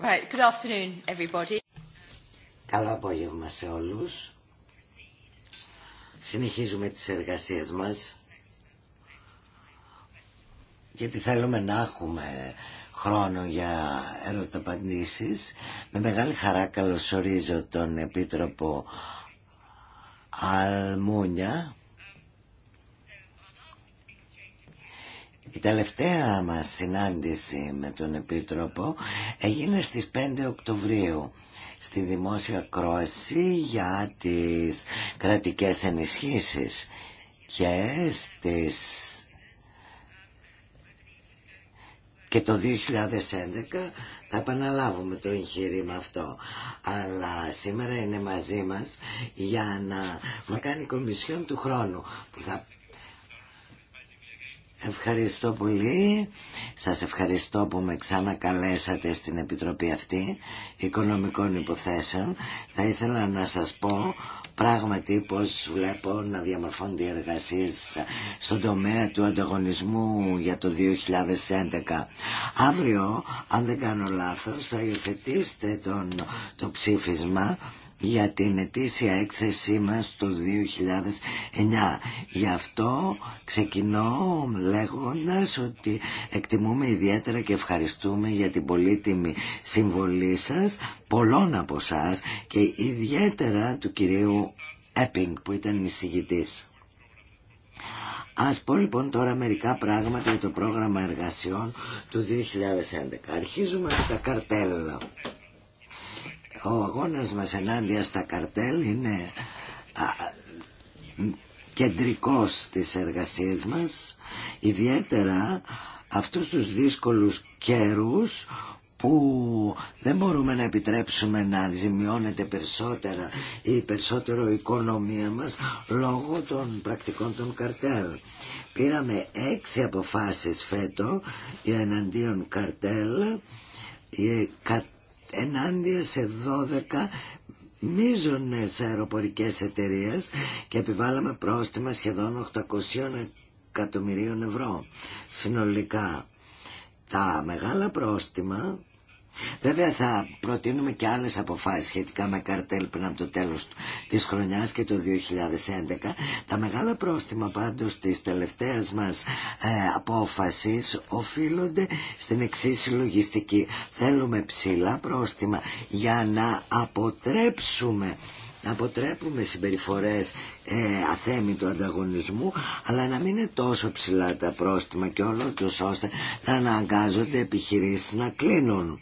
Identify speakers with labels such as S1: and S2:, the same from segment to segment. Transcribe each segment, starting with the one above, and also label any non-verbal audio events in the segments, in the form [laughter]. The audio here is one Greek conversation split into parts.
S1: Right, good afternoon everybody.
S2: Καλό απόγευμα σε όλους. Συνεχίζουμε τις εργασίες μας γιατί θέλουμε να έχουμε χρόνο για ερωταπαντήσεις. Με μεγάλη χαρά καλωσορίζω τον Επίτροπο Αλμούνια Η τελευταία μας συνάντηση με τον Επίτροπο έγινε στις 5 Οκτωβρίου στη δημόσια κρόση για τις κρατικές ενισχύσεις και στις και το 2011 θα επαναλάβουμε το εγχείρημα αυτό. Αλλά σήμερα είναι μαζί μας για να μα κάνει κομισιόν του χρόνου που θα Ευχαριστώ πολύ. Σα ευχαριστώ που με ξανακαλέσατε στην Επιτροπή αυτή Οικονομικών Υποθέσεων. Θα ήθελα να σας πω πράγματι πως βλέπω να διαμορφώνται οι εργασίες στον τομέα του ανταγωνισμού για το 2011. Αύριο, αν δεν κάνω λάθος, θα υιοθετήσετε το ψήφισμα για την ετήσια έκθεσή μας το 2009. Γι' αυτό ξεκινώ λέγοντας ότι εκτιμούμε ιδιαίτερα και ευχαριστούμε για την πολύτιμη συμβολή σας, πολλών από εσά και ιδιαίτερα του κυρίου Έπινγκ που ήταν εισηγητής. Ας πω λοιπόν τώρα μερικά πράγματα για το πρόγραμμα εργασιών του 2011. Αρχίζουμε με τα καρτέλα. Ο αγώνας μας ενάντια στα καρτέλ είναι κεντρικός της εργασίας μας, ιδιαίτερα αυτούς τους δύσκολους καιρούς που δεν μπορούμε να επιτρέψουμε να ζημιώνεται περισσότερα ή περισσότερο η οικονομία μας λόγω των πρακτικών των καρτέλ. Πήραμε έξι αποφάσεις φέτο για εναντίον καρτέλ ε, ενάντια σε 12 μίζονες αεροπορικές εταιρείες και επιβάλαμε πρόστιμα σχεδόν 800 εκατομμυρίων ευρώ. Συνολικά τα μεγάλα πρόστιμα Βέβαια θα προτείνουμε και άλλες αποφάσεις σχετικά με καρτέλ πριν από το τέλος της χρονιάς και το 2011. Τα μεγάλα πρόστιμα πάντως της τελευταίας μας ε, απόφασης οφείλονται στην εξή λογιστική. Θέλουμε ψηλά πρόστιμα για να αποτρέψουμε να αποτρέπουμε συμπεριφορές ε, του ανταγωνισμού αλλά να μην είναι τόσο ψηλά τα πρόστιμα και όλο τους ώστε να αναγκάζονται επιχειρήσεις να κλείνουν.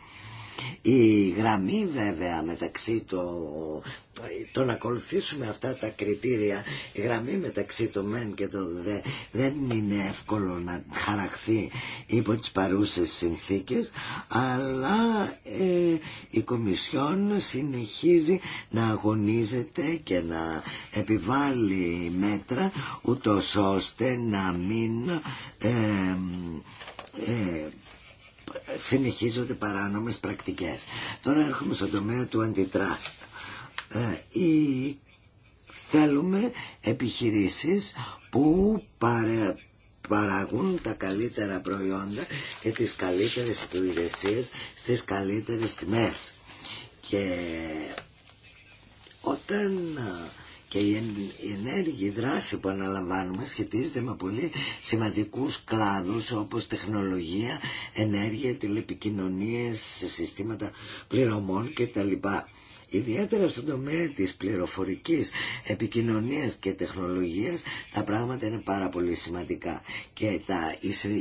S2: Η γραμμή βέβαια μεταξύ το, το να ακολουθήσουμε αυτά τα κριτήρια, η γραμμή μεταξύ το μεν και το δε δεν είναι εύκολο να χαραχθεί υπό τις παρούσες συνθήκες, αλλά ε, η Κομισιόν συνεχίζει να αγωνίζεται και να επιβάλλει μέτρα ούτως ώστε να μην... Ε, ε, συνεχίζονται παράνομες πρακτικές. Τώρα έρχομαι στον τομέα του αντιτράστ. Ε, ή θέλουμε επιχειρήσεις που παράγουν τα καλύτερα προϊόντα και τις καλύτερες υπηρεσίε στις καλύτερες τιμές. Και όταν και η ενέργεια, δράση που αναλαμβάνουμε σχετίζεται με πολύ σημαντικούς κλάδους όπως τεχνολογία, ενέργεια, τηλεπικοινωνίες, συστήματα πληρωμών κτλ. Ιδιαίτερα στον τομέα της πληροφορικής, επικοινωνίας και τεχνολογίας τα πράγματα είναι πάρα πολύ σημαντικά. Και τα,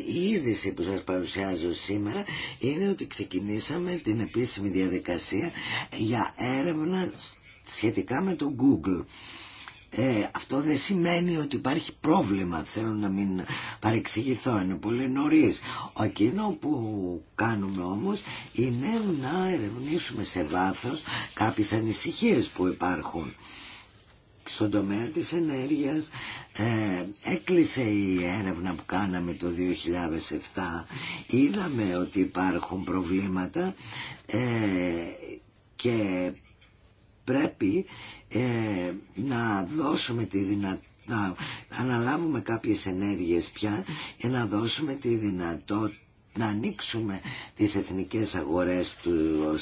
S2: η είδηση που σας παρουσιάζω σήμερα είναι ότι ξεκινήσαμε την επίσημη διαδικασία για έρευνα σχετικά με το Google. Ε, αυτό δεν σημαίνει ότι υπάρχει πρόβλημα, θέλω να μην παρεξηγηθώ, είναι πολύ νωρί. Εκείνο που κάνουμε όμως είναι να ερευνήσουμε σε βάθος κάποιες ανησυχίες που υπάρχουν. Στον τομέα της ενέργειας ε, έκλεισε η έρευνα που κάναμε το 2007. Είδαμε ότι υπάρχουν προβλήματα ε, και πρέπει ε, να δώσουμε τη δυνατότητα να αναλάβουμε κάποιες ενέργειες πια για να δώσουμε τη δυνατότητα να ανοίξουμε τις εθνικές αγορές του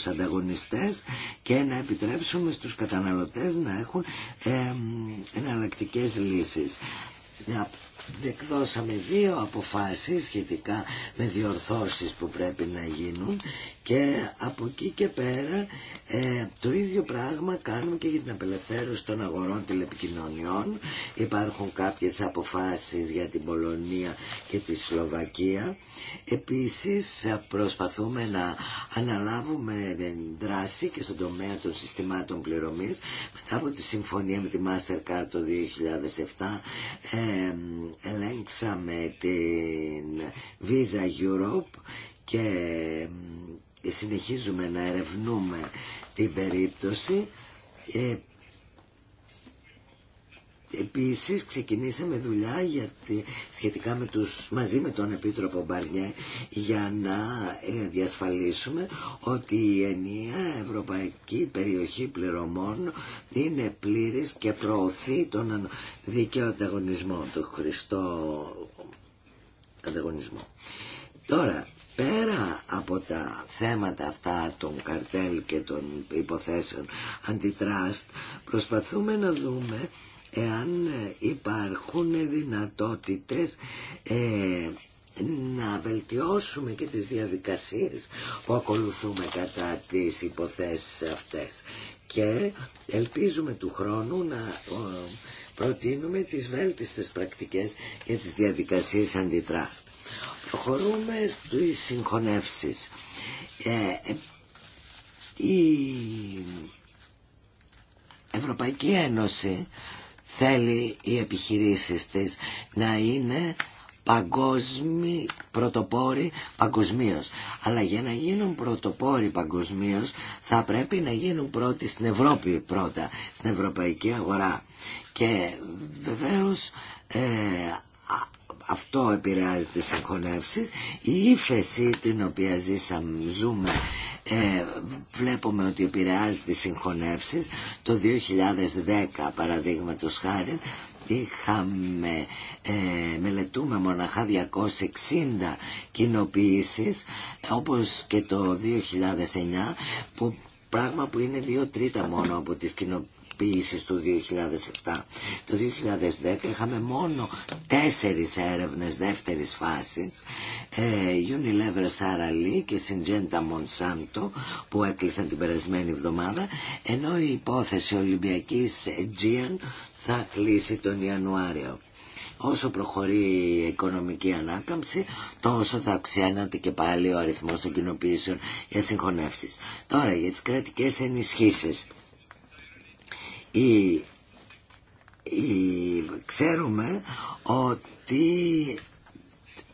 S2: ανταγωνιστές και να επιτρέψουμε στους καταναλωτές να έχουν ε, εναλλακτικές λύσεις. Εκδώσαμε δύο αποφάσεις σχετικά με διορθώσεις που πρέπει να γίνουν και από εκεί και πέρα ε, το ίδιο πράγμα κάνουμε και για την απελευθέρωση των αγορών τηλεπικοινωνιών. Υπάρχουν κάποιες αποφάσεις για την Πολωνία και τη Σλοβακία. Επίσης προσπαθούμε να αναλάβουμε δράση και στον τομέα των συστημάτων πληρωμής. Μετά από τη συμφωνία με τη Mastercard το 2007 ε, ελέγξαμε την Visa Europe και συνεχίζουμε να ερευνούμε την περίπτωση. Ε, Επίσης ξεκινήσαμε δουλειά σχετικά με τους, μαζί με τον Επίτροπο Μπαρνιέ για να ε, διασφαλίσουμε ότι η ενιαία Ευρωπαϊκή Περιοχή Πληρωμών είναι πλήρης και προωθεί τον δίκαιο ανταγωνισμό, τον Χριστό ανταγωνισμό. Τώρα, πέρα από τα θέματα αυτά των καρτέλ και των υποθέσεων αντιτράστ προσπαθούμε να δούμε εάν ε, υπάρχουν δυνατότητες ε, να βελτιώσουμε και τις διαδικασίες που ακολουθούμε κατά τις υποθέσεις αυτές και ελπίζουμε του χρόνου να προτείνουμε τις βέλτιστες πρακτικές και τις διαδικασίες αντιτράστ. Προχωρούμε στις συγχωνεύσεις. Ε, ε, η Ευρωπαϊκή Ένωση θέλει οι επιχειρήσεις της να είναι παγκόσμιοι πρωτοπόροι παγκοσμίω. Αλλά για να γίνουν πρωτοπόροι παγκοσμίω θα πρέπει να γίνουν πρώτοι στην Ευρώπη πρώτα, στην ευρωπαϊκή αγορά. Και βεβαίω ε, αυτό επηρεάζει τις συγχωνεύσεις η ύφεση την οποία ζήσαμε, ζούμε ε, βλέπουμε ότι επηρεάζει τις συγχωνεύσεις το 2010 παραδείγματος χάρη είχαμε ε, μελετούμε μοναχά 260 κοινοποιήσεις όπως και το 2009 που πράγμα που είναι δύο τρίτα μόνο από τις κοινοποιήσεις του 2007. Το 2010 είχαμε μόνο τέσσερις έρευνες δεύτερης φάσης, ε, Unilever Sara Lee και Syngenta Monsanto που έκλεισαν την περασμένη εβδομάδα, ενώ η υπόθεση Ολυμπιακής Aegean θα κλείσει τον Ιανουάριο. Όσο προχωρεί η οικονομική ανάκαμψη, τόσο θα αυξάνεται και πάλι ο αριθμός των κοινοποιήσεων για συγχωνεύσεις. Τώρα για τις κρατικές ενισχύσεις. ξέρουμε ότι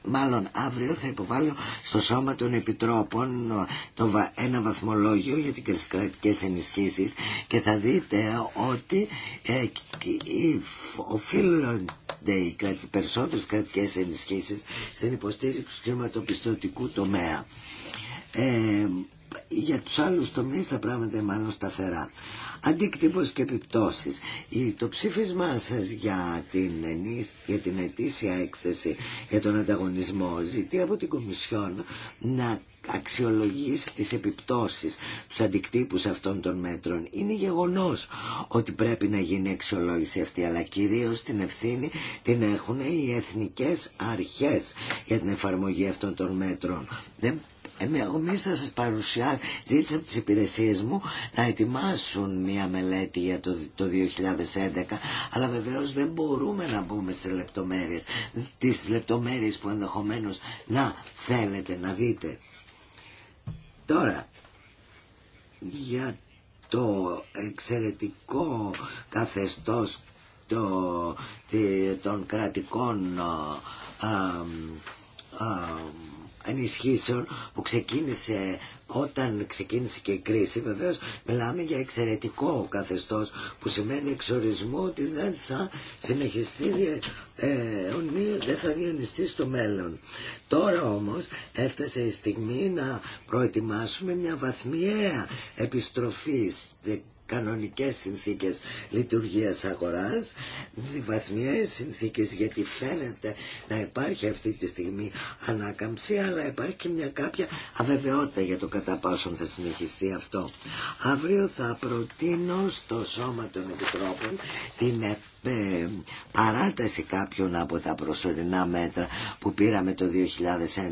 S2: μάλλον αύριο θα υποβάλω στο Σώμα των Επιτρόπων ε, το, ένα βαθμολόγιο για τις κρατικές ενισχύσεις και θα δείτε ότι ε, οφείλονται οι περισσότερε περισσότερες κρατικές ενισχύσεις στην υποστήριξη του χρηματοπιστωτικού τομέα. Ε, για τους άλλους τομείς τα πράγματα είναι μάλλον σταθερά αντίκτυπος και επιπτώσεις. Το ψήφισμά σας για την, για την ετήσια έκθεση για τον ανταγωνισμό ζητεί από την Κομισιόν να αξιολογήσει τις επιπτώσεις τους αντικτύπους αυτών των μέτρων είναι γεγονός ότι πρέπει να γίνει αξιολόγηση αυτή αλλά κυρίως την ευθύνη την έχουν οι εθνικές αρχές για την εφαρμογή αυτών των μέτρων δεν Εμεί θα σα παρουσιάσω, ζήτησα από τι υπηρεσίε μου να ετοιμάσουν μία μελέτη για το, το 2011, αλλά βεβαίω δεν μπορούμε να μπούμε στι λεπτομέρειε, τι λεπτομέρειες που ενδεχομένω να θέλετε να δείτε. Τώρα, για το εξαιρετικό καθεστώς το, των κρατικών α, ενισχύσεων που ξεκίνησε όταν ξεκίνησε και η κρίση βεβαίως μιλάμε για εξαιρετικό καθεστώς που σημαίνει εξορισμό ότι δεν θα συνεχιστεί ε, δεν θα διανυστεί στο μέλλον τώρα όμως έφτασε η στιγμή να προετοιμάσουμε μια βαθμιαία επιστροφή κανονικές συνθήκες λειτουργίας αγοράς, διβαθμιές συνθήκες γιατί φαίνεται να υπάρχει αυτή τη στιγμή ανάκαμψη αλλά υπάρχει και μια κάποια αβεβαιότητα για το κατά πόσον θα συνεχιστεί αυτό. Αύριο θα προτείνω στο Σώμα των Επιτρόπων την ε, παράταση κάποιων από τα προσωρινά μέτρα που πήραμε το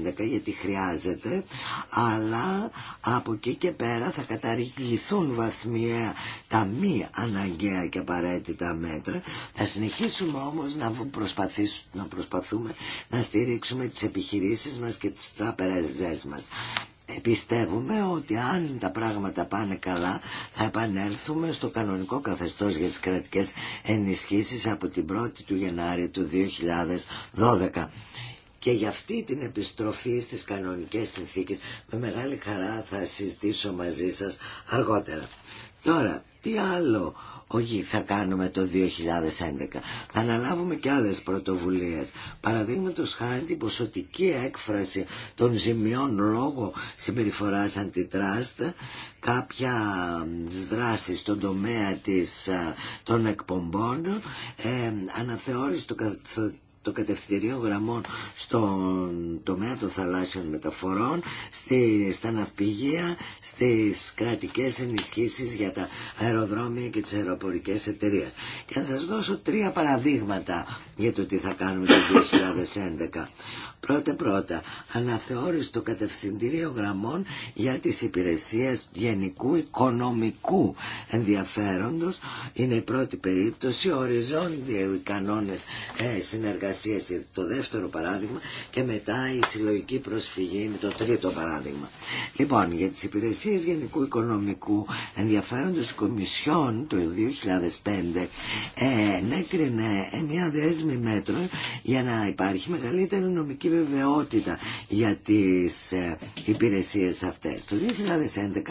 S2: 2011 γιατί χρειάζεται αλλά από εκεί και πέρα θα καταργηθούν βαθμιαία τα μη αναγκαία και απαραίτητα μέτρα θα συνεχίσουμε όμως να, προσπαθήσουμε, να προσπαθούμε να στηρίξουμε τις επιχειρήσεις μας και τις τράπεζές μας πιστεύουμε ότι αν τα πράγματα πάνε καλά θα επανέλθουμε στο κανονικό καθεστώς για τις κρατικές ενισχύσεις από την 1η του Γενάρη του 2012. Και για αυτή την επιστροφή στις κανονικές συνθήκες με μεγάλη χαρά θα συζητήσω μαζί σας αργότερα. Τώρα, τι άλλο όχι θα κάνουμε το 2011. Θα αναλάβουμε και άλλες πρωτοβουλίες. Παραδείγματο χάρη την ποσοτική έκφραση των ζημιών λόγω συμπεριφοράς αντιτράστ, κάποια δράση στον τομέα της, ε, των εκπομπών, ε, αναθεώρηση του καθ το κατευθυντηρίων γραμμών στον τομέα των θαλάσσιων μεταφορών, στη, στα ναυπηγεία, στις κρατικές ενισχύσεις για τα αεροδρόμια και τις αεροπορικές εταιρείες. Και να σας δώσω τρία παραδείγματα για το τι θα κάνουμε το 2011. Πρώτα πρώτα, αναθεώρηση των κατευθυντηρίων γραμμών για τις υπηρεσίες γενικού οικονομικού ενδιαφέροντος. Είναι η πρώτη περίπτωση, οριζόντια οι κανόνες ε, συνεργασίας, το δεύτερο παράδειγμα και μετά η συλλογική προσφυγή είναι το τρίτο παράδειγμα. Λοιπόν, για τις υπηρεσίες γενικού οικονομικού ενδιαφέροντος κομισιών το 2005 ε, ε, μια δέσμη μέτρων για να υπάρχει μεγαλύτερη νομική βεβαιότητα για τις ε, υπηρεσίες αυτές. Το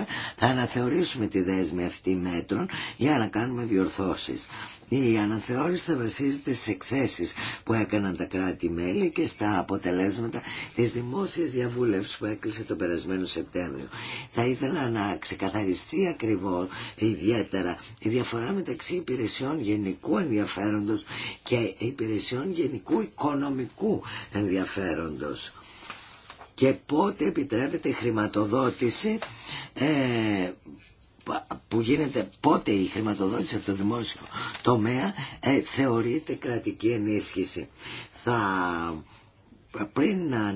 S2: 2011 θα αναθεωρήσουμε τη δέσμη αυτή μέτρων για να κάνουμε διορθώσεις. Η αναθεώρηση θα βασίζεται στις εκθέσεις που έκαναν τα κράτη-μέλη και στα αποτελέσματα της δημόσιας διαβουλευση που έκλεισε τον περασμένο Σεπτέμβριο. Θα ήθελα να ξεκαθαριστεί ακριβώ ιδιαίτερα η διαφορά μεταξύ υπηρεσιών γενικού ενδιαφέροντος και υπηρεσιών γενικού οικονομικού ενδιαφέροντο. και πότε επιτρέπεται η χρηματοδότηση ε, που γίνεται πότε η χρηματοδότηση από το δημόσιο τομέα ε, θεωρείται κρατική ενίσχυση. Θα πριν να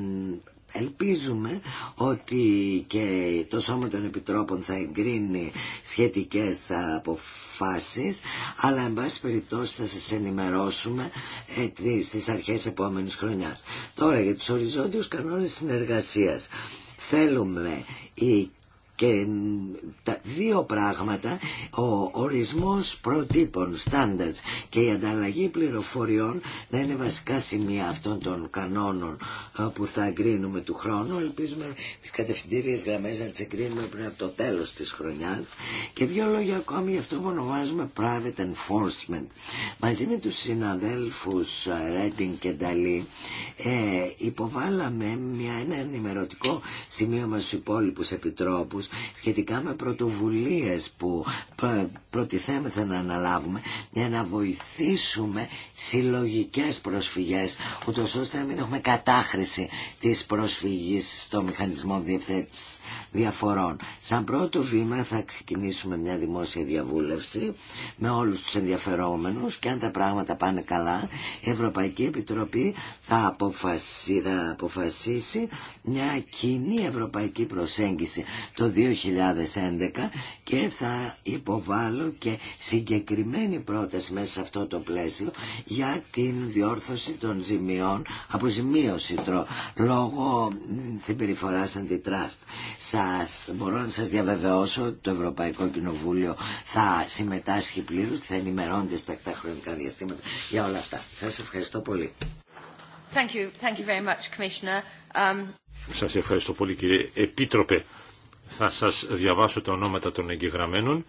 S2: ελπίζουμε ότι και το Σώμα των Επιτρόπων θα εγκρίνει σχετικές αποφάσεις αλλά εν πάση περιπτώσει θα σας ενημερώσουμε στις ε, αρχές επόμενης χρονιάς. Τώρα για τους οριζόντιους κανόνες συνεργασίας θέλουμε η και δύο πράγματα ο ορισμός προτύπων standards και η ανταλλαγή πληροφοριών να είναι βασικά σημεία αυτών των κανόνων ε, που θα εγκρίνουμε του χρόνου ελπίζουμε τις κατευθυντήριες γραμμές να τις εγκρίνουμε πριν από το τέλος της χρονιάς και δύο λόγια ακόμη για αυτό που ονομάζουμε private enforcement μαζί με τους συναδέλφους Ρέντινγκ ε, και Νταλή ε, υποβάλαμε μια, ένα ενημερωτικό σημείο μας στους υπόλοιπους επιτρόπους σχετικά με πρωτοβουλίες που προτιθέμεθα να αναλάβουμε για να βοηθήσουμε συλλογικές προσφυγές ούτως ώστε να μην έχουμε κατάχρηση της προσφυγής στο μηχανισμό διευθέτησης διαφορών. Σαν πρώτο βήμα θα ξεκινήσουμε μια δημόσια διαβούλευση με όλους τους ενδιαφερόμενους και αν τα πράγματα πάνε καλά η Ευρωπαϊκή Επιτροπή θα, αποφασίσει μια κοινή ευρωπαϊκή προσέγγιση το 2011 και θα υποβάλω και συγκεκριμένη πρόταση μέσα σε αυτό το πλαίσιο για την διόρθωση των ζημιών αποζημίωση λόγω συμπεριφοράς αντιτράστ. Σας, μπορώ να σας διαβεβαιώσω ότι το Ευρωπαϊκό Κοινοβούλιο θα συμμετάσχει πλήρως και θα ενημερώνεται στα χρονικά διαστήματα για όλα αυτά. Σας ευχαριστώ πολύ.
S1: Thank you. Thank you very much, um,
S2: Σας ευχαριστώ πολύ
S3: κύριε Επίτροπε. Θα σας διαβάσω τα ονόματα των εγγεγραμμένων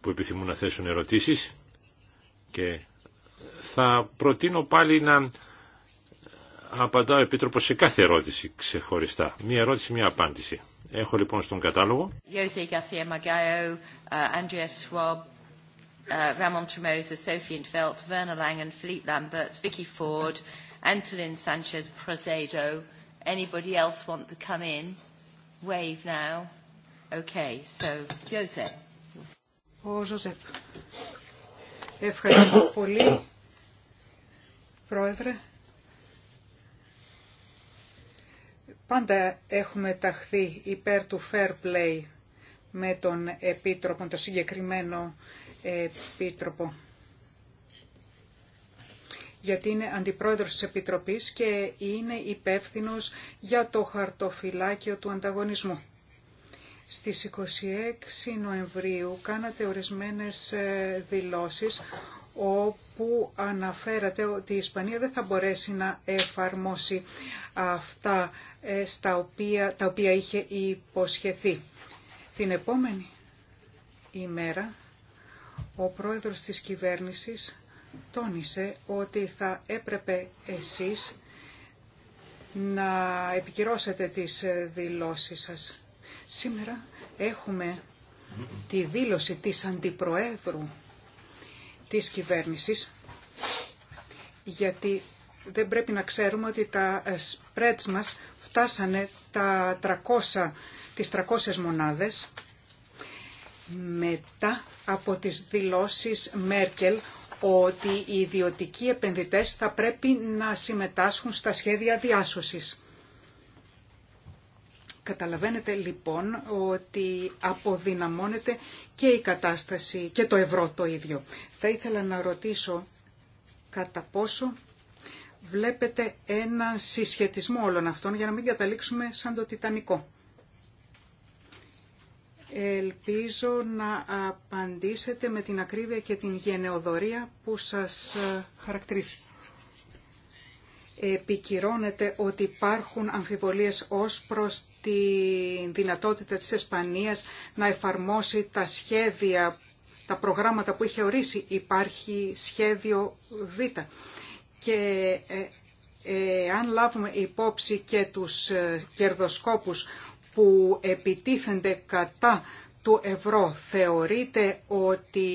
S3: που επιθυμούν να θέσουν ερωτήσεις και θα προτείνω πάλι να απαντάω Επίτροπο σε κάθε ερώτηση ξεχωριστά. Μία ερώτηση, μία απάντηση. Έχω λοιπόν στον κατάλογο.
S1: Jose Garcia Magallo, uh, Andreas Schwab, uh, Ramon Tremosa, Sophie Infelt, Werner Langen, Philippe Lamberts, Vicky Ford, Antolin Sanchez, Prozedo. Anybody else want to come in? Wave now. Okay, so Jose.
S4: Ο Ζωζέπ. Ευχαριστώ πολύ, Πρόεδρε. Πάντα έχουμε ταχθεί υπέρ του fair play με τον επίτροπο, το συγκεκριμένο επίτροπο. Γιατί είναι αντιπρόεδρος της Επιτροπής και είναι υπεύθυνος για το χαρτοφυλάκιο του ανταγωνισμού. Στις 26 Νοεμβρίου κάνατε ορισμένες δηλώσεις όπου που αναφέρατε ότι η Ισπανία δεν θα μπορέσει να εφαρμόσει αυτά ε, στα οποία, τα οποία είχε υποσχεθεί. Την επόμενη ημέρα ο πρόεδρος της κυβέρνησης τόνισε ότι θα έπρεπε εσείς να επικυρώσετε τις δηλώσεις σας. Σήμερα έχουμε τη δήλωση της Αντιπροέδρου της κυβέρνησης, γιατί δεν πρέπει να ξέρουμε ότι τα spreads μας φτάσανε τα 300, τις 300 μονάδες μετά από τις δηλώσεις Μέρκελ ότι οι ιδιωτικοί επενδυτές θα πρέπει να συμμετάσχουν στα σχέδια διάσωσης. Καταλαβαίνετε λοιπόν ότι αποδυναμώνεται και η κατάσταση και το ευρώ το ίδιο. Θα ήθελα να ρωτήσω κατά πόσο βλέπετε ένα συσχετισμό όλων αυτών για να μην καταλήξουμε σαν το Τιτανικό. Ελπίζω να απαντήσετε με την ακρίβεια και την γενεοδορία που σας ε, χαρακτηρίζει. Επικυρώνεται ότι υπάρχουν αμφιβολίες ως προς τη δυνατότητα της Ισπανίας να εφαρμόσει τα σχέδια, τα προγράμματα που είχε ορίσει. Υπάρχει σχέδιο Β. Και ε, ε, αν λάβουμε υπόψη και τους ε, κερδοσκόπους που επιτίθενται κατά του ευρώ, θεωρείται ότι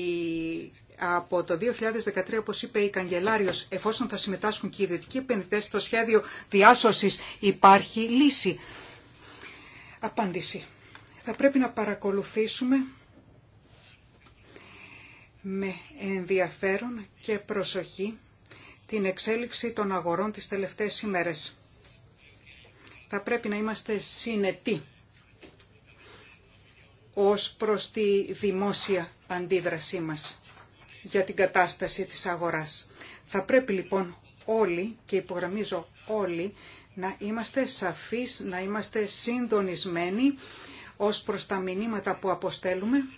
S4: από το 2013, όπως είπε η Καγκελάριος, εφόσον θα συμμετάσχουν και οι ιδιωτικοί επενδυτές στο σχέδιο διάσωσης, υπάρχει λύση απάντηση. Θα πρέπει να παρακολουθήσουμε με ενδιαφέρον και προσοχή την εξέλιξη των αγορών τις τελευταίες ημέρες. Θα πρέπει να είμαστε συνετοί ως προς τη δημόσια αντίδρασή μας για την κατάσταση της αγοράς. Θα πρέπει λοιπόν όλοι, και υπογραμμίζω όλοι, να είμαστε σαφείς, να είμαστε συντονισμένοι ως προς τα μηνύματα που αποστέλουμε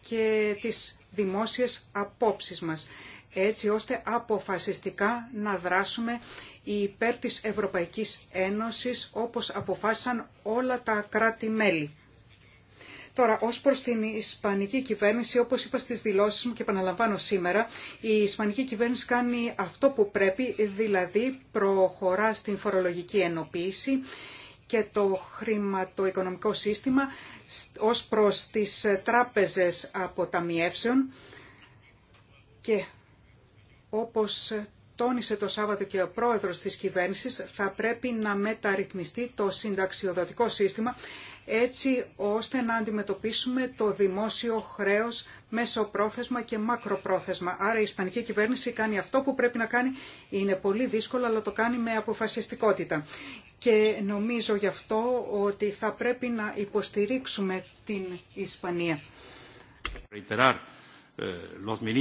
S4: και τις δημόσιες απόψεις μας, έτσι ώστε αποφασιστικά να δράσουμε υπέρ της Ευρωπαϊκής Ένωσης όπως αποφάσισαν όλα τα κράτη-μέλη. Τώρα, ως προς την Ισπανική κυβέρνηση, όπως είπα στις δηλώσεις μου και επαναλαμβάνω σήμερα, η Ισπανική κυβέρνηση κάνει αυτό που πρέπει, δηλαδή προχωρά στην φορολογική ενοποίηση και το χρηματοοικονομικό σύστημα ως προς τις τράπεζες αποταμιεύσεων και όπως τόνισε το Σάββατο και ο πρόεδρος της κυβέρνησης, θα πρέπει να μεταρρυθμιστεί το συνταξιοδοτικό σύστημα έτσι ώστε να αντιμετωπίσουμε το δημόσιο χρέος πρόθεσμα και μακροπρόθεσμα. Άρα η Ισπανική κυβέρνηση κάνει αυτό που πρέπει να κάνει. Είναι πολύ δύσκολο, αλλά το κάνει με αποφασιστικότητα. Και νομίζω γι' αυτό ότι θα πρέπει να υποστηρίξουμε την Ισπανία.
S5: Eh,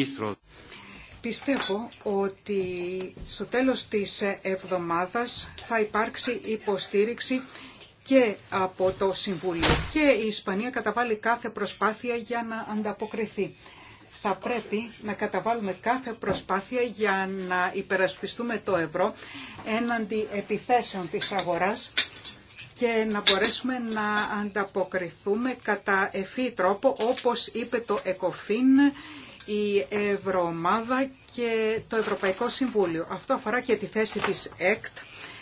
S4: Πιστεύω ότι στο τέλος της εβδομάδας θα υπάρξει υποστήριξη και από το Συμβούλιο και η Ισπανία καταβάλει κάθε προσπάθεια για να ανταποκριθεί. Θα πρέπει να καταβάλουμε κάθε προσπάθεια για να υπερασπιστούμε το ευρώ έναντι επιθέσεων της αγοράς και να μπορέσουμε να ανταποκριθούμε κατά ευφύ τρόπο όπως είπε το ΕΚΟΦΗΝ, η Ευρωομάδα και το Ευρωπαϊκό Συμβούλιο. Αυτό αφορά και τη θέση της ΕΚΤ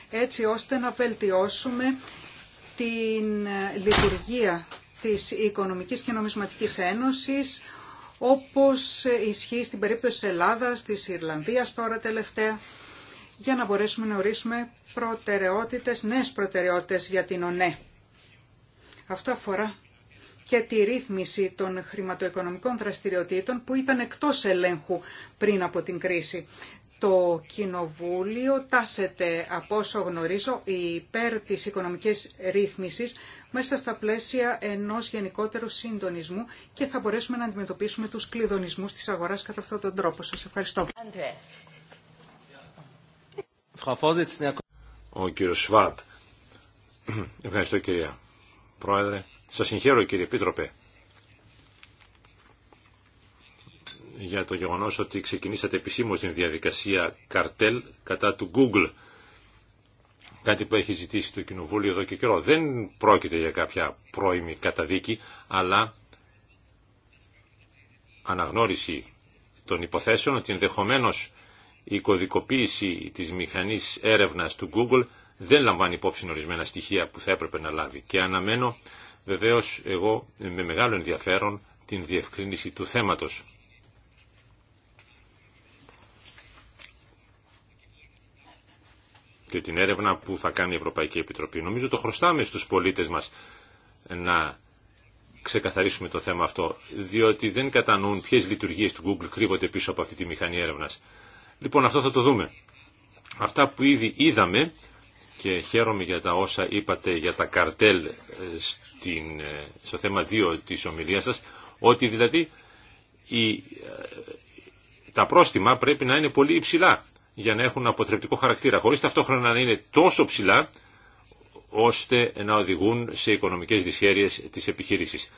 S4: έτσι ώστε να βελτιώσουμε την λειτουργία της Οικονομικής και Νομισματικής Ένωσης, όπως ισχύει στην περίπτωση της Ελλάδας, της Ιρλανδίας τώρα τελευταία, για να μπορέσουμε να ορίσουμε προτεραιότητες, νέες προτεραιότητες για την ΟΝΕ. Αυτό αφορά και τη ρύθμιση των χρηματοοικονομικών δραστηριοτήτων που ήταν εκτός ελέγχου πριν από την κρίση. Το Κοινοβούλιο τάσεται, από όσο γνωρίζω, υπέρ της οικονομικής ρύθμισης μέσα στα πλαίσια ενός γενικότερου συντονισμού και θα μπορέσουμε να αντιμετωπίσουμε τους κλειδονισμούς της αγοράς κατά αυτόν τον τρόπο. Σας ευχαριστώ.
S3: Ο κύριος Σβάμπ. Ευχαριστώ κυρία Πρόεδρε. Σας συγχαίρω κύριε Επίτροπε για το γεγονός ότι ξεκινήσατε επισήμως την διαδικασία καρτέλ κατά του Google. Κάτι που έχει ζητήσει το Κοινοβούλιο εδώ και καιρό. Δεν πρόκειται για κάποια πρώιμη καταδίκη, αλλά αναγνώριση των υποθέσεων ότι ενδεχομένω η κωδικοποίηση της μηχανής έρευνας του Google δεν λαμβάνει υπόψη ορισμένα στοιχεία που θα έπρεπε να λάβει. Και αναμένω βεβαίως εγώ με μεγάλο ενδιαφέρον την διευκρίνηση του θέματος. και την έρευνα που θα κάνει η Ευρωπαϊκή Επιτροπή. Νομίζω το χρωστάμε στους πολίτες μας να ξεκαθαρίσουμε το θέμα αυτό, διότι δεν κατανοούν ποιες λειτουργίες του Google κρύβονται πίσω από αυτή τη μηχανή έρευνας. Λοιπόν, αυτό θα το δούμε. Αυτά που ήδη είδαμε και χαίρομαι για τα όσα είπατε για τα καρτέλ ε, στην, ε, στο θέμα 2 της ομιλίας σας, ότι δηλαδή η, ε, τα πρόστιμα πρέπει να είναι πολύ υψηλά για να έχουν αποτρεπτικό χαρακτήρα, χωρίς ταυτόχρονα να είναι τόσο ψηλά, ώστε να οδηγούν σε οικονομικές δυσχέρειες της επιχείρησης.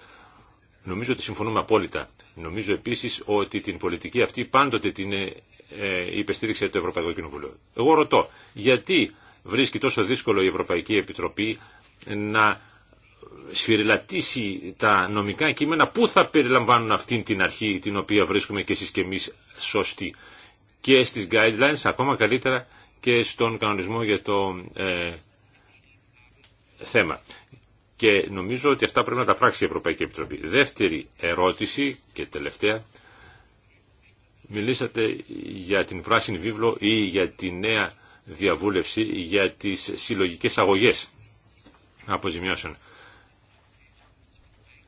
S3: Νομίζω ότι συμφωνούμε απόλυτα. Νομίζω επίσης ότι την πολιτική αυτή πάντοτε την ε, ε, υπεστήριξε το Ευρωπαϊκό Κοινοβούλιο. Εγώ ρωτώ, γιατί βρίσκει τόσο δύσκολο η Ευρωπαϊκή Επιτροπή να σφυριλατήσει τα νομικά κείμενα που θα περιλαμβάνουν αυτήν την αρχή την οποία βρίσκουμε και εσείς και εμείς σωστή και στις guidelines, ακόμα καλύτερα και στον κανονισμό για το ε, θέμα. Και νομίζω ότι αυτά πρέπει να τα πράξει η Ευρωπαϊκή Επιτροπή. Δεύτερη ερώτηση και τελευταία. Μιλήσατε για την πράσινη βίβλο ή για τη νέα διαβούλευση για τις συλλογικές αγωγές αποζημιώσεων.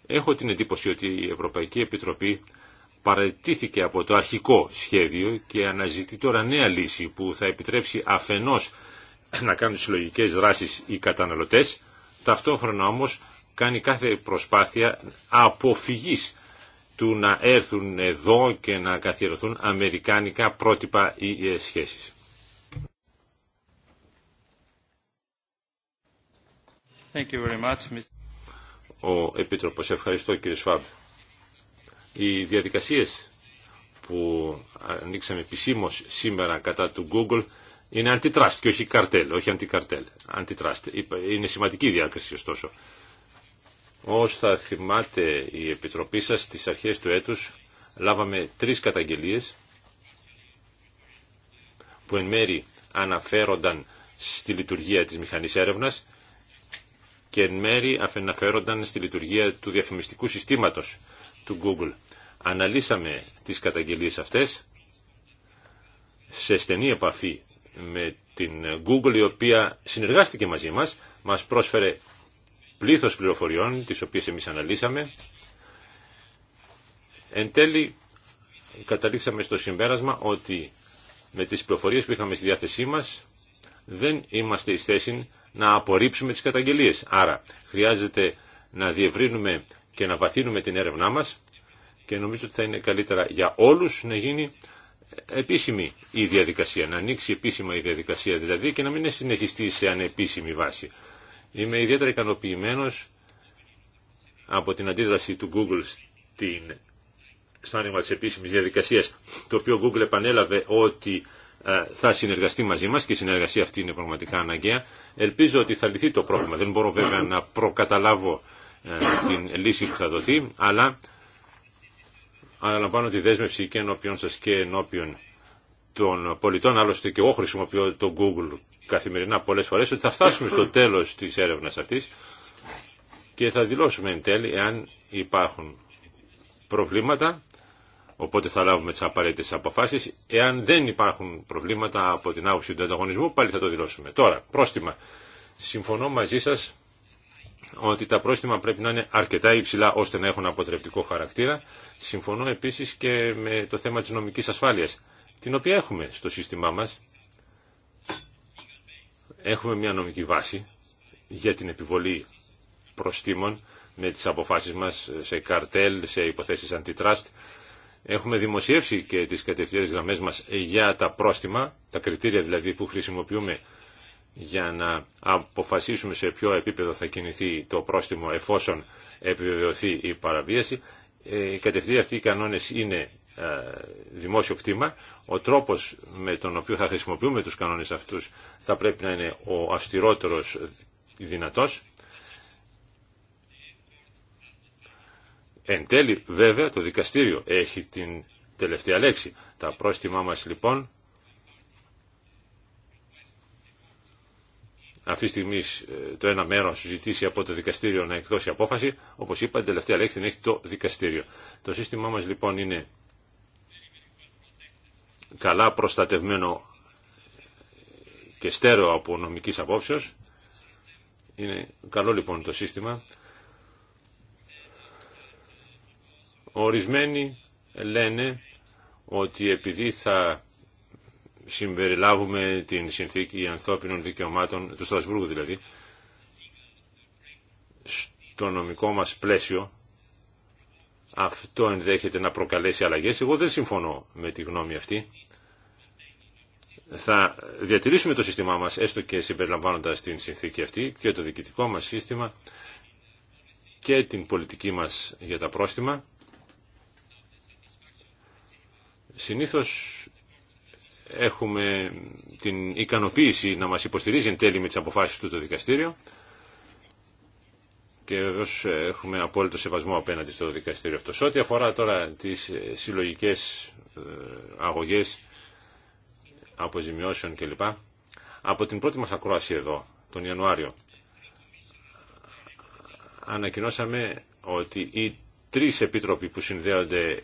S3: Έχω την εντύπωση ότι η Ευρωπαϊκή Επιτροπή παρατήθηκε από το αρχικό σχέδιο και αναζητεί τώρα νέα λύση που θα επιτρέψει αφενός να κάνουν συλλογικές δράσεις οι καταναλωτές, ταυτόχρονα όμως κάνει κάθε προσπάθεια αποφυγής του να έρθουν εδώ και να καθιερωθούν αμερικάνικα πρότυπα ή σχέσεις.
S5: Thank you
S3: Ο Επίτροπος, ευχαριστώ κύριε Σφάμπ. Οι διαδικασίες που ανοίξαμε επισήμω σήμερα κατά του Google είναι αντιτράστ και όχι καρτέλ, όχι αντικαρτέλ. Αντιτράστ. Είναι σημαντική διάκριση ωστόσο. Ως θα θυμάται η Επιτροπή σας, στις αρχές του έτους λάβαμε τρεις καταγγελίες που εν μέρη αναφέρονταν στη λειτουργία της μηχανής έρευνας και εν μέρη αναφέρονταν στη λειτουργία του διαφημιστικού συστήματος του Google. Αναλύσαμε τις καταγγελίες αυτές σε στενή επαφή με την Google η οποία συνεργάστηκε μαζί μας, μας πρόσφερε πλήθος πληροφοριών τις οποίες εμείς αναλύσαμε. Εν τέλει καταλήξαμε στο συμπέρασμα ότι με τις πληροφορίες που είχαμε στη διάθεσή μας δεν είμαστε εις θέση να απορρίψουμε τις καταγγελίες. Άρα χρειάζεται να διευρύνουμε και να βαθύνουμε την έρευνά μας και νομίζω ότι θα είναι καλύτερα για όλους να γίνει επίσημη η διαδικασία, να ανοίξει επίσημα η διαδικασία δηλαδή και να μην συνεχιστεί σε ανεπίσημη βάση. Είμαι ιδιαίτερα ικανοποιημένο από την αντίδραση του Google στην, στο άνοιγμα της επίσημης διαδικασίας, το οποίο Google επανέλαβε ότι ε, θα συνεργαστεί μαζί μας και η συνεργασία αυτή είναι πραγματικά αναγκαία. Ελπίζω ότι θα λυθεί το πρόβλημα. Δεν μπορώ βέβαια να προκαταλάβω ε, την λύση που θα δοθεί, αλλά αναλαμβάνω τη δέσμευση και ενώπιον σας και ενώπιον των πολιτών, άλλωστε και εγώ χρησιμοποιώ το Google καθημερινά πολλές φορές, ότι θα φτάσουμε στο τέλος της έρευνας αυτής και θα δηλώσουμε εν τέλει εάν υπάρχουν προβλήματα, οπότε θα λάβουμε τις απαραίτητες αποφάσεις. Εάν δεν υπάρχουν προβλήματα από την άποψη του ανταγωνισμού, πάλι θα το δηλώσουμε. Τώρα, πρόστιμα. Συμφωνώ μαζί σας ότι τα πρόστιμα πρέπει να είναι αρκετά υψηλά ώστε να έχουν αποτρεπτικό χαρακτήρα. Συμφωνώ επίσης και με το θέμα της νομικής ασφάλειας, την οποία έχουμε στο σύστημά μας. Έχουμε μια νομική βάση για την επιβολή προστήμων με τις αποφάσεις μας σε καρτέλ, σε υποθέσεις αντιτράστ. Έχουμε δημοσιεύσει και τις κατευθείαν γραμμές μας για τα πρόστιμα, τα κριτήρια δηλαδή που χρησιμοποιούμε για να αποφασίσουμε σε ποιο επίπεδο θα κινηθεί το πρόστιμο εφόσον επιβεβαιωθεί η παραβίαση. Ε, οι κατευθείαν αυτοί οι κανόνες είναι ε, δημόσιο κτήμα. Ο τρόπος με τον οποίο θα χρησιμοποιούμε τους κανόνες αυτούς θα πρέπει να είναι ο αυστηρότερος δυνατός. Εν τέλει βέβαια το δικαστήριο έχει την τελευταία λέξη. Τα πρόστιμά μας λοιπόν αυτή τη στιγμή ε, το ένα μέρο ζητήσει από το δικαστήριο να εκδώσει απόφαση. Όπω είπα, την τελευταία λέξη την έχει το δικαστήριο. Το σύστημά μα λοιπόν είναι καλά προστατευμένο και στέρεο από νομική απόψεω. Είναι καλό λοιπόν το σύστημα. Ορισμένοι λένε ότι επειδή θα συμπεριλάβουμε την συνθήκη ανθρώπινων δικαιωμάτων του Στρασβούργου δηλαδή στο νομικό μας πλαίσιο αυτό ενδέχεται να προκαλέσει αλλαγές εγώ δεν συμφωνώ με τη γνώμη αυτή θα διατηρήσουμε το σύστημά μας έστω και συμπεριλαμβάνοντας την συνθήκη αυτή και το διοικητικό μας σύστημα και την πολιτική μας για τα πρόστιμα συνήθως έχουμε την ικανοποίηση να μας υποστηρίζει εν τέλει με τις αποφάσεις του το δικαστήριο και βεβαίως ε, έχουμε απόλυτο σεβασμό απέναντι στο δικαστήριο αυτό. Σε ό,τι αφορά τώρα τις ε, συλλογικές ε, αγωγές αποζημιώσεων κλπ. Από την πρώτη μας ακρόαση εδώ, τον Ιανουάριο, ανακοινώσαμε ότι οι τρεις επίτροποι που συνδέονται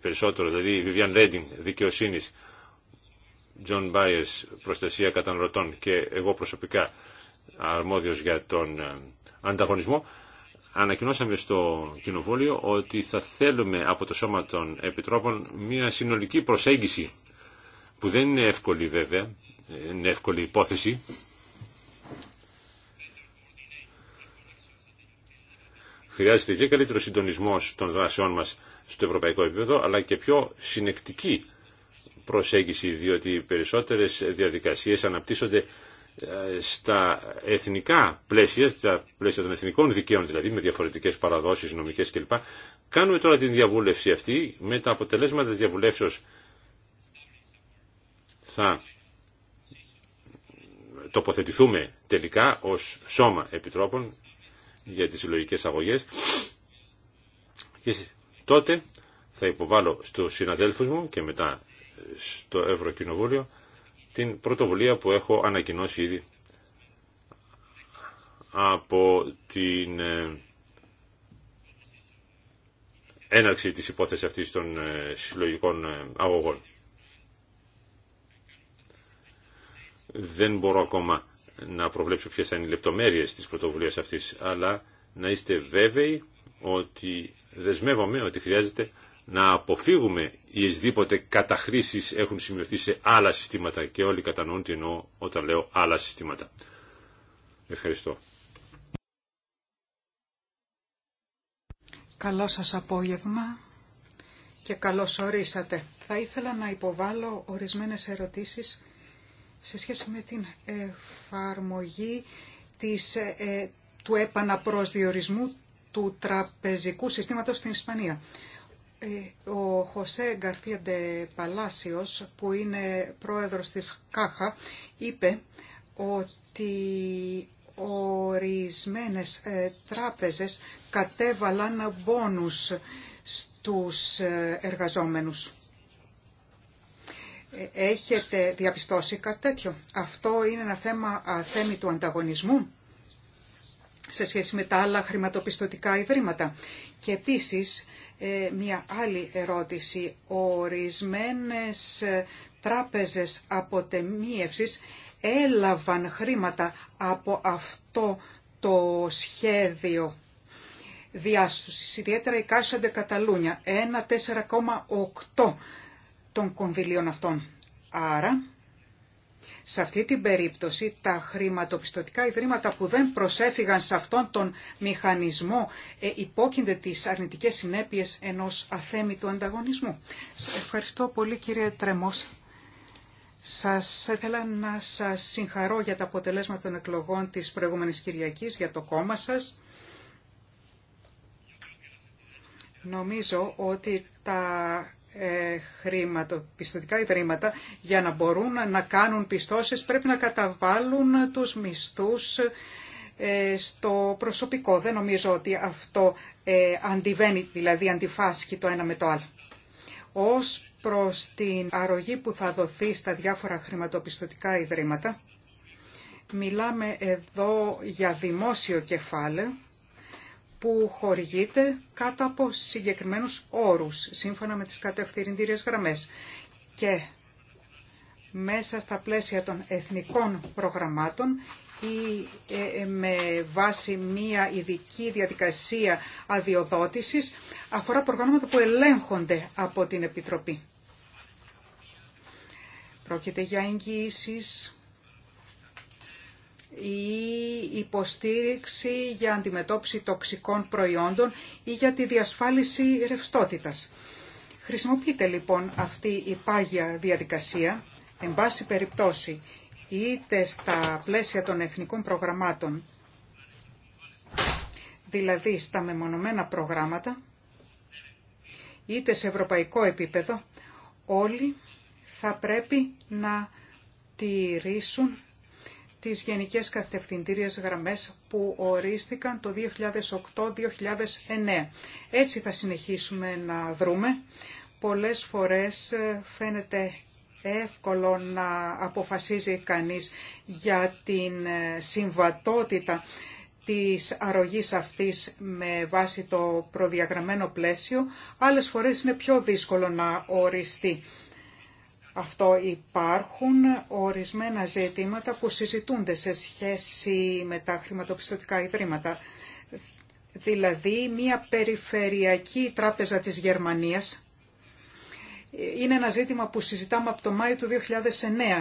S3: περισσότερο, δηλαδή η Vivian Redding δικαιοσύνης, John Bias, προστασία καταναλωτών και εγώ προσωπικά αρμόδιος για τον ε, ανταγωνισμό, ανακοινώσαμε στο Κοινοβούλιο ότι θα θέλουμε από το Σώμα των Επιτρόπων μια συνολική προσέγγιση που δεν είναι εύκολη βέβαια, είναι εύκολη υπόθεση. Χρειάζεται και καλύτερο συντονισμός των δράσεών μας στο ευρωπαϊκό επίπεδο, αλλά και πιο συνεκτική προσέγγιση, διότι οι περισσότερες διαδικασίες αναπτύσσονται ε, στα εθνικά πλαίσια, στα πλαίσια των εθνικών δικαίων δηλαδή, με διαφορετικές παραδόσεις νομικές κλπ. Κάνουμε τώρα την διαβούλευση αυτή, με τα αποτελέσματα της διαβουλεύσεως θα τοποθετηθούμε τελικά ως σώμα επιτρόπων για τις συλλογικέ αγωγές και τότε θα υποβάλω στους συναδέλφους μου και μετά στο Ευρωκοινοβούλιο την πρωτοβουλία που έχω ανακοινώσει ήδη από την ε, έναρξη της υπόθεσης αυτής των ε, συλλογικών ε, αγωγών. Δεν μπορώ ακόμα να προβλέψω ποιες θα είναι οι λεπτομέρειες της πρωτοβουλίας αυτής, αλλά να είστε βέβαιοι ότι δεσμεύομαι ότι χρειάζεται να αποφύγουμε οι εσδήποτε καταχρήσεις έχουν σημειωθεί σε άλλα συστήματα και όλοι κατανοούν τι εννοώ όταν λέω άλλα συστήματα. Ευχαριστώ.
S4: Καλό σας απόγευμα και καλώς ορίσατε. Θα ήθελα να υποβάλω ορισμένες ερωτήσεις σε σχέση με την εφαρμογή της, ε, του επαναπροσδιορισμού του τραπεζικού συστήματος στην Ισπανία. Ε, ο Χωσέ Γκαρθίαντε Παλάσιος, που είναι πρόεδρος της ΚΑΧΑ, είπε ότι ορισμένες ε, τράπεζες κατέβαλαν μπόνους στους ε, εργαζόμενους. Έχετε διαπιστώσει κάτι τέτοιο. Αυτό είναι ένα θέμα θέμη του ανταγωνισμού σε σχέση με τα άλλα χρηματοπιστωτικά ιδρύματα. Και επίσης ε, μια άλλη ερώτηση. Ορισμένες τράπεζες αποτεμίευσης έλαβαν χρήματα από αυτό το σχέδιο διάσωση, ιδιαίτερα η Κάσα Καταλούνια, 1,4,8 των κονδυλίων αυτών. Άρα σε αυτή την περίπτωση τα χρηματοπιστωτικά ιδρύματα που δεν προσέφηγαν σε αυτόν τον μηχανισμό ε, υπόκεινται τις αρνητικές συνέπειες ενός αθέμητου ανταγωνισμού. Ευχαριστώ πολύ κύριε Τρεμός. Σας ήθελα να σας συγχαρώ για τα αποτελέσματα των εκλογών της προηγούμενης Κυριακής, για το κόμμα σας. Νομίζω ότι τα ε, χρηματοπιστωτικά ιδρύματα για να μπορούν να κάνουν πιστώσεις πρέπει να καταβάλουν τους μισθούς ε, στο προσωπικό. Δεν νομίζω ότι αυτό ε, αντιβαίνει, δηλαδή αντιφάσκει το ένα με το άλλο. Ως προς την αρρωγή που θα δοθεί στα διάφορα χρηματοπιστωτικά ιδρύματα, μιλάμε εδώ για δημόσιο κεφάλαιο που χορηγείται κάτω από συγκεκριμένους όρους, σύμφωνα με τις κατευθυντήριες γραμμές. Και μέσα στα πλαίσια των εθνικών προγραμμάτων ή ε, ε, με βάση μία ειδική διαδικασία αδειοδότησης αφορά προγράμματα που ελέγχονται από την Επιτροπή. Πρόκειται για εγγυήσεις ή υποστήριξη για αντιμετώπιση τοξικών προϊόντων ή για τη διασφάλιση ρευστότητας. Χρησιμοποιείται λοιπόν αυτή η πάγια διαδικασία, εν πάση περιπτώσει, είτε στα πλαίσια των εθνικών προγραμμάτων, δηλαδή στα μεμονωμένα προγράμματα, είτε σε ευρωπαϊκό επίπεδο, όλοι θα πρέπει να τηρήσουν τις γενικές κατευθυντήριες γραμμές που ορίστηκαν το 2008-2009. Έτσι θα συνεχίσουμε να δρούμε. Πολλές φορές ε, φαίνεται εύκολο να αποφασίζει κανείς για την ε, συμβατότητα της αρρωγής αυτής με βάση το προδιαγραμμένο πλαίσιο, άλλες φορές είναι πιο δύσκολο να οριστεί αυτό υπάρχουν ορισμένα ζητήματα που συζητούνται σε σχέση με τα χρηματοπιστωτικά ιδρύματα. Δηλαδή, μια περιφερειακή τράπεζα της Γερμανίας είναι ένα ζήτημα που συζητάμε από το Μάιο του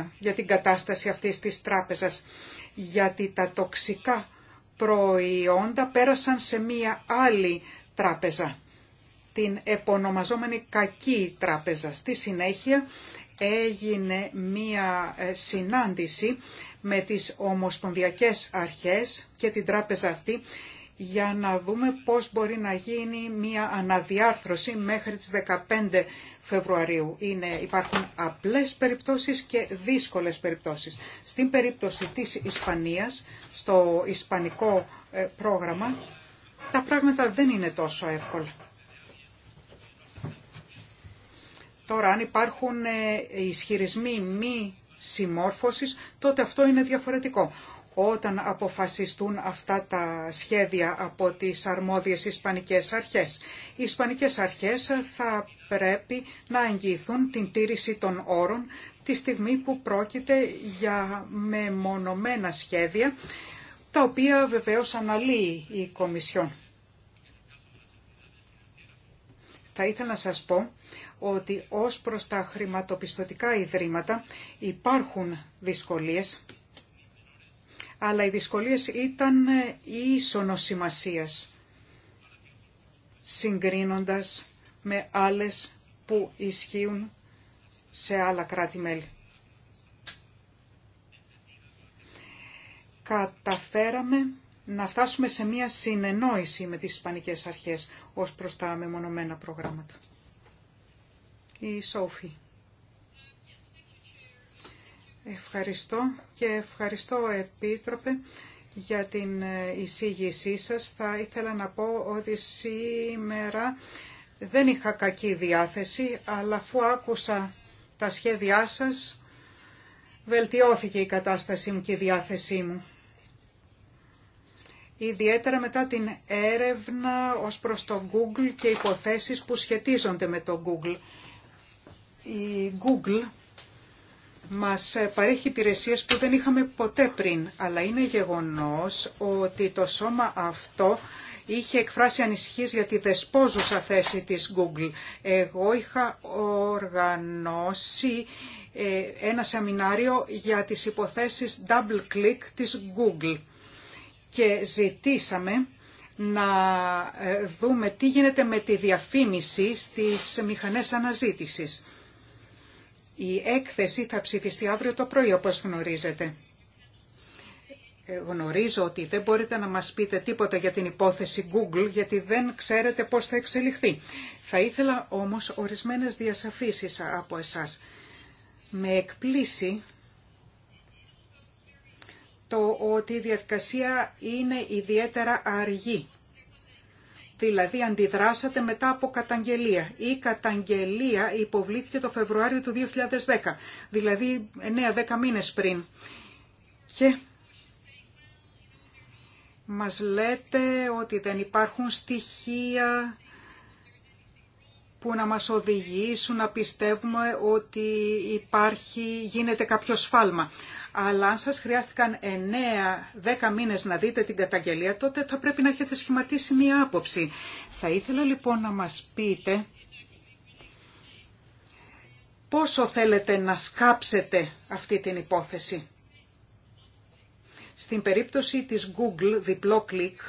S4: 2009 για την κατάσταση αυτής της τράπεζας, γιατί τα τοξικά προϊόντα πέρασαν σε μία άλλη τράπεζα, την επωνομαζόμενη κακή τράπεζα. Στη συνέχεια έγινε μία ε, συνάντηση με τις ομοσπονδιακές αρχές και την τράπεζα αυτή για να δούμε πώς μπορεί να γίνει μία αναδιάρθρωση μέχρι τις 15 Φεβρουαρίου. Είναι, υπάρχουν απλές περιπτώσεις και δύσκολες περιπτώσεις. Στην περίπτωση της Ισπανίας, στο ισπανικό ε, πρόγραμμα, τα πράγματα δεν είναι τόσο εύκολα. Τώρα, αν υπάρχουν ε, ισχυρισμοί μη συμμόρφωσης, τότε αυτό είναι διαφορετικό. Όταν αποφασιστούν αυτά τα σχέδια από τις αρμόδιες Ισπανικές αρχές. Οι Ισπανικές αρχές θα πρέπει να εγγυηθούν την τήρηση των όρων τη στιγμή που πρόκειται για μεμονωμένα σχέδια, τα οποία βεβαίως αναλύει η Κομισιόν. θα ήθελα να σας πω ότι ως προς τα χρηματοπιστωτικά ιδρύματα υπάρχουν δυσκολίες, αλλά οι δυσκολίες ήταν ίσονος σημασίας, συγκρίνοντας με άλλες που ισχύουν σε άλλα κράτη-μέλη. Καταφέραμε να φτάσουμε σε μία συνεννόηση με τις Ισπανικές Αρχές ως προς τα μεμονωμένα προγράμματα. Η Σόφη. Ευχαριστώ και ευχαριστώ Επίτροπε για την ε, εισήγησή σας. Θα ήθελα να πω ότι σήμερα δεν είχα κακή διάθεση, αλλά αφού άκουσα τα σχέδιά σας, βελτιώθηκε η κατάστασή μου και η διάθεσή μου ιδιαίτερα μετά την έρευνα ως προς το Google και υποθέσεις που σχετίζονται με το Google. Η Google μας παρέχει υπηρεσίες που δεν είχαμε ποτέ πριν, αλλά είναι γεγονός ότι το σώμα αυτό είχε εκφράσει ανησυχίες για τη δεσπόζουσα θέση της Google. Εγώ είχα οργανώσει ε, ένα σεμινάριο για τις υποθέσεις double click της Google και ζητήσαμε να ε, δούμε τι γίνεται με τη διαφήμιση στις μηχανές αναζήτησης. Η έκθεση θα ψηφιστεί αύριο το πρωί, όπως γνωρίζετε. Ε, γνωρίζω ότι δεν μπορείτε να μας πείτε τίποτα για την υπόθεση Google, γιατί δεν ξέρετε πώς θα εξελιχθεί. Θα ήθελα όμως ορισμένες διασαφήσεις από εσάς. Με εκπλήσει το ότι η διαδικασία είναι ιδιαίτερα αργή. Δηλαδή αντιδράσατε μετά από καταγγελία. Η καταγγελία υποβλήθηκε το Φεβρουάριο του 2010, δηλαδή 9-10 μήνες πριν. Και μας λέτε ότι δεν υπάρχουν στοιχεία που να μας οδηγήσουν να πιστεύουμε ότι υπάρχει, γίνεται κάποιο σφάλμα. Αλλά αν σας χρειάστηκαν 9-10 μήνες να δείτε την καταγγελία, τότε θα πρέπει να έχετε σχηματίσει μία άποψη. Θα ήθελα λοιπόν να μας πείτε πόσο θέλετε να σκάψετε αυτή την υπόθεση. Στην περίπτωση της Google διπλό κλικ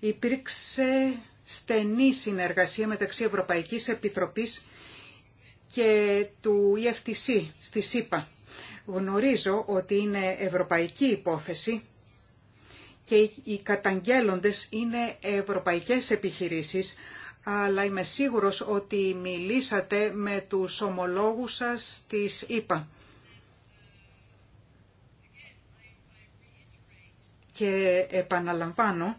S4: υπήρξε στενή συνεργασία μεταξύ Ευρωπαϊκής Επιτροπής και του EFTC στη ΣΥΠΑ. Γνωρίζω ότι είναι ευρωπαϊκή υπόθεση και οι καταγγέλλοντες είναι ευρωπαϊκές επιχειρήσεις, αλλά είμαι σίγουρος ότι μιλήσατε με τους ομολόγους σας της ΕΠΑ. Και επαναλαμβάνω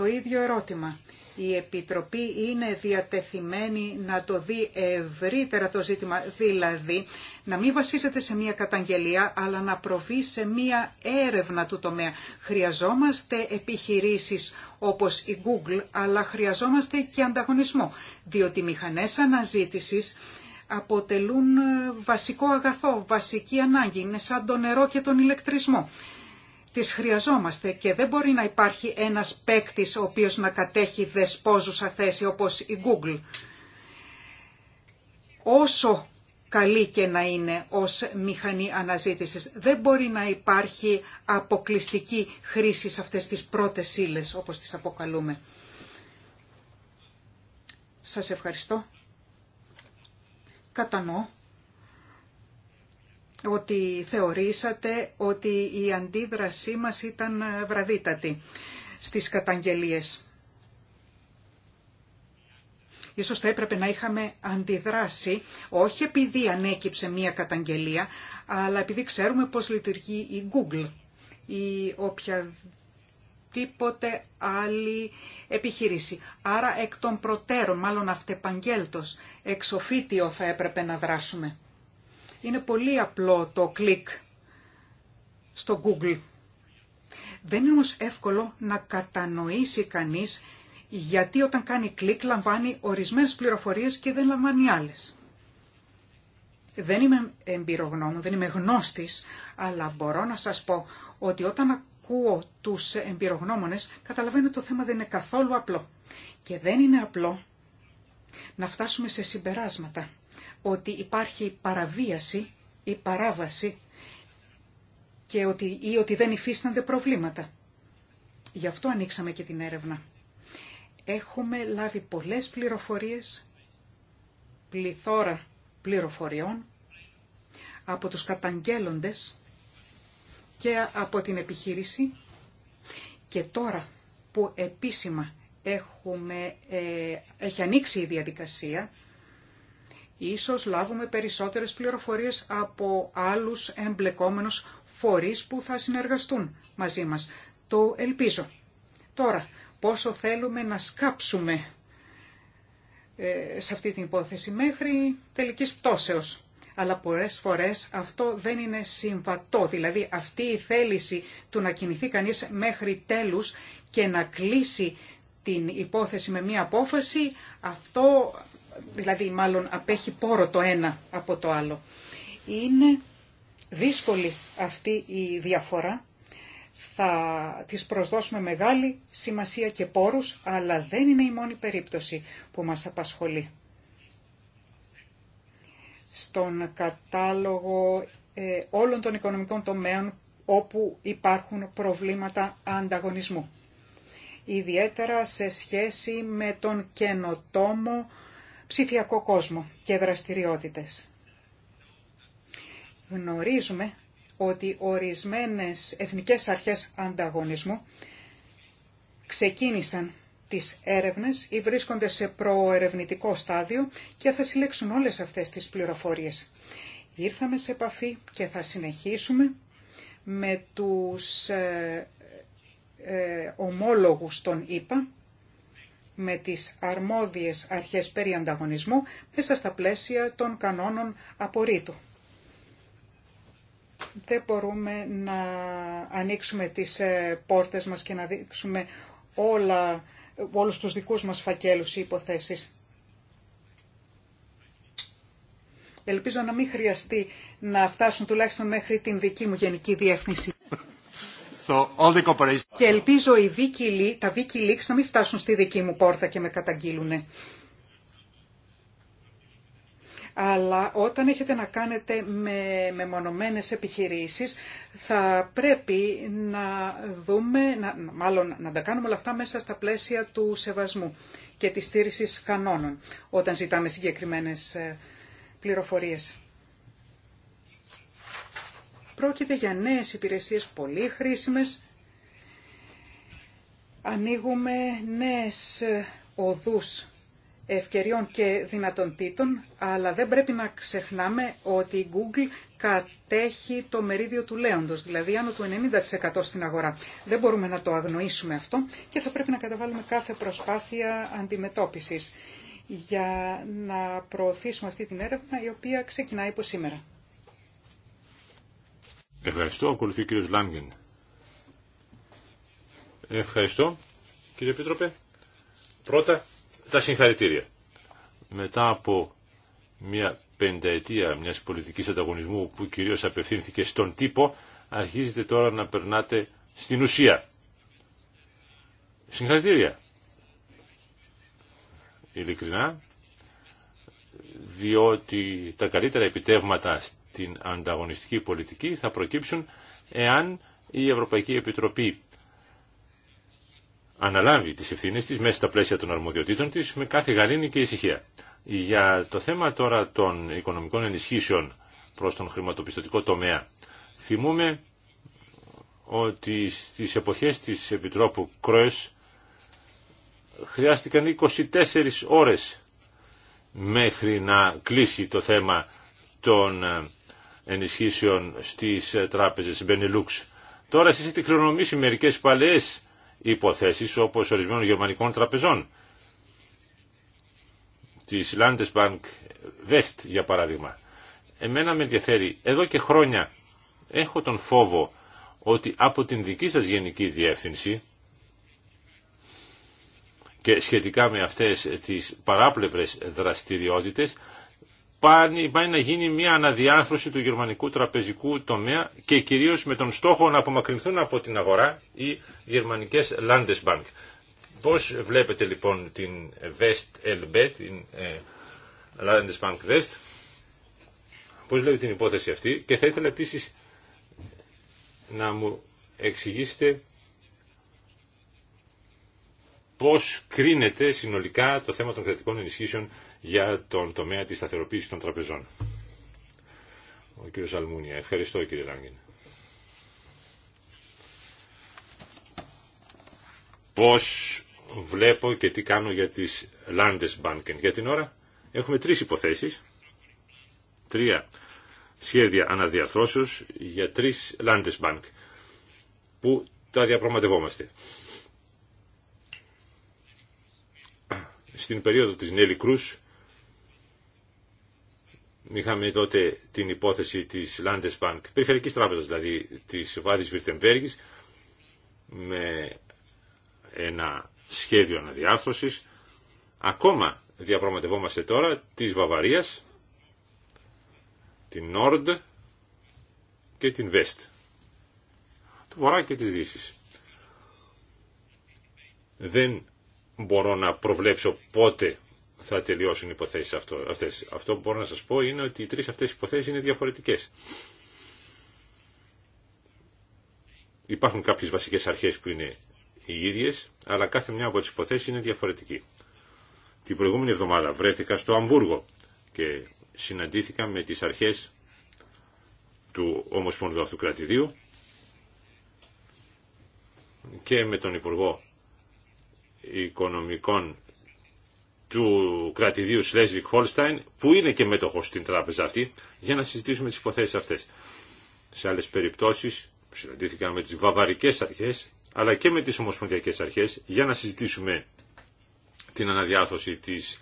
S4: το ίδιο ερώτημα. Η Επιτροπή είναι διατεθειμένη να το δει ευρύτερα το ζήτημα, δηλαδή να μην βασίζεται σε μία καταγγελία, αλλά να προβεί σε μία έρευνα του τομέα. Χρειαζόμαστε επιχειρήσεις όπως η Google, αλλά χρειαζόμαστε και ανταγωνισμό, διότι οι μηχανές αναζήτησης αποτελούν ε, βασικό αγαθό, βασική ανάγκη, είναι σαν το νερό και τον ηλεκτρισμό τις χρειαζόμαστε και δεν μπορεί να υπάρχει ένας παίκτη ο οποίος να κατέχει δεσπόζουσα θέση όπως η Google. Όσο καλή και να είναι ως μηχανή αναζήτησης, δεν μπορεί να υπάρχει αποκλειστική χρήση σε αυτές τις πρώτες ύλε όπως τις αποκαλούμε. Σας ευχαριστώ. Κατανοώ ότι θεωρήσατε ότι η αντίδρασή μας ήταν βραδύτατη στις καταγγελίες. Ίσως θα έπρεπε να είχαμε αντιδράσει, όχι επειδή ανέκυψε μία καταγγελία, αλλά επειδή ξέρουμε πώς λειτουργεί η Google ή οποιαδήποτε άλλη επιχείρηση. Άρα εκ των προτέρων, μάλλον αυτεπαγγέλτος, εξοφίτιο θα έπρεπε να δράσουμε. Είναι πολύ απλό το κλικ στο Google. Δεν είναι όμως εύκολο να κατανοήσει κανείς γιατί όταν κάνει κλικ λαμβάνει ορισμένες πληροφορίες και δεν λαμβάνει άλλες. Δεν είμαι εμπειρογνώμων, δεν είμαι γνώστης, αλλά μπορώ να σας πω ότι όταν ακούω τους εμπειρογνώμονες καταλαβαίνω ότι το θέμα δεν είναι καθόλου απλό. Και δεν είναι απλό να φτάσουμε σε συμπεράσματα ότι υπάρχει παραβίαση ή παράβαση και ότι, ή ότι δεν υφίστανται προβλήματα. Γι' αυτό ανοίξαμε και την έρευνα. Έχουμε λάβει πολλές πληροφορίες, πληθώρα πληροφοριών από τους καταγγέλλοντες και από την επιχείρηση και τώρα που επίσημα έχουμε, ε, έχει ανοίξει η διαδικασία Ίσως λάβουμε περισσότερες πληροφορίες από άλλους εμπλεκόμενους φορείς που θα συνεργαστούν μαζί μας. Το ελπίζω. Τώρα, πόσο θέλουμε να σκάψουμε ε, σε αυτή την υπόθεση μέχρι τελικής πτώσεως. Αλλά πολλές φορές αυτό δεν είναι συμβατό. Δηλαδή αυτή η θέληση του να κινηθεί κανείς μέχρι τέλους και να κλείσει την υπόθεση με μία απόφαση, αυτό δηλαδή μάλλον απέχει πόρο το ένα από το άλλο. Είναι δύσκολη αυτή η διαφορά. Θα της προσδώσουμε μεγάλη σημασία και πόρους, αλλά δεν είναι η μόνη περίπτωση που μας απασχολεί. Στον κατάλογο ε, όλων των οικονομικών τομέων όπου υπάρχουν προβλήματα ανταγωνισμού. Ιδιαίτερα σε σχέση με τον καινοτόμο ψηφιακό κόσμο και δραστηριότητες. Γνωρίζουμε ότι ορισμένες εθνικές αρχές ανταγωνισμού ξεκίνησαν τις έρευνες ή βρίσκονται σε προερευνητικό στάδιο και θα συλλέξουν όλες αυτές τις πληροφορίες. Ήρθαμε σε επαφή και θα συνεχίσουμε με τους ε, ε, ομόλογους των ΙΠΑ με τις αρμόδιες αρχές περί ανταγωνισμού μέσα στα πλαίσια των κανόνων απορρίτου. Δεν μπορούμε να ανοίξουμε τις ε, πόρτες μας και να δείξουμε όλα, όλους τους δικούς μας φακέλους ή υποθέσεις. Ελπίζω να μην χρειαστεί να φτάσουν τουλάχιστον μέχρι την δική μου γενική διεύθυνση. Και ελπίζω οι Βίκυλοι, τα Wikileaks να μην φτάσουν στη δική μου πόρτα και με καταγγείλουνε. Αλλά όταν έχετε να κάνετε με μεμονωμένες επιχειρήσεις, θα πρέπει να δούμε, να, μάλλον να τα κάνουμε όλα αυτά μέσα στα πλαίσια του σεβασμού και της στήρησης κανόνων, όταν ζητάμε συγκεκριμένες ε, πληροφορίες. Πρόκειται για νέες υπηρεσίες πολύ χρήσιμες. Ανοίγουμε νέες οδούς ευκαιριών και δυνατοντήτων, αλλά δεν πρέπει να ξεχνάμε ότι η Google κατέχει το μερίδιο του λέοντος, δηλαδή άνω του 90% στην αγορά. Δεν μπορούμε να το αγνοήσουμε αυτό και θα πρέπει να καταβάλουμε κάθε προσπάθεια αντιμετώπισης για να προωθήσουμε αυτή την έρευνα η οποία ξεκινάει από σήμερα.
S3: Ευχαριστώ. Ακολουθεί ο κύριος Λάνγκεν. Ευχαριστώ. Κύριε πίτροπε. πρώτα τα συγχαρητήρια. Μετά από μια πενταετία μιας πολιτικής ανταγωνισμού που κυρίως απευθύνθηκε στον τύπο, αρχίζετε τώρα να περνάτε στην ουσία. Συγχαρητήρια. Ειλικρινά, διότι τα καλύτερα επιτεύγματα την ανταγωνιστική πολιτική θα προκύψουν εάν η Ευρωπαϊκή Επιτροπή αναλάβει τις ευθύνες της μέσα στα πλαίσια των αρμοδιοτήτων της με κάθε γαλήνη και ησυχία. Για το θέμα τώρα των οικονομικών ενισχύσεων προς τον χρηματοπιστωτικό τομέα, θυμούμε ότι στις εποχές της Επιτρόπου Κρόες χρειάστηκαν 24 ώρες μέχρι να κλείσει το θέμα των ε, ενισχύσεων στις ε, τράπεζες Benelux. Τώρα εσείς έχετε κληρονομήσει μερικές παλαιές υποθέσεις όπως ορισμένων γερμανικών τραπεζών. Της Landesbank West για παράδειγμα. Εμένα με ενδιαφέρει, εδώ και χρόνια έχω τον φόβο ότι από την δική σας γενική διεύθυνση και σχετικά με αυτές τις παράπλευρες δραστηριότητες πάει να γίνει μια αναδιάρθρωση του γερμανικού τραπεζικού τομέα και κυρίως με τον στόχο να απομακρυνθούν από την αγορά οι γερμανικές Landesbank. Πώς βλέπετε λοιπόν την West LB, την ε, Landesbank West, πώς βλέπετε την υπόθεση αυτή και θα ήθελα επίσης να μου εξηγήσετε πώς κρίνεται συνολικά το θέμα των κρατικών ενισχύσεων για τον τομέα της σταθεροποίησης των τραπεζών. Ο κύριος Αλμούνια. Ευχαριστώ κύριε Ράγκεν. Πώς βλέπω και τι κάνω για τις Landesbanken. Για την ώρα έχουμε τρεις υποθέσεις, τρία σχέδια αναδιαρθρώσεως για τρεις Landesbank που τα διαπραγματευόμαστε. στην περίοδο της Νέλη Κρούς είχαμε τότε την υπόθεση της Landesbank, περιφερειακής τράπεζας δηλαδή της Βάδης Βιρτεμβέργης με ένα σχέδιο αναδιάρθρωσης ακόμα διαπραγματευόμαστε τώρα της Βαβαρίας την Nord και την West του Βορρά και της Δύσης δεν μπορώ να προβλέψω πότε θα τελειώσουν οι υποθέσεις αυτό, αυτές. Αυτό που μπορώ να σας πω είναι ότι οι τρεις αυτές υποθέσεις είναι διαφορετικές. Υπάρχουν κάποιες βασικές αρχές που είναι οι ίδιες, αλλά κάθε μια από τις υποθέσεις είναι διαφορετική. Την προηγούμενη εβδομάδα βρέθηκα στο Αμβούργο και συναντήθηκα με τις αρχές του Ομοσπονδού Αυτοκρατηδίου και με τον Υπουργό οικονομικών του κρατηδίου Σλέσβικ Χολστάιν, που είναι και μέτοχος στην τράπεζα αυτή, για να συζητήσουμε τις υποθέσεις αυτές. Σε άλλες περιπτώσεις, συναντήθηκα με τις βαβαρικές αρχές, αλλά και με τις ομοσπονδιακές αρχές, για να συζητήσουμε την αναδιάρθρωση της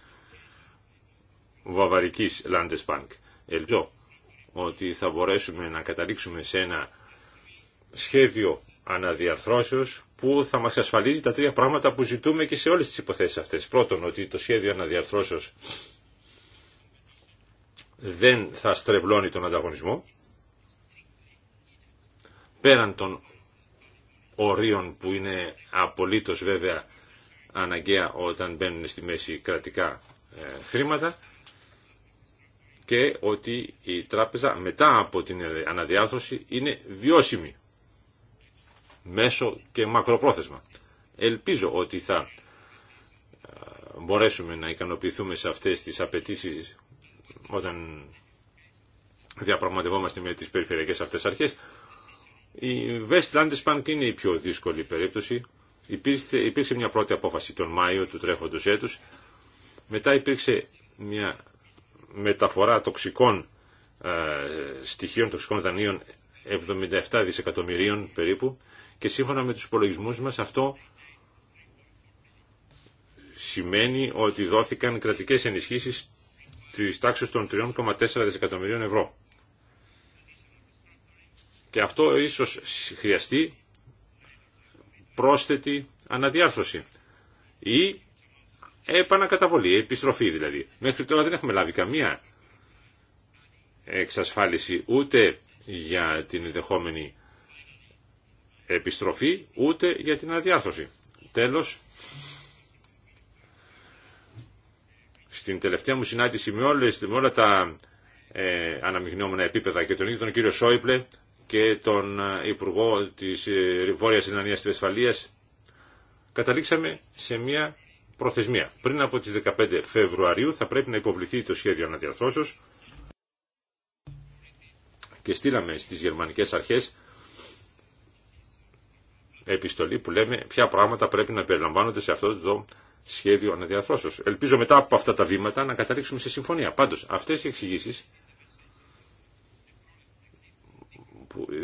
S3: βαβαρικής Landesbank. Ελπίζω ότι θα μπορέσουμε να καταλήξουμε σε ένα σχέδιο αναδιαρθρώσεως που θα μας ασφαλίζει τα τρία πράγματα που ζητούμε και σε όλες τις υποθέσεις αυτές. Πρώτον, ότι το σχέδιο αναδιαρθρώσεως δεν θα στρεβλώνει τον ανταγωνισμό, πέραν των ορίων που είναι απολύτως βέβαια αναγκαία όταν μπαίνουν στη μέση κρατικά ε, χρήματα και ότι η τράπεζα μετά από την αναδιάρθρωση είναι βιώσιμη μέσο και μακροπρόθεσμα. Ελπίζω ότι θα ε, μπορέσουμε να ικανοποιηθούμε σε αυτές τις απαιτήσει όταν διαπραγματευόμαστε με τις περιφερειακές αυτές αρχές. Η West Bank είναι η πιο δύσκολη περίπτωση. Υπήρξε, υπήρξε μια πρώτη απόφαση τον Μάιο του τρέχοντος έτους. Μετά υπήρξε μια μεταφορά τοξικών ε, στοιχείων, τοξικών δανείων 77 δισεκατομμυρίων περίπου και σύμφωνα με τους υπολογισμού μας αυτό σημαίνει ότι δόθηκαν κρατικές ενισχύσεις της τάξης των 3,4 δισεκατομμυρίων ευρώ. Και αυτό ίσως χρειαστεί πρόσθετη αναδιάρθρωση ή επανακαταβολή, επιστροφή δηλαδή. Μέχρι τώρα δεν έχουμε λάβει καμία εξασφάλιση ούτε για την ενδεχόμενη επιστροφή ούτε για την αδιάρθρωση. Τέλος, στην τελευταία μου συνάντηση με, όλες, με όλα τα ε, αναμειγνώμενα επίπεδα και τον ίδιο τον κύριο Σόιπλε και τον ε, Υπουργό της ε, Βόρειας Ινανίας της καταλήξαμε σε μια προθεσμία. Πριν από τις 15 Φεβρουαρίου θα πρέπει να υποβληθεί το σχέδιο αναδιαρθρώσεως και στείλαμε στις γερμανικές αρχές επιστολή που λέμε ποια πράγματα πρέπει να περιλαμβάνονται σε αυτό το σχέδιο αναδιαθρώσεως. Ελπίζω μετά από αυτά τα βήματα να καταλήξουμε σε συμφωνία. Πάντως, αυτές οι εξηγήσει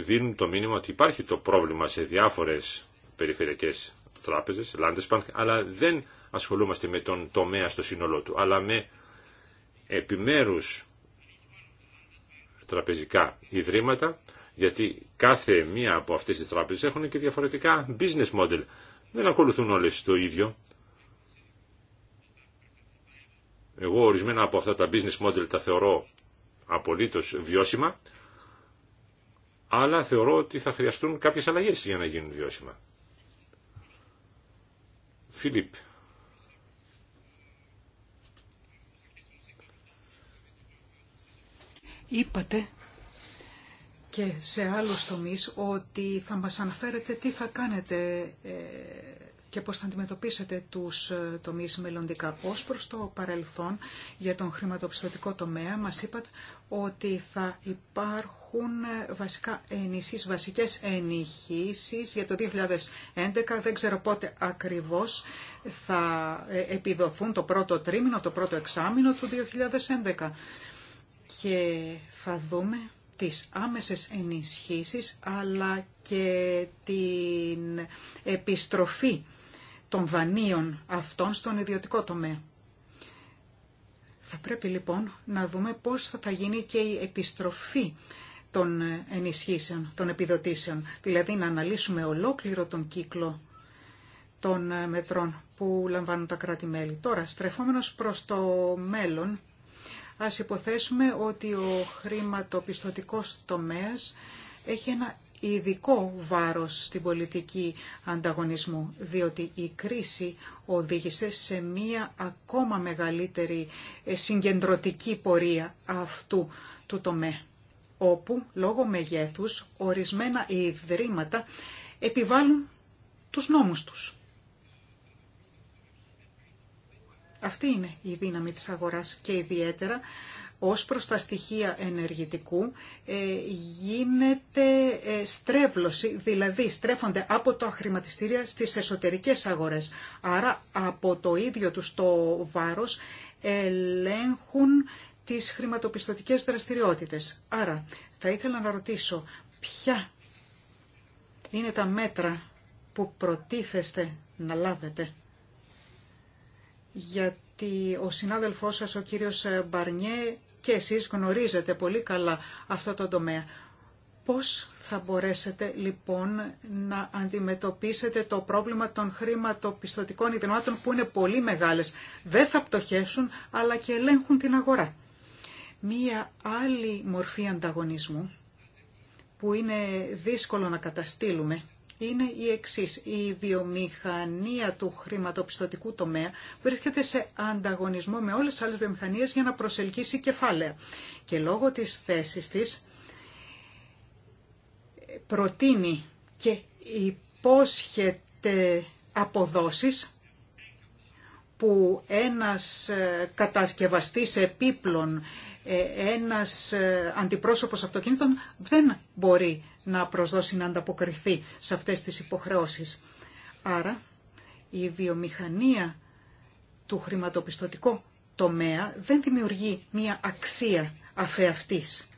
S3: δίνουν το μήνυμα ότι υπάρχει το πρόβλημα σε διάφορες περιφερειακές τράπεζες, Landesbank, αλλά δεν ασχολούμαστε με τον τομέα στο σύνολό του, αλλά με επιμέρους τραπεζικά ιδρύματα γιατί κάθε μία από αυτές τις τράπεζες έχουν και διαφορετικά business model. Δεν ακολουθούν όλες το ίδιο. Εγώ ορισμένα από αυτά τα business model τα θεωρώ απολύτως βιώσιμα, αλλά θεωρώ ότι θα χρειαστούν κάποιες αλλαγές για να γίνουν βιώσιμα. Φίλιπ.
S4: Είπατε και σε άλλους τομείς ότι θα μας αναφέρετε τι θα κάνετε ε, και πώς θα αντιμετωπίσετε τους ε, τομείς μελλοντικά. Ως προς το παρελθόν για τον χρηματοπιστωτικό τομέα μας είπατε ότι θα υπάρχουν ε, βασικά ενισχύσεις, βασικές ενισχύσεις για το 2011. Δεν ξέρω πότε ακριβώς θα επιδοθούν το πρώτο τρίμηνο, το πρώτο εξάμηνο του 2011. Και θα δούμε τις άμεσες ενισχύσεις αλλά και την επιστροφή των δανείων αυτών στον ιδιωτικό τομέα. Θα πρέπει λοιπόν να δούμε πώς θα γίνει και η επιστροφή των ενισχύσεων, των επιδοτήσεων. Δηλαδή να αναλύσουμε ολόκληρο τον κύκλο των μετρών που λαμβάνουν τα κράτη-μέλη. Τώρα, στρεφόμενος προς το μέλλον, Ας υποθέσουμε ότι ο χρηματοπιστωτικός τομέας έχει ένα ειδικό βάρος στην πολιτική ανταγωνισμού, διότι η κρίση οδήγησε σε μία ακόμα μεγαλύτερη ε, συγκεντρωτική πορεία αυτού του τομέα, όπου λόγω μεγέθους ορισμένα ιδρύματα επιβάλλουν τους νόμους τους. Αυτή είναι η δύναμη της αγοράς και ιδιαίτερα ως προς τα στοιχεία ενεργητικού ε, γίνεται ε, στρέβλωση, δηλαδή στρέφονται από τα χρηματιστήρια στις εσωτερικές αγορές. Άρα από το ίδιο τους το βάρος ελέγχουν τις χρηματοπιστωτικές δραστηριότητες. Άρα θα ήθελα να ρωτήσω ποια είναι τα μέτρα που προτίθεστε να λάβετε γιατί ο συνάδελφός σας, ο κύριος Μπαρνιέ, και εσείς γνωρίζετε πολύ καλά αυτό το τομέα. Πώς θα μπορέσετε λοιπόν να αντιμετωπίσετε το πρόβλημα των χρηματοπιστωτικών ιδρυμάτων που είναι πολύ μεγάλες. Δεν θα πτωχέσουν αλλά και ελέγχουν την αγορά. Μία άλλη μορφή ανταγωνισμού που είναι δύσκολο να καταστήλουμε είναι η εξής. Η βιομηχανία του χρηματοπιστωτικού τομέα βρίσκεται σε ανταγωνισμό με όλες τις άλλες βιομηχανίες για να προσελκύσει κεφάλαια. Και λόγω της θέσης της προτείνει και υπόσχεται αποδόσεις που ένας ε, κατασκευαστής επίπλων, ε, ένας ε, αντιπρόσωπος αυτοκινήτων δεν μπορεί να προσδώσει να ανταποκριθεί σε αυτές τις υποχρεώσεις. Άρα η βιομηχανία του χρηματοπιστωτικού τομέα δεν δημιουργεί μία αξία αφεαυτής.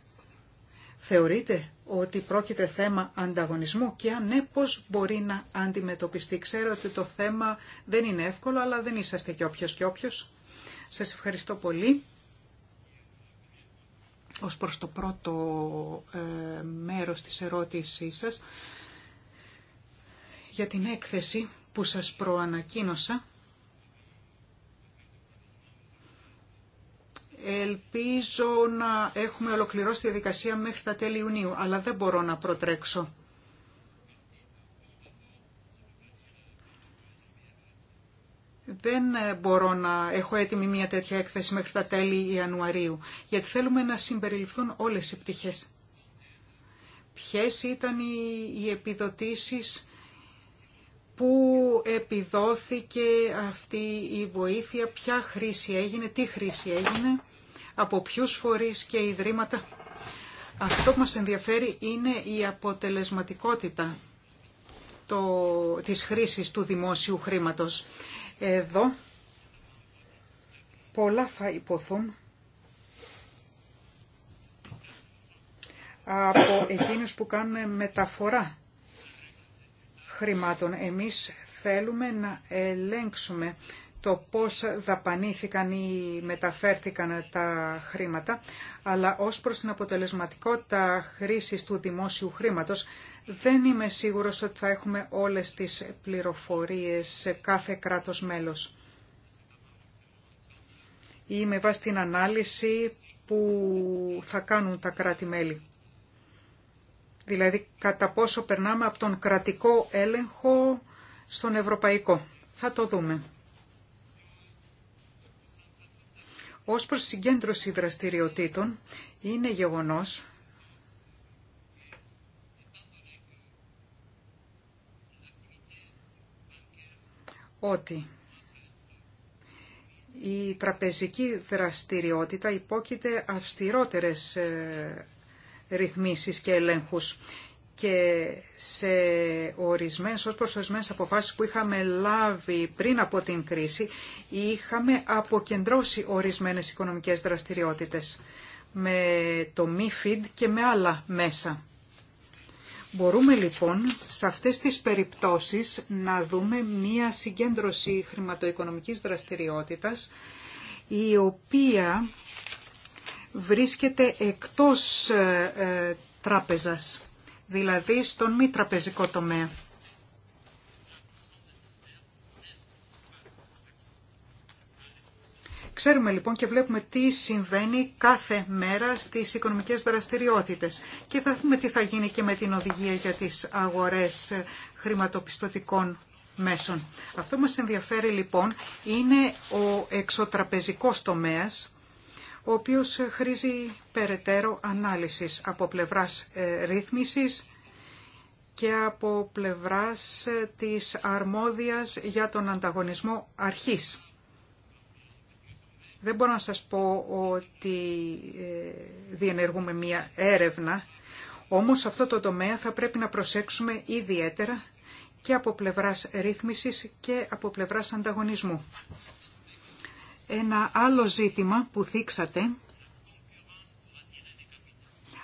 S4: Θεωρείτε ότι πρόκειται θέμα ανταγωνισμού και αν ναι, μπορεί να αντιμετωπιστεί. Ξέρω ότι το θέμα δεν είναι εύκολο, αλλά δεν είσαστε και όποιος και όποιος. Σας ευχαριστώ πολύ. Ως προς το πρώτο ε, μέρος της ερώτησής σας για την έκθεση που σας προανακοίνωσα Ελπίζω να έχουμε ολοκληρώσει τη διαδικασία μέχρι τα τέλη Ιουνίου, αλλά δεν μπορώ να προτρέξω. Δεν ε, μπορώ να έχω έτοιμη μια τέτοια έκθεση μέχρι τα τέλη Ιανουαρίου, γιατί θέλουμε να συμπεριληφθούν όλες οι πτυχές. Ποιες ήταν οι επιδοτήσεις πού επιδόθηκε αυτή η βοήθεια, ποια χρήση έγινε, τι χρήση έγινε από ποιους φορείς και ιδρύματα. Αυτό που μας ενδιαφέρει είναι η αποτελεσματικότητα το, της χρήσης του δημόσιου χρήματος. Εδώ πολλά θα υποθούν από εκείνους που κάνουν μεταφορά χρημάτων. Εμείς θέλουμε να ελέγξουμε το πώς δαπανήθηκαν ή μεταφέρθηκαν τα χρήματα, αλλά ως προς την αποτελεσματικότητα χρήσης του δημόσιου χρήματος, δεν είμαι σίγουρος ότι θα έχουμε όλες τις πληροφορίες σε κάθε κράτος μέλος. Ή με βάση την ανάλυση που θα κάνουν τα κράτη-μέλη. Δηλαδή, κατά πόσο περνάμε από τον κρατικό έλεγχο στον ευρωπαϊκό. Θα το δούμε. Ως προς συγκέντρωση δραστηριοτήτων είναι γεγονός ότι η τραπεζική δραστηριότητα υπόκειται αυστηρότερες ε, ρυθμίσεις και ελέγχους και σε ορισμένες, ως προς αποφάσεις που είχαμε λάβει πριν από την κρίση, είχαμε αποκεντρώσει ορισμένες οικονομικές δραστηριότητες με το MIFID και με άλλα μέσα. Μπορούμε λοιπόν σε αυτές τις περιπτώσεις να δούμε μία συγκέντρωση χρηματοοικονομικής δραστηριότητας η οποία βρίσκεται εκτός ε, ε, τράπεζας δηλαδή στον μη τραπεζικό τομέα. Ξέρουμε λοιπόν και βλέπουμε τι συμβαίνει κάθε μέρα στις οικονομικές δραστηριότητες και θα δούμε τι θα γίνει και με την οδηγία για τις αγορές χρηματοπιστωτικών μέσων. Αυτό μας ενδιαφέρει λοιπόν είναι ο εξωτραπεζικός τομέας ο οποίος χρήζει περαιτέρω ανάλυσης από πλευράς ε, ρύθμισης και από πλευράς ε, της αρμόδιας για τον ανταγωνισμό αρχής. Δεν μπορώ να σας πω ότι ε, διενεργούμε μία έρευνα, όμως αυτό το τομέα θα πρέπει να προσέξουμε ιδιαίτερα και από πλευράς ρύθμισης και από πλευράς ανταγωνισμού. Ένα άλλο ζήτημα που θίξατε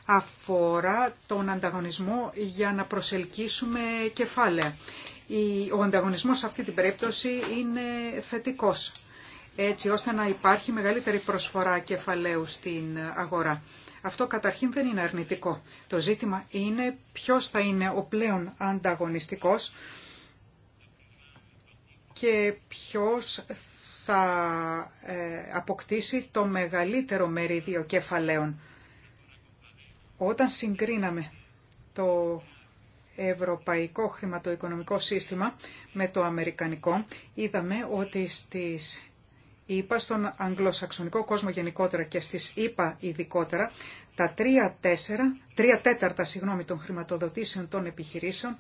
S4: αφορά τον ανταγωνισμό για να προσελκύσουμε κεφάλαια. Ο ανταγωνισμός σε αυτή την περίπτωση είναι θετικός, έτσι ώστε να υπάρχει μεγαλύτερη προσφορά κεφαλαίου στην αγορά. Αυτό καταρχήν δεν είναι αρνητικό. Το ζήτημα είναι ποιος θα είναι ο πλέον ανταγωνιστικός και ποιος θα ε, αποκτήσει το μεγαλύτερο μερίδιο κεφαλαίων. Όταν συγκρίναμε το ευρωπαϊκό χρηματοοικονομικό σύστημα με το αμερικανικό, είδαμε ότι στις ΗΠΑ, στον αγγλοσαξονικό κόσμο γενικότερα και στις ΗΠΑ ειδικότερα, τα τρία, τέσσερα, τρία τέταρτα συγγνώμη, των χρηματοδοτήσεων των επιχειρήσεων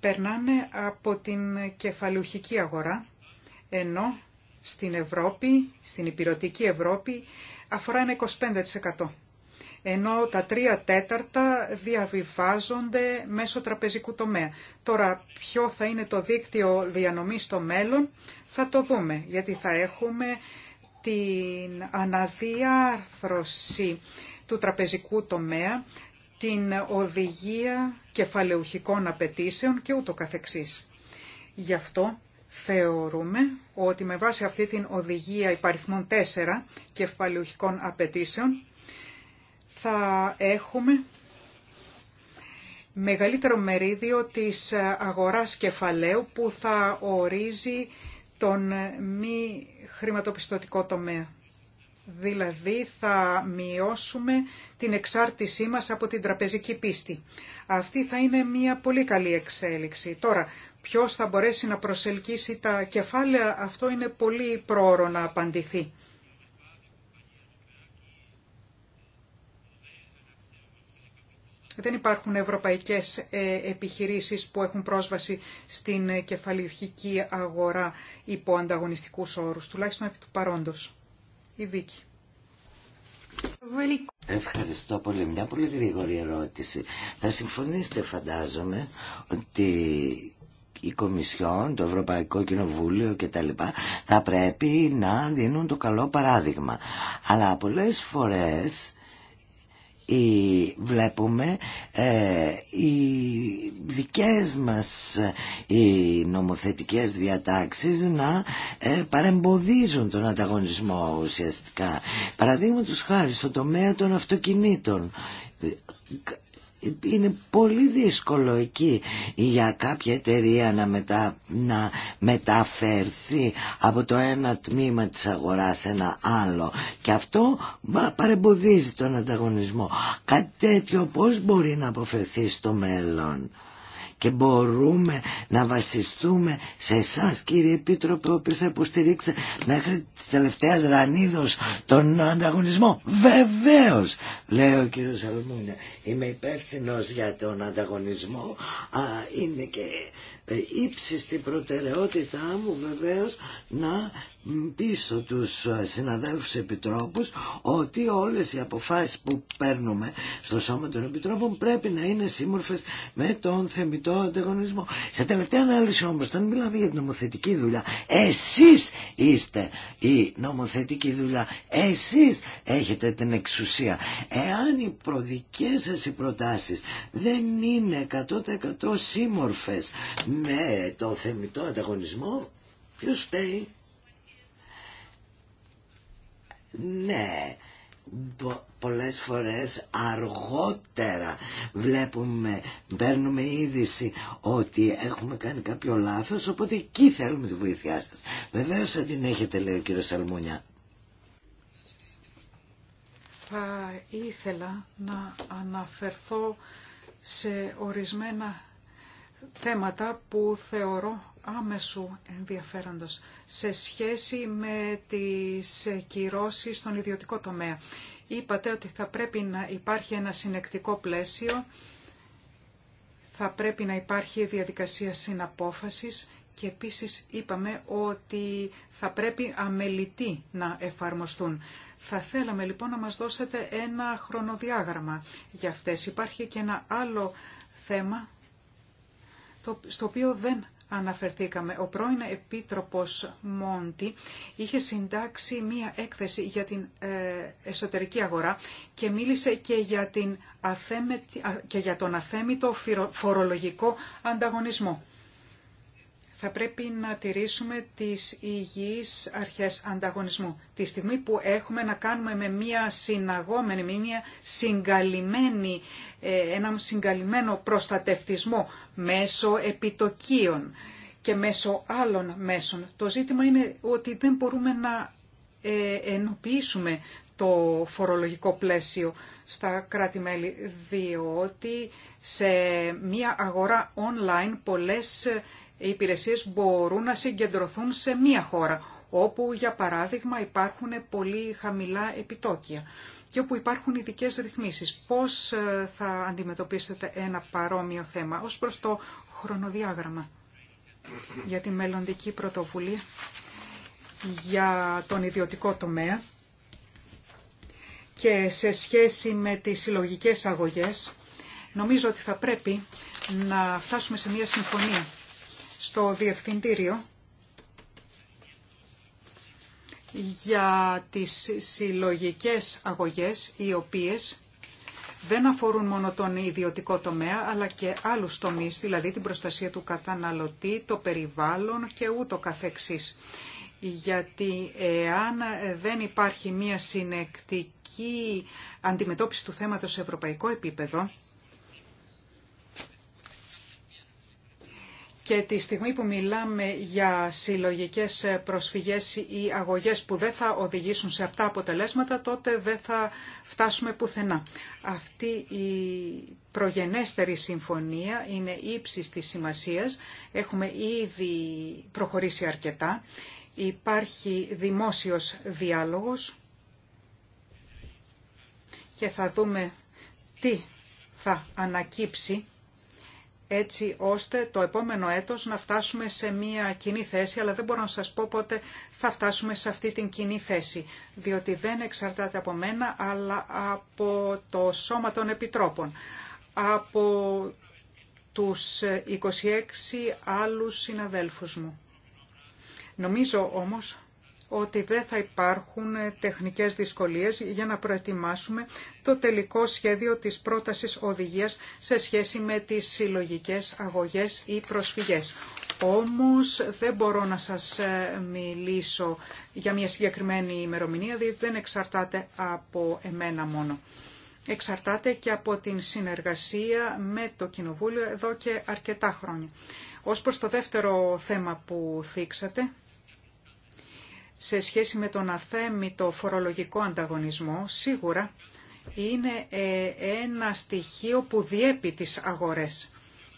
S4: περνάνε από την κεφαλουχική αγορά ενώ στην Ευρώπη, στην υπηρετική Ευρώπη, αφορά ένα 25%. Ενώ τα τρία τέταρτα διαβιβάζονται μέσω τραπεζικού τομέα. Τώρα, ποιο θα είναι το δίκτυο διανομής στο μέλλον, θα το δούμε, γιατί θα έχουμε την αναδιάρθρωση του τραπεζικού τομέα, την οδηγία κεφαλαιουχικών απαιτήσεων και ούτω καθεξής. Γι' αυτό Θεωρούμε ότι με βάση αυτή την οδηγία υπαριθμών 4 κεφαλαιοχικών απαιτήσεων θα έχουμε μεγαλύτερο μερίδιο της αγοράς κεφαλαίου που θα ορίζει τον μη χρηματοπιστωτικό τομέα. Δηλαδή θα μειώσουμε την εξάρτησή μας από την τραπεζική πίστη. Αυτή θα είναι μια πολύ καλή εξέλιξη. Τώρα, ποιος θα μπορέσει να προσελκύσει τα κεφάλαια, αυτό είναι πολύ πρόωρο να απαντηθεί. Δεν υπάρχουν ευρωπαϊκές ε, επιχειρήσεις που έχουν πρόσβαση στην ε, κεφαλιουχική αγορά υπό ανταγωνιστικούς όρους, τουλάχιστον επί του παρόντος. Η Βίκη.
S2: Ευχαριστώ πολύ. Μια πολύ γρήγορη ερώτηση. Θα συμφωνήσετε φαντάζομαι ότι η Κομισιόν, το Ευρωπαϊκό Κοινοβούλιο κτλ. θα πρέπει να δίνουν το καλό παράδειγμα. Αλλά πολλές φορές βλέπουμε ε, οι δικές μας οι νομοθετικές διατάξεις να ε, παρεμποδίζουν τον ανταγωνισμό ουσιαστικά. τους χάρη στο τομέα των αυτοκινήτων είναι πολύ δύσκολο εκεί για κάποια εταιρεία να, μετα, να μεταφερθεί από το ένα τμήμα της αγοράς σε ένα άλλο και αυτό παρεμποδίζει τον ανταγωνισμό. Κάτι τέτοιο πώς μπορεί να αποφευθεί στο μέλλον και μπορούμε να βασιστούμε σε εσά κύριε Επίτροπε ο οποίο θα υποστηρίξει μέχρι τη τελευταία ρανίδο τον ανταγωνισμό. Βεβαίω, λέει ο κύριο Σαλμούνια είμαι υπεύθυνο για τον ανταγωνισμό είναι και ε, ύψιστη προτεραιότητά μου βεβαίως να πίσω τους ε, συναδέλφους επιτρόπους ότι όλες οι αποφάσεις που παίρνουμε στο σώμα των επιτρόπων πρέπει να είναι σύμμορφες με τον θεμητό ανταγωνισμό. Σε τελευταία ανάλυση όμως, όταν μιλάμε για την νομοθετική δουλειά, εσείς είστε η νομοθετική δουλειά, εσείς έχετε την εξουσία. Εάν οι προδικές σας οι προτάσεις δεν είναι 100% σύμμορφες με τον θεμητό ανταγωνισμό, ποιος φταίει. Ναι, πολλές φορές αργότερα βλέπουμε, παίρνουμε είδηση ότι έχουμε κάνει κάποιο λάθος, οπότε εκεί θέλουμε τη βοήθειά σας. Βεβαίως θα την έχετε, λέει ο κύριος Σαλμούνια.
S4: Θα ήθελα να αναφερθώ σε ορισμένα θέματα που θεωρώ άμεσου ενδιαφέροντος σε σχέση με τις κυρώσεις στον ιδιωτικό τομέα. Είπατε ότι θα πρέπει να υπάρχει ένα συνεκτικό πλαίσιο, θα πρέπει να υπάρχει διαδικασία συναπόφασης και επίσης είπαμε ότι θα πρέπει αμελητοί να εφαρμοστούν. Θα θέλαμε λοιπόν να μας δώσετε ένα χρονοδιάγραμμα για αυτές. Υπάρχει και ένα άλλο θέμα στο οποίο δεν αναφερθήκαμε. Ο πρώην Επίτροπος Μόντι είχε συντάξει μία έκθεση για την ε, εσωτερική αγορά και μίλησε και για, την και για τον αθέμητο φορολογικό ανταγωνισμό θα πρέπει να τηρήσουμε τις υγιείς αρχές ανταγωνισμού. Τη στιγμή που έχουμε να κάνουμε με μία συναγόμενη, με μία συγκαλυμμένη, ε, έναν συγκαλυμμένο προστατευτισμό μέσω επιτοκίων και μέσω άλλων μέσων. Το ζήτημα είναι ότι δεν μπορούμε να ε, ενοποιήσουμε το φορολογικό πλαίσιο στα κράτη-μέλη, διότι σε μία αγορά online πολλές οι υπηρεσίες μπορούν να συγκεντρωθούν σε μία χώρα, όπου για παράδειγμα υπάρχουν πολύ χαμηλά επιτόκια και όπου υπάρχουν ειδικέ ρυθμίσεις. Πώς ε, θα αντιμετωπίσετε ένα παρόμοιο θέμα ως προς το χρονοδιάγραμμα για τη μελλοντική πρωτοβουλία για τον ιδιωτικό τομέα και σε σχέση με τις συλλογικέ αγωγές νομίζω ότι θα πρέπει να φτάσουμε σε μια συμφωνία στο Διευθυντήριο για τις συλλογικές αγωγές οι οποίες δεν αφορούν μόνο τον ιδιωτικό τομέα αλλά και άλλους τομείς, δηλαδή την προστασία του καταναλωτή, το περιβάλλον και ούτω καθεξής. Γιατί εάν δεν υπάρχει μία συνεκτική αντιμετώπιση του θέματος σε ευρωπαϊκό επίπεδο, και τη στιγμή που μιλάμε για συλλογικές προσφυγές ή αγωγές που δεν θα οδηγήσουν σε αυτά αποτελέσματα, τότε δεν θα φτάσουμε πουθενά. Αυτή η προγενέστερη συμφωνία είναι ύψη της σημασίας. Έχουμε ήδη προχωρήσει αρκετά. Υπάρχει δημόσιος διάλογος και θα δούμε τι θα ανακύψει έτσι ώστε το επόμενο έτος να φτάσουμε σε μία κοινή θέση, αλλά δεν μπορώ να σας πω πότε θα φτάσουμε σε αυτή την κοινή θέση, διότι δεν εξαρτάται από μένα, αλλά από το Σώμα των Επιτρόπων, από τους 26 άλλους συναδέλφους μου. Νομίζω όμως ότι δεν θα υπάρχουν τεχνικές δυσκολίες για να προετοιμάσουμε το τελικό σχέδιο της πρότασης οδηγίας σε σχέση με τις συλλογικές αγωγές ή προσφυγές. Όμως δεν μπορώ να σας ε, μιλήσω για μια συγκεκριμένη ημερομηνία, διότι δεν εξαρτάται από εμένα μόνο. Εξαρτάται και από την συνεργασία με το Κοινοβούλιο εδώ και αρκετά χρόνια. Ως προς το δεύτερο θέμα που θίξατε, σε σχέση με τον αθέμητο φορολογικό ανταγωνισμό, σίγουρα είναι ε, ένα στοιχείο που διέπει τις αγορές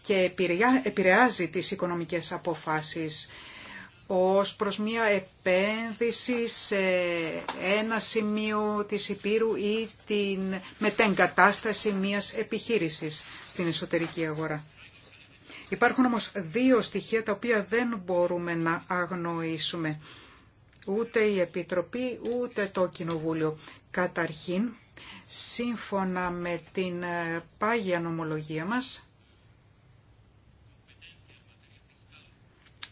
S4: και επηρεάζει τις οικονομικές αποφάσεις ως προς μια επένδυση σε ένα σημείο της Υπήρου ή την μετεγκατάσταση μιας επιχείρησης στην εσωτερική αγορά. Υπάρχουν όμως δύο στοιχεία τα οποία δεν μπορούμε να αγνοήσουμε ούτε η Επιτροπή ούτε το Κοινοβούλιο. Καταρχήν, σύμφωνα με την ε, πάγια νομολογία μας,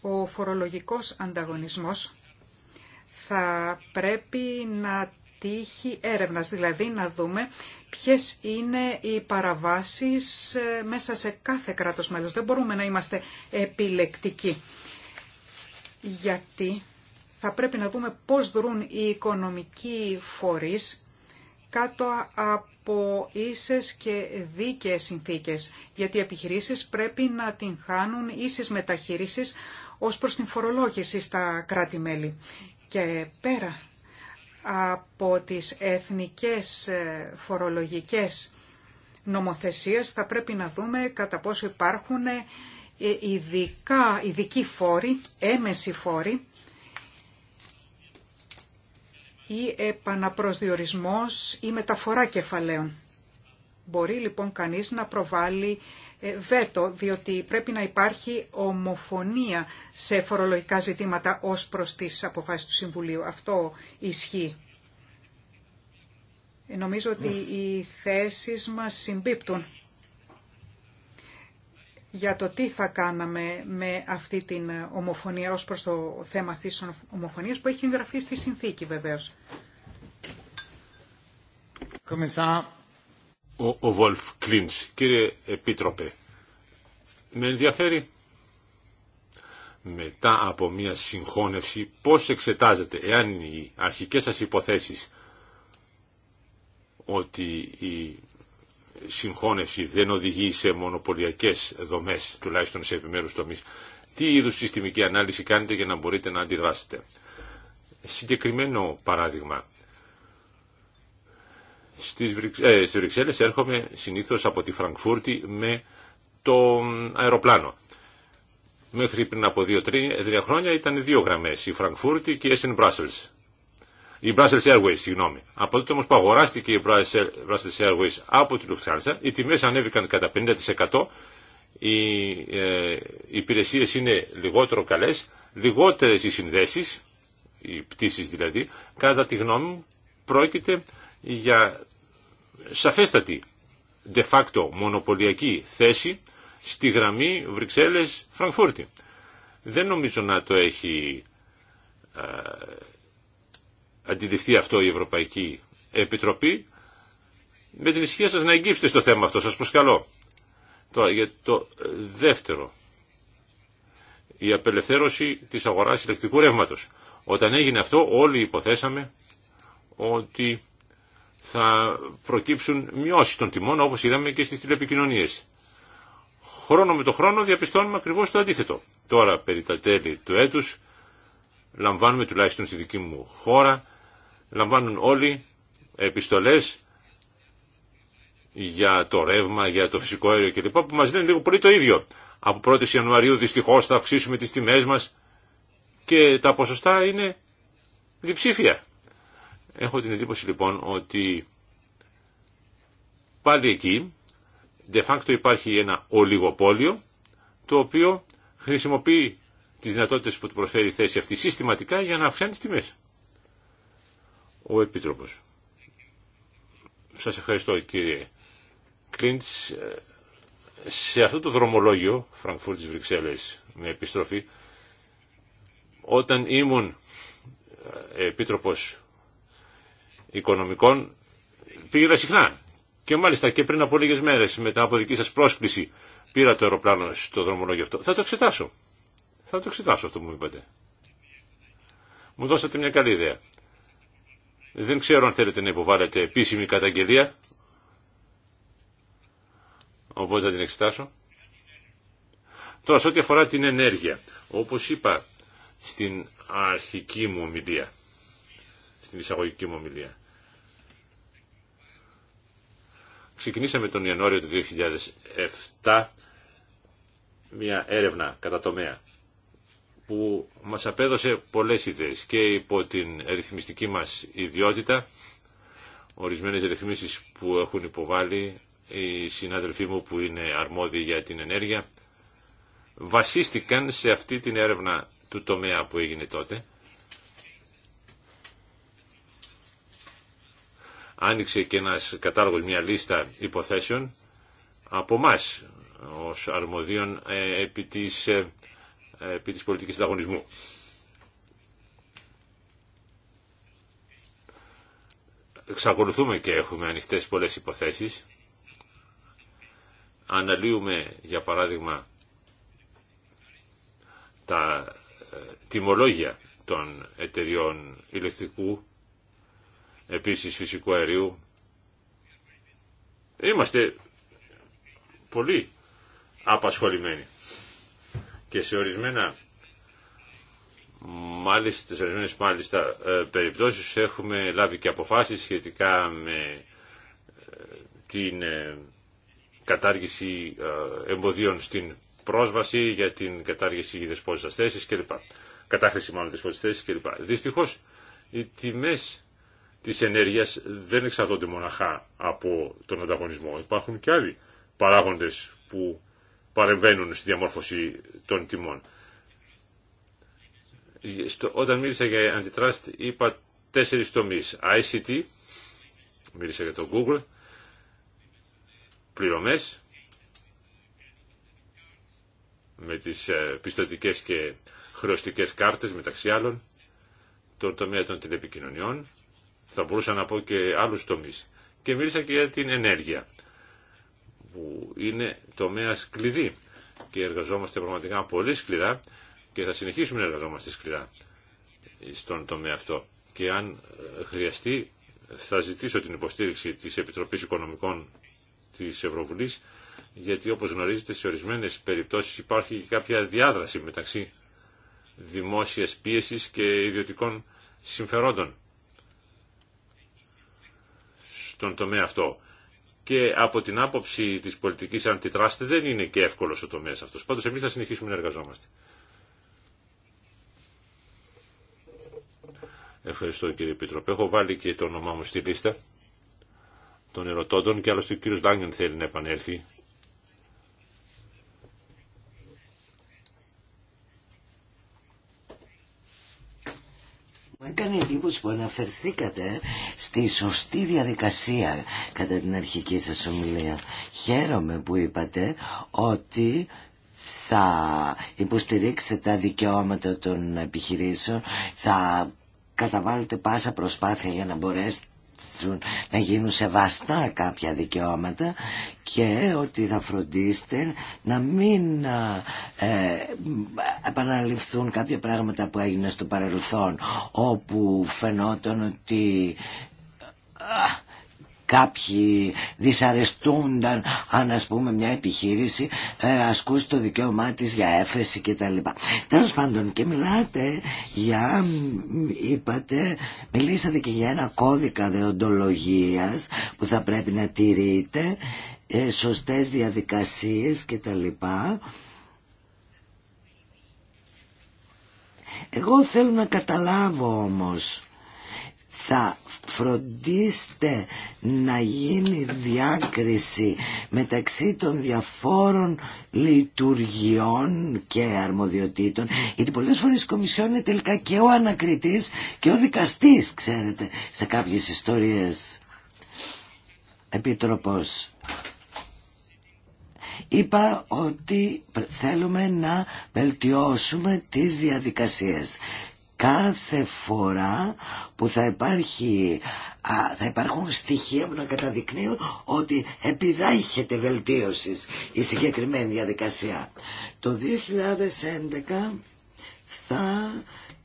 S4: ο φορολογικός ανταγωνισμός θα πρέπει να τύχει έρευνας, δηλαδή να δούμε ποιες είναι οι παραβάσεις ε, μέσα σε κάθε κράτος μέλος. Δεν μπορούμε να είμαστε επιλεκτικοί. Γιατί θα πρέπει να δούμε πώς δρούν οι οικονομικοί φορείς κάτω από ίσες και δίκαιες συνθήκες, γιατί οι επιχειρήσεις πρέπει να την χάνουν ίσες μεταχείρισης ως προς την φορολόγηση στα κράτη-μέλη. Και πέρα από τις εθνικές ε, φορολογικές νομοθεσίες θα πρέπει να δούμε κατά πόσο υπάρχουν ε, ειδικά, ειδικοί φόροι, έμεση φόροι, ή επαναπροσδιορισμός ή μεταφορά κεφαλαίων. Μπορεί λοιπόν κανείς να προβάλλει ε, βέτο, διότι πρέπει να υπάρχει ομοφωνία σε φορολογικά ζητήματα ως προς τις αποφάσεις του Συμβουλίου. Αυτό ισχύει. Ε, νομίζω ότι οι θέσεις μας συμπίπτουν για το τι θα κάναμε με αυτή την ομοφωνία ως προς το θέμα αυτής της ομοφωνίας που έχει εγγραφεί στη συνθήκη βεβαίως.
S3: Ο, ο Βολφ Κλίντς, κύριε Επίτροπε, με ενδιαφέρει μετά από μια συγχώνευση πώς εξετάζεται εάν οι αρχικές σας υποθέσεις ότι η συγχώνευση δεν οδηγεί σε μονοπωλιακές δομές, τουλάχιστον σε επιμέρους τομείς. Τι είδους συστημική ανάλυση κάνετε για να μπορείτε να αντιδράσετε. Συγκεκριμένο παράδειγμα. Στις, ε, έρχομαι συνήθως από τη Φραγκφούρτη με το αεροπλάνο. Μέχρι πριν από 2-3 χρόνια ήταν δύο γραμμές, η Φραγκφούρτη και η Essen Brussels η Brussels Airways, συγγνώμη. Από τότε όμω που αγοράστηκε η Brussels Airways από τη Lufthansa, οι τιμές ανέβηκαν κατά 50%, οι ε, υπηρεσίες είναι λιγότερο καλές, λιγότερες οι συνδέσει, οι πτήσει δηλαδή, κατά τη γνώμη μου πρόκειται για σαφέστατη de facto μονοπωλιακή θέση στη γραμμή Βρυξέλλες-Φραγκφούρτη. Δεν νομίζω να το έχει ε, αντιληφθεί αυτό η Ευρωπαϊκή Επιτροπή, με την ισχύ σας να εγγύψετε στο θέμα αυτό, σας προσκαλώ. Τώρα για το δεύτερο, η απελευθέρωση της αγοράς ηλεκτρικού ρεύματος. Όταν έγινε αυτό όλοι υποθέσαμε ότι θα προκύψουν μειώσει των τιμών όπως είδαμε και στις τηλεπικοινωνίες. Χρόνο με το χρόνο διαπιστώνουμε ακριβώς το αντίθετο. Τώρα περί τα τέλη του έτους λαμβάνουμε τουλάχιστον στη δική μου χώρα λαμβάνουν όλοι επιστολές για το ρεύμα, για το φυσικό αέριο κλπ. που μας λένε λίγο πολύ το ίδιο. Από 1η Ιανουαρίου δυστυχώς θα αυξήσουμε τις τιμές μας και τα ποσοστά είναι διψήφια. Έχω την εντύπωση λοιπόν ότι πάλι εκεί de facto υπάρχει ένα ολιγοπόλιο το οποίο χρησιμοποιεί τις δυνατότητες που του προσφέρει η θέση αυτή συστηματικά για να αυξάνει τις τιμές ο Επίτροπος. Σας ευχαριστώ κύριε Κλίντς. Σε αυτό το δρομολόγιο, Φραγκφούρτης Βρυξέλλες, με επιστροφή, όταν ήμουν ε, Επίτροπος Οικονομικών, πήγαινα συχνά. Και μάλιστα και πριν από λίγες μέρες, μετά από δική σας πρόσκληση, πήρα το αεροπλάνο στο δρομολόγιο αυτό. Θα το εξετάσω. Θα το εξετάσω αυτό που μου είπατε. Μου δώσατε μια καλή ιδέα. Δεν ξέρω αν θέλετε να υποβάλλετε επίσημη καταγγελία. Οπότε θα την εξετάσω. Τώρα, σε ό,τι αφορά την ενέργεια, όπως είπα στην αρχική μου ομιλία, στην εισαγωγική μου ομιλία, ξεκινήσαμε τον Ιανουάριο του 2007 μια έρευνα κατά τομέα που μας απέδωσε πολλές ιδέες και υπό την ρυθμιστική μας ιδιότητα ορισμένες ρυθμίσεις που έχουν υποβάλει οι συνάδελφοί μου που είναι αρμόδιοι για την ενέργεια βασίστηκαν σε αυτή την έρευνα του τομέα που έγινε τότε. Άνοιξε και ένας κατάλογος, μια λίστα υποθέσεων από μας ως αρμοδίων ε, επί της ε, ε, επί της πολιτικής ανταγωνισμού. Εξακολουθούμε και έχουμε ανοιχτές πολλές υποθέσεις. Αναλύουμε, για παράδειγμα, τα ε, τιμολόγια των εταιριών ηλεκτρικού, επίσης φυσικού αερίου. Είμαστε πολύ απασχολημένοι και σε ορισμένα μάλιστα, σε ορισμένες μάλιστα ε, περιπτώσεις έχουμε λάβει και αποφάσεις σχετικά με ε, την ε, κατάργηση εμποδίων στην πρόσβαση, για την κατάργηση δεσπόζητας θέσης κλπ. Κατάχρηση μάλλον θέσης κλπ. Δυστυχώς οι τιμές της ενέργειας δεν εξαρτώνται μοναχά από τον ανταγωνισμό. Υπάρχουν και άλλοι παράγοντες που παρεμβαίνουν στη διαμόρφωση των τιμών. Στο, όταν μίλησα για antitrust είπα τέσσερις τομείς. ICT, μίλησα για το Google, πληρωμές με τις ε, πιστοτικές και χρεωστικές κάρτες μεταξύ άλλων, τον τομέα των τηλεπικοινωνιών, θα μπορούσα να πω και άλλους τομείς. Και μίλησα και για την ενέργεια που είναι τομέα κλειδί και εργαζόμαστε πραγματικά πολύ σκληρά και θα συνεχίσουμε να εργαζόμαστε σκληρά στον τομέα αυτό. Και αν ε, χρειαστεί θα ζητήσω την υποστήριξη της Επιτροπής Οικονομικών της Ευρωβουλής γιατί όπως γνωρίζετε σε ορισμένες περιπτώσεις υπάρχει και κάποια διάδραση μεταξύ δημόσιας πίεσης και ιδιωτικών συμφερόντων στον τομέα αυτό και από την άποψη τη πολιτική αντιτράστη δεν είναι και εύκολο ο τομέας αυτό. Πάντως εμεί θα συνεχίσουμε να εργαζόμαστε. Ευχαριστώ κύριε Επιτροπέ. Έχω βάλει και το όνομά μου στη λίστα των ερωτώντων και άλλωστε ο κύριο Λάγκεν θέλει να επανέλθει
S2: Μου έκανε εντύπωση που αναφερθήκατε στη σωστή διαδικασία κατά την αρχική σας ομιλία. Χαίρομαι που είπατε ότι θα υποστηρίξετε τα δικαιώματα των επιχειρήσεων, θα καταβάλλετε πάσα προσπάθεια για να μπορέσετε να γίνουν σεβαστά κάποια δικαιώματα και ότι θα φροντίστε να μην ε, επαναληφθούν κάποια πράγματα που έγιναν στο παρελθόν όπου φαινόταν ότι κάποιοι δυσαρεστούνταν αν ας πούμε μια επιχείρηση ε, το δικαίωμά της για έφεση κτλ. Τέλος πάντων και μιλάτε για, είπατε, μιλήσατε και για ένα κώδικα δεοντολογίας που θα πρέπει να τηρείτε, ε, σωστές διαδικασίες κτλ. Εγώ θέλω να καταλάβω όμως θα φροντίστε να γίνει διάκριση μεταξύ των διαφόρων λειτουργιών και αρμοδιοτήτων γιατί πολλές φορές η Κομισιόν είναι τελικά και ο ανακριτής και ο δικαστής ξέρετε σε κάποιες ιστορίες Επίτροπος είπα ότι θέλουμε να βελτιώσουμε τις διαδικασίες κάθε φορά που θα, υπάρχει, α, θα υπάρχουν στοιχεία που να καταδεικνύουν ότι επιδάχεται βελτίωση η συγκεκριμένη διαδικασία. Το 2011 θα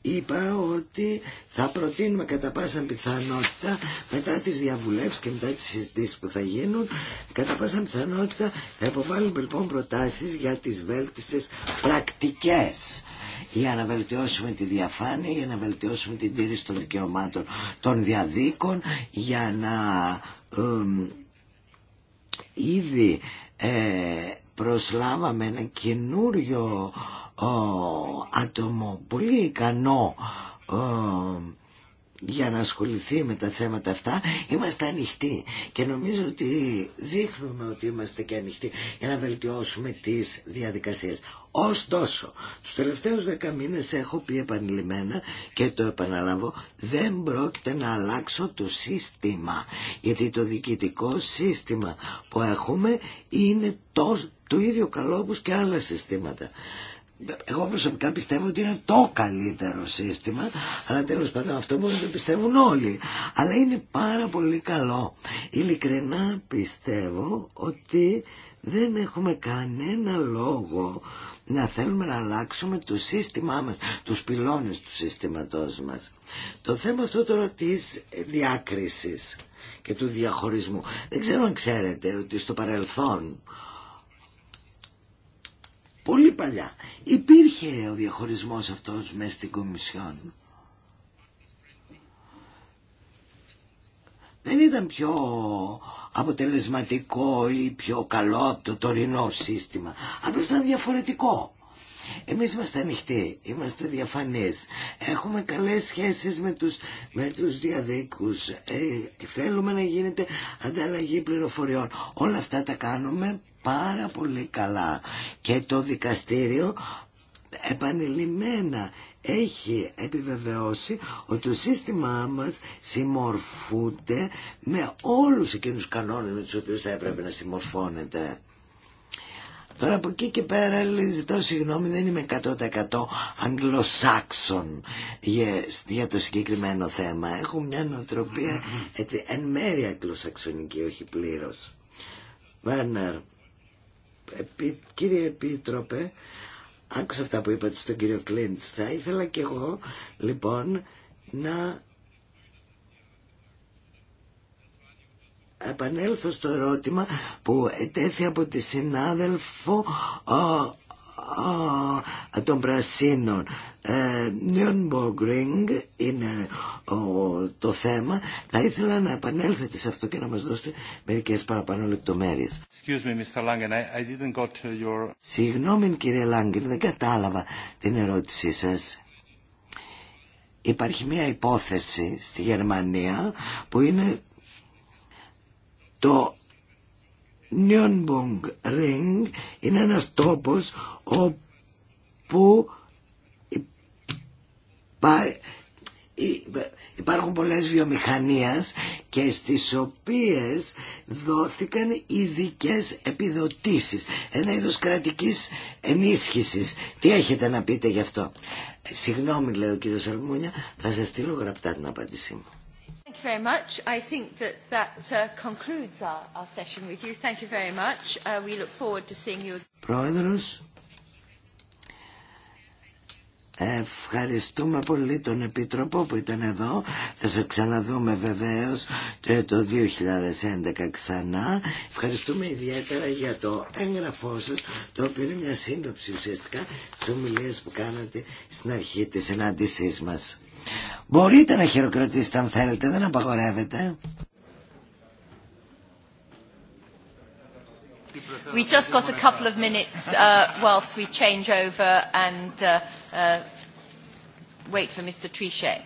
S2: είπα ότι θα προτείνουμε κατά πάσα πιθανότητα μετά τις διαβουλεύσεις και μετά τις συζητήσεις που θα γίνουν κατά πάσα πιθανότητα θα υποβάλουμε λοιπόν προτάσεις για τις βέλτιστες πρακτικές για να βελτιώσουμε τη διαφάνεια, για να βελτιώσουμε την τήρηση των δικαιωμάτων των διαδίκων, για να ήδη ε, προσλάβαμε ένα καινούριο άτομο πολύ ικανό για να ασχοληθεί με τα θέματα αυτά είμαστε ανοιχτοί και νομίζω ότι δείχνουμε ότι είμαστε και ανοιχτοί για να βελτιώσουμε τις διαδικασίες Ωστόσο, τους τελευταίους δέκα μήνες έχω πει επανειλημμένα και το επαναλαμβώ, δεν πρόκειται να αλλάξω το σύστημα. Γιατί το διοικητικό σύστημα που έχουμε είναι το, το ίδιο καλό όπως και άλλα συστήματα. Εγώ προσωπικά πιστεύω ότι είναι το καλύτερο σύστημα, αλλά τέλος πάντων αυτό μπορεί να το πιστεύουν όλοι. Αλλά είναι πάρα πολύ καλό. Ειλικρινά πιστεύω ότι δεν έχουμε κανένα λόγο να θέλουμε να αλλάξουμε το σύστημά μας, τους πυλώνες του σύστηματός μας. Το θέμα αυτό τώρα της διάκρισης και του διαχωρισμού. Δεν ξέρω αν ξέρετε ότι στο παρελθόν, πολύ παλιά, υπήρχε ο διαχωρισμός αυτός μέσα στην Κομισιόν. Δεν ήταν πιο αποτελεσματικό ή πιο καλό το τωρινό σύστημα. Απλώ ήταν διαφορετικό. Εμείς είμαστε ανοιχτοί, είμαστε διαφανείς, έχουμε καλές σχέσεις με τους, με τους διαδίκους, ε, θέλουμε να γίνεται ανταλλαγή πληροφοριών. Όλα αυτά τα κάνουμε πάρα πολύ καλά και το δικαστήριο επανειλημμένα έχει επιβεβαιώσει ότι το σύστημά μας συμμορφούνται με όλους εκείνους τους κανόνες με τους οποίους θα έπρεπε να συμμορφώνεται. Τώρα από εκεί και πέρα ζητώ συγγνώμη δεν είμαι 100% Αγγλοσάξον για, για το συγκεκριμένο θέμα. Έχω μια νοοτροπία έτσι εν μέρει Αγγλοσαξονική όχι πλήρως. Βέρνερ, επί, κύριε Επίτροπε, άκουσα αυτά που είπατε στον κύριο Κλίντς. Θα ήθελα κι εγώ λοιπόν να επανέλθω στο ερώτημα που ετέθη από τη συνάδελφο των πρασίνων. Ε, είναι το θέμα. Θα ήθελα να επανέλθετε σε αυτό και να μας δώσετε μερικές παραπάνω λεπτομέρειες.
S5: Excuse me, Mr. Langen, I, didn't got your...
S2: Συγγνώμη κύριε Λάγκεν, δεν κατάλαβα την ερώτησή σας. Υπάρχει μια υπόθεση στη Γερμανία που είναι το Νιονμπογκ Ρινγκ είναι ένας τόπος όπου υπάρχουν πολλές βιομηχανίες και στις οποίες δόθηκαν ειδικέ επιδοτήσεις ένα είδος κρατικής ενίσχυσης τι έχετε να πείτε γι' αυτό ε, συγγνώμη λέει ο κύριος Αλμούνια θα σας στείλω γραπτά την απάντησή μου
S1: you very much. I think that that concludes our session with you. Thank you very much. We look forward to seeing you.
S2: Πρόεδρος, Ευχαριστούμε πολύ τον Επίτροπο που ήταν εδώ. Θα σε ξαναδούμε βεβαίως το 2011 ξανά. Ευχαριστούμε ιδιαίτερα για το έγγραφό σας, το οποίο είναι μια σύνοψη ουσιαστικά της ομιλίας που κάνατε στην αρχή της συνάντησής μας. Μπορείτε να χειροκροτήσετε αν θέλετε, δεν απαγορεύετε.
S1: We just got a couple of minutes uh, whilst we change over and uh, wait for Mr. Trichet.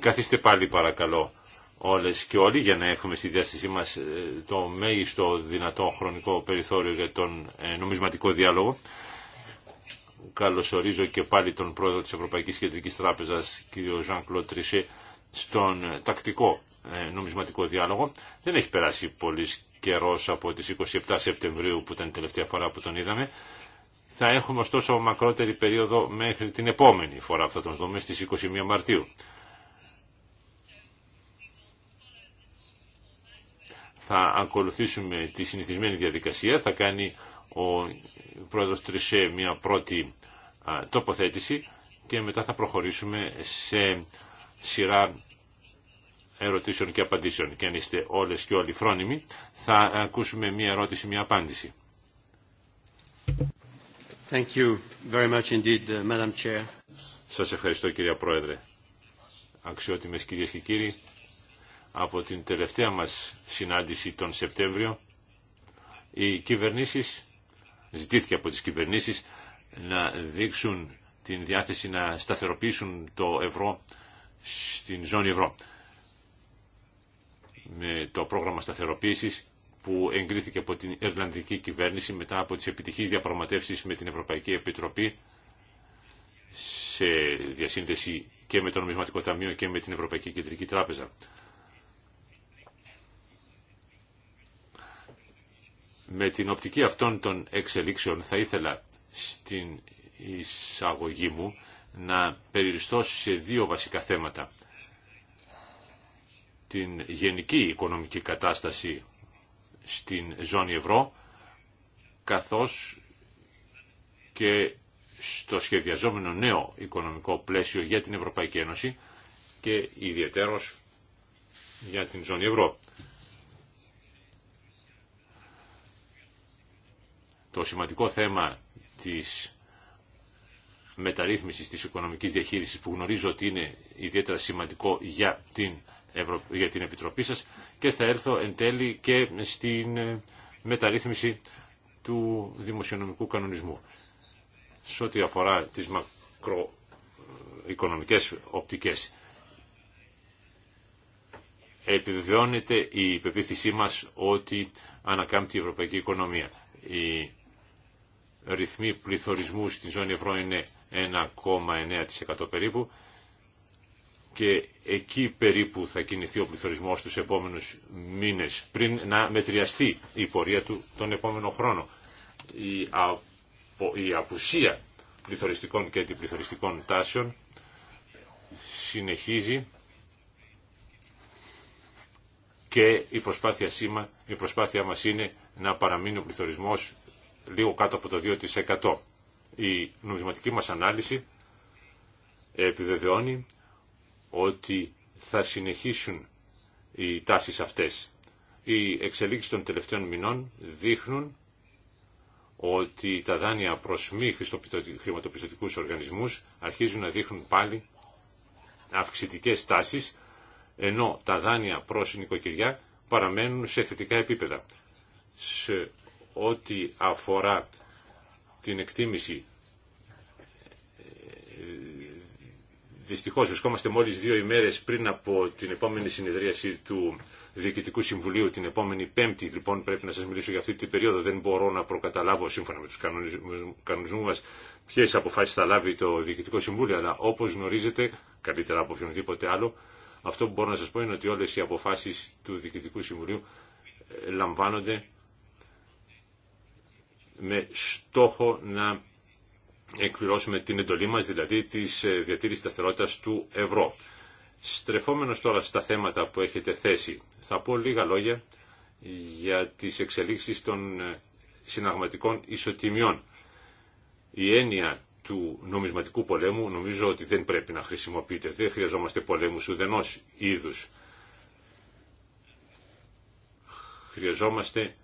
S3: Καθίστε πάλι παρακαλώ όλες και όλοι για να έχουμε στη διάστησή μας ε, το μέγιστο δυνατό χρονικό περιθώριο για τον ε, νομισματικό διάλογο. Καλωσορίζω και πάλι τον πρόεδρο της Ευρωπαϊκής Κεντρικής Τράπεζας, κύριο Ζαν claude στον τακτικό ε, νομισματικό διάλογο. Δεν έχει περάσει πολύ καιρός από τις 27 Σεπτεμβρίου που ήταν η τελευταία φορά που τον είδαμε. Θα έχουμε ωστόσο μακρότερη περίοδο μέχρι την επόμενη φορά που θα τον δούμε στις 21 Μαρτίου. Θα ακολουθήσουμε τη συνηθισμένη διαδικασία. Θα κάνει ο πρόεδρος Τρισέ μια πρώτη τοποθέτηση και μετά θα προχωρήσουμε σε σειρά ερωτήσεων και απαντήσεων. Και αν είστε όλες και όλοι φρόνιμοι, θα ακούσουμε μία ερώτηση, μία απάντηση. Thank uh, Σας ευχαριστώ κυρία Πρόεδρε. Αξιότιμες κυρίες και κύριοι, από την τελευταία μας συνάντηση τον Σεπτέμβριο, οι κυβερνήσεις, ζητήθηκε από τις κυβερνήσεις να δείξουν την διάθεση να σταθεροποιήσουν το ευρώ στην ζώνη ευρώ. Με το πρόγραμμα σταθεροποίησης που εγκρίθηκε από την Ιρλανδική κυβέρνηση μετά από τις επιτυχείς διαπραγματεύσεις με την Ευρωπαϊκή Επιτροπή σε διασύνδεση και με το Νομισματικό Ταμείο και με την Ευρωπαϊκή Κεντρική Τράπεζα. Με την οπτική αυτών των εξελίξεων θα ήθελα στην εισαγωγή μου να περιοριστώ σε δύο βασικά θέματα. Την γενική οικονομική κατάσταση στην ζώνη ευρώ, καθώς και στο σχεδιαζόμενο νέο οικονομικό πλαίσιο για την Ευρωπαϊκή Ένωση και ιδιαίτερος για την ζώνη ευρώ. Το σημαντικό θέμα της μεταρρύθμισης της οικονομικής διαχείρισης που γνωρίζω ότι είναι ιδιαίτερα σημαντικό για την, για την Επιτροπή σας και θα έρθω εν τέλει και στην ε, μεταρρύθμιση του δημοσιονομικού κανονισμού. Σε ό,τι αφορά τις μακροοικονομικές οπτικές, επιβεβαιώνεται η πεποίθησή μας ότι ανακάμπτει η ευρωπαϊκή οικονομία. Οι ρυθμοί πληθωρισμού στην ζώνη ευρώ είναι 1,9% περίπου και εκεί περίπου θα κινηθεί ο πληθωρισμός τους επόμενους μήνες πριν να μετριαστεί η πορεία του τον επόμενο χρόνο. Η, η απουσία πληθωριστικών και αντιπληθωριστικών τάσεων συνεχίζει και η προσπάθεια, σήμα, η προσπάθεια μας είναι να παραμείνει ο πληθωρισμός λίγο κάτω από το 2%. Η νομισματική μας ανάλυση επιβεβαιώνει ότι θα συνεχίσουν οι τάσεις αυτές. Οι εξελίξεις των τελευταίων μηνών δείχνουν ότι τα δάνεια προς μη χρηματοπιστωτικούς οργανισμούς αρχίζουν να δείχνουν πάλι αυξητικές τάσεις, ενώ τα δάνεια προς νοικοκυριά παραμένουν σε θετικά επίπεδα. Σε ό,τι αφορά την εκτίμηση Δυστυχώς βρισκόμαστε μόλις δύο ημέρες πριν από την επόμενη συνεδρίαση του Διοικητικού Συμβουλίου την επόμενη Πέμπτη. Λοιπόν, πρέπει να σας μιλήσω για αυτή την περίοδο. Δεν μπορώ να προκαταλάβω σύμφωνα με τους κανονισμούς μας ποιε αποφάσεις θα λάβει το Διοικητικό Συμβούλιο. Αλλά όπως γνωρίζετε, καλύτερα από οποιονδήποτε άλλο, αυτό που μπορώ να σας πω είναι ότι όλες οι αποφάσεις του Διοικητικού Συμβουλίου ε, λαμβάνονται με στόχο να εκπληρώσουμε την εντολή μας, δηλαδή της ε, διατήρησης σταθερότητας του ευρώ. Στρεφόμενος τώρα στα θέματα που έχετε θέσει, θα πω λίγα λόγια για τις εξελίξεις των ε, συναγματικών ισοτιμιών. Η έννοια του νομισματικού πολέμου νομίζω ότι δεν πρέπει να χρησιμοποιείται. Δεν χρειαζόμαστε πολέμους ουδενός είδους. Χρειαζόμαστε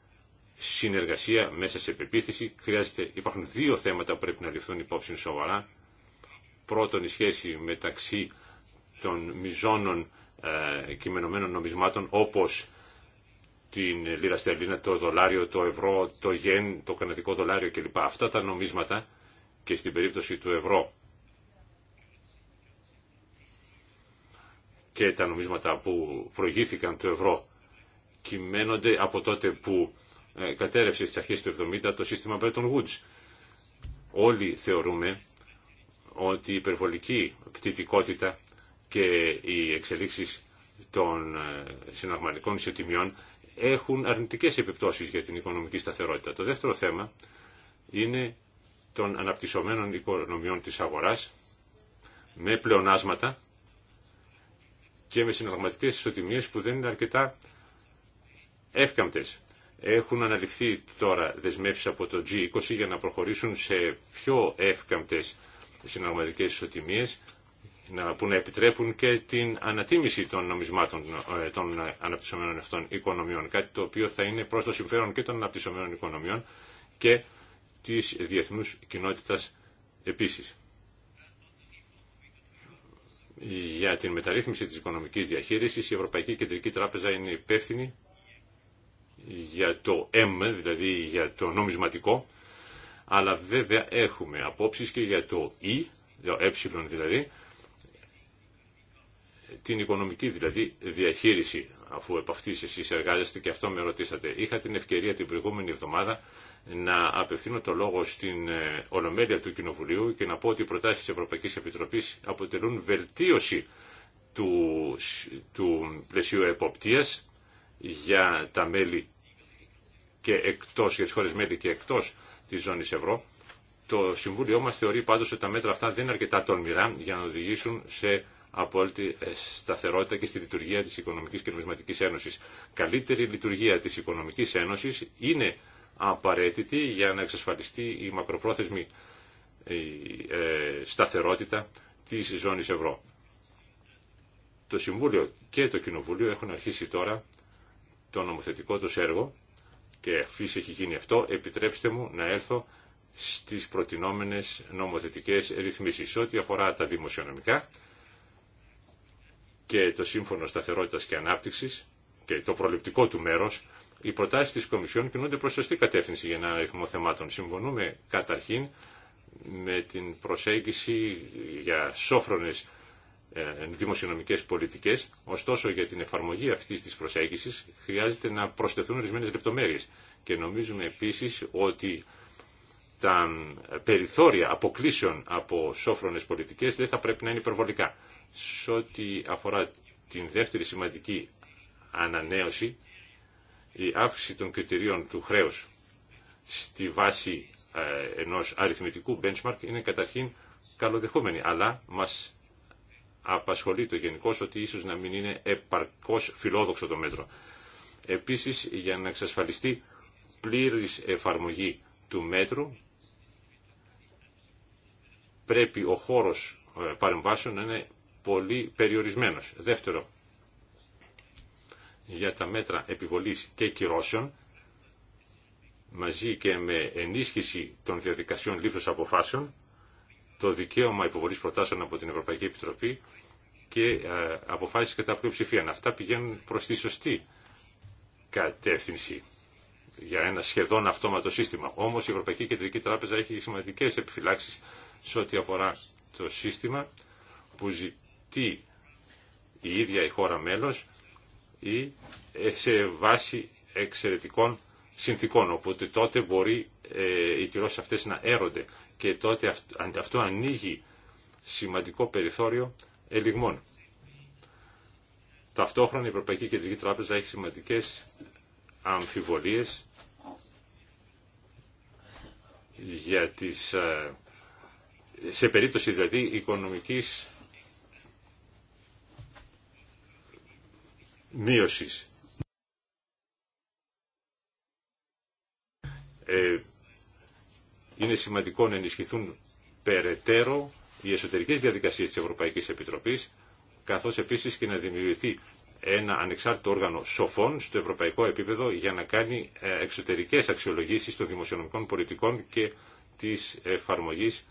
S3: συνεργασία μέσα σε πεποίθηση. Χρειάζεται, υπάρχουν δύο θέματα που πρέπει να ληφθούν υπόψη σοβαρά. Πρώτον, η σχέση μεταξύ των μιζώνων ε, νομισμάτων όπως την λίρα στερλίνα, το δολάριο, το ευρώ, το γεν, το καναδικό δολάριο κλπ. Αυτά τα νομίσματα και στην περίπτωση του ευρώ και τα νομίσματα που προηγήθηκαν του ευρώ κυμαίνονται από τότε που ε, κατέρευσε στις αρχές του 70 το σύστημα Bretton Woods. Όλοι θεωρούμε ότι η υπερβολική πτυτικότητα και οι εξελίξεις των ε, συναγματικών ισοτιμιών έχουν αρνητικές επιπτώσεις για την οικονομική σταθερότητα. Το δεύτερο θέμα είναι των αναπτυσσομένων οικονομιών της αγοράς με πλεονάσματα και με συναλλαγματικές ισοτιμίες που δεν είναι αρκετά εύκαμπτες έχουν αναλυφθεί τώρα δεσμεύσεις από το G20 για να προχωρήσουν σε πιο εύκαμπτες συναλλαγματικές ισοτιμίες που να επιτρέπουν και την ανατίμηση των νομισμάτων ε, των αναπτυσσομένων αυτών οικονομιών, κάτι το οποίο θα είναι προς το συμφέρον και των αναπτυσσομένων οικονομιών και της διεθνούς κοινότητας επίσης. Για την μεταρρύθμιση της οικονομικής διαχείρισης, η Ευρωπαϊκή Κεντρική Τράπεζα είναι υπεύθυνη για το M, δηλαδή για το νομισματικό, αλλά βέβαια έχουμε απόψεις και για το E, το ε δηλαδή, την οικονομική δηλαδή διαχείριση, αφού επ' αυτής εσείς εργάζεστε και αυτό με ρωτήσατε. Είχα την ευκαιρία την προηγούμενη εβδομάδα να απευθύνω το λόγο στην ε, Ολομέλεια του Κοινοβουλίου και να πω ότι οι προτάσεις της Ευρωπαϊκής Επιτροπής αποτελούν βελτίωση του, του πλαισίου εποπτείας για τα μέλη και εκτός, για τις χώρες μέλη και εκτός της ζώνης ευρώ. Το Συμβούλιο μας θεωρεί πάντως ότι τα μέτρα αυτά δεν είναι αρκετά τολμηρά για να οδηγήσουν σε απόλυτη ε, σταθερότητα και στη λειτουργία της Οικονομικής και Νομισματικής Ένωσης. Καλύτερη λειτουργία της Οικονομικής Ένωσης είναι απαραίτητη για να εξασφαλιστεί η μακροπρόθεσμη ε, σταθερότητα της ζώνης ευρώ. Το Συμβούλιο και το Κοινοβούλιο έχουν αρχίσει τώρα το νομοθετικό του έργο και αφήσει έχει γίνει αυτό, επιτρέψτε μου να έρθω στις προτινόμενες νομοθετικές ρυθμίσεις. Ό,τι αφορά τα δημοσιονομικά και το Σύμφωνο Σταθερότητας και Ανάπτυξης και το προληπτικό του μέρος, οι προτάσεις της Κομισιόν κινούνται προς σωστή κατεύθυνση για ένα αριθμό θεμάτων. Συμφωνούμε καταρχήν με την προσέγγιση για σόφρονες ε, δημοσιονομικές πολιτικές, ωστόσο για την εφαρμογή αυτής της προσέγγισης χρειάζεται να προσθεθούν ορισμένες λεπτομέρειες και νομίζουμε επίσης ότι τα περιθώρια αποκλήσεων από σόφρονες πολιτικές δεν θα πρέπει να είναι υπερβολικά. Σε ό,τι αφορά την δεύτερη σημαντική ανανέωση, η αύξηση των κριτηρίων του χρέους στη βάση ε, ενός αριθμητικού benchmark είναι καταρχήν καλοδεχόμενη, αλλά μας απασχολεί το γενικώ ότι ίσως να μην είναι επαρκώς φιλόδοξο το μέτρο. Επίσης, για να εξασφαλιστεί πλήρης εφαρμογή του μέτρου, πρέπει ο χώρος ε, παρεμβάσεων να είναι πολύ περιορισμένος. Δεύτερο, για τα μέτρα επιβολής και κυρώσεων, μαζί και με ενίσχυση των διαδικασιών λήψης αποφάσεων, το δικαίωμα υποβολή προτάσεων από την Ευρωπαϊκή Επιτροπή και ε, αποφάσεις κατά πλειοψηφία. Αυτά πηγαίνουν προς τη σωστή κατεύθυνση για ένα σχεδόν αυτόματο σύστημα. Όμως η Ευρωπαϊκή Κεντρική Τράπεζα έχει σημαντικέ επιφυλάξεις σε ό,τι αφορά το σύστημα που ζητεί η ίδια η χώρα μέλο ή ε, σε βάση εξαιρετικών συνθήκων. Οπότε τότε μπορεί ε, οι κυρώσει αυτέ να έρονται και τότε αυτό ανοίγει σημαντικό περιθώριο ελιγμών. Ταυτόχρονα η Ευρωπαϊκή Κεντρική Τράπεζα έχει σημαντικές αμφιβολίες για τις, ε, σε περίπτωση δηλαδή οικονομικής μείωσης. Ε, είναι σημαντικό να ενισχυθούν περαιτέρω οι εσωτερικές διαδικασίες της Ευρωπαϊκής Επιτροπής, καθώς επίσης και να δημιουργηθεί ένα ανεξάρτητο όργανο σοφών στο ευρωπαϊκό επίπεδο για να κάνει ε, εξωτερικές αξιολογήσεις των δημοσιονομικών πολιτικών και της εφαρμογής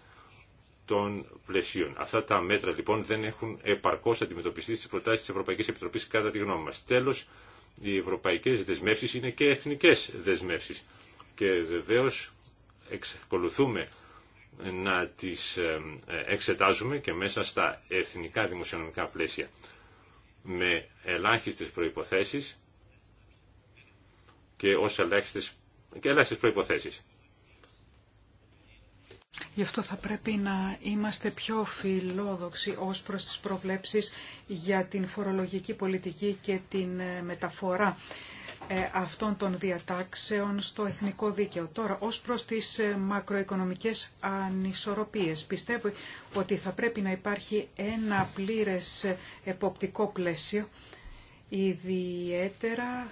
S3: των πλαισίων. Αυτά τα μέτρα λοιπόν δεν έχουν επαρκώς αντιμετωπιστεί στις προτάσεις της Ευρωπαϊκής Επιτροπής κατά τη γνώμη μας. Τέλος, οι ευρωπαϊκές δεσμεύσεις είναι και εθνικές δεσμεύσεις και βεβαίως εξακολουθούμε να τις ε, εξετάζουμε και μέσα στα εθνικά δημοσιονομικά πλαίσια με ελάχιστες προϋποθέσεις και ως ελάχιστες, και ελάχιστες προϋποθέσεις.
S4: Γι' αυτό θα πρέπει να είμαστε πιο φιλόδοξοι ως προς τις προβλέψεις για την φορολογική πολιτική και την ε, μεταφορά ε, αυτών των διατάξεων στο εθνικό δίκαιο. Τώρα, ως προς τις ε, μακροοικονομικές ανισορροπίες, πιστεύω ότι θα πρέπει να υπάρχει ένα πλήρες ε, εποπτικό πλαίσιο, ιδιαίτερα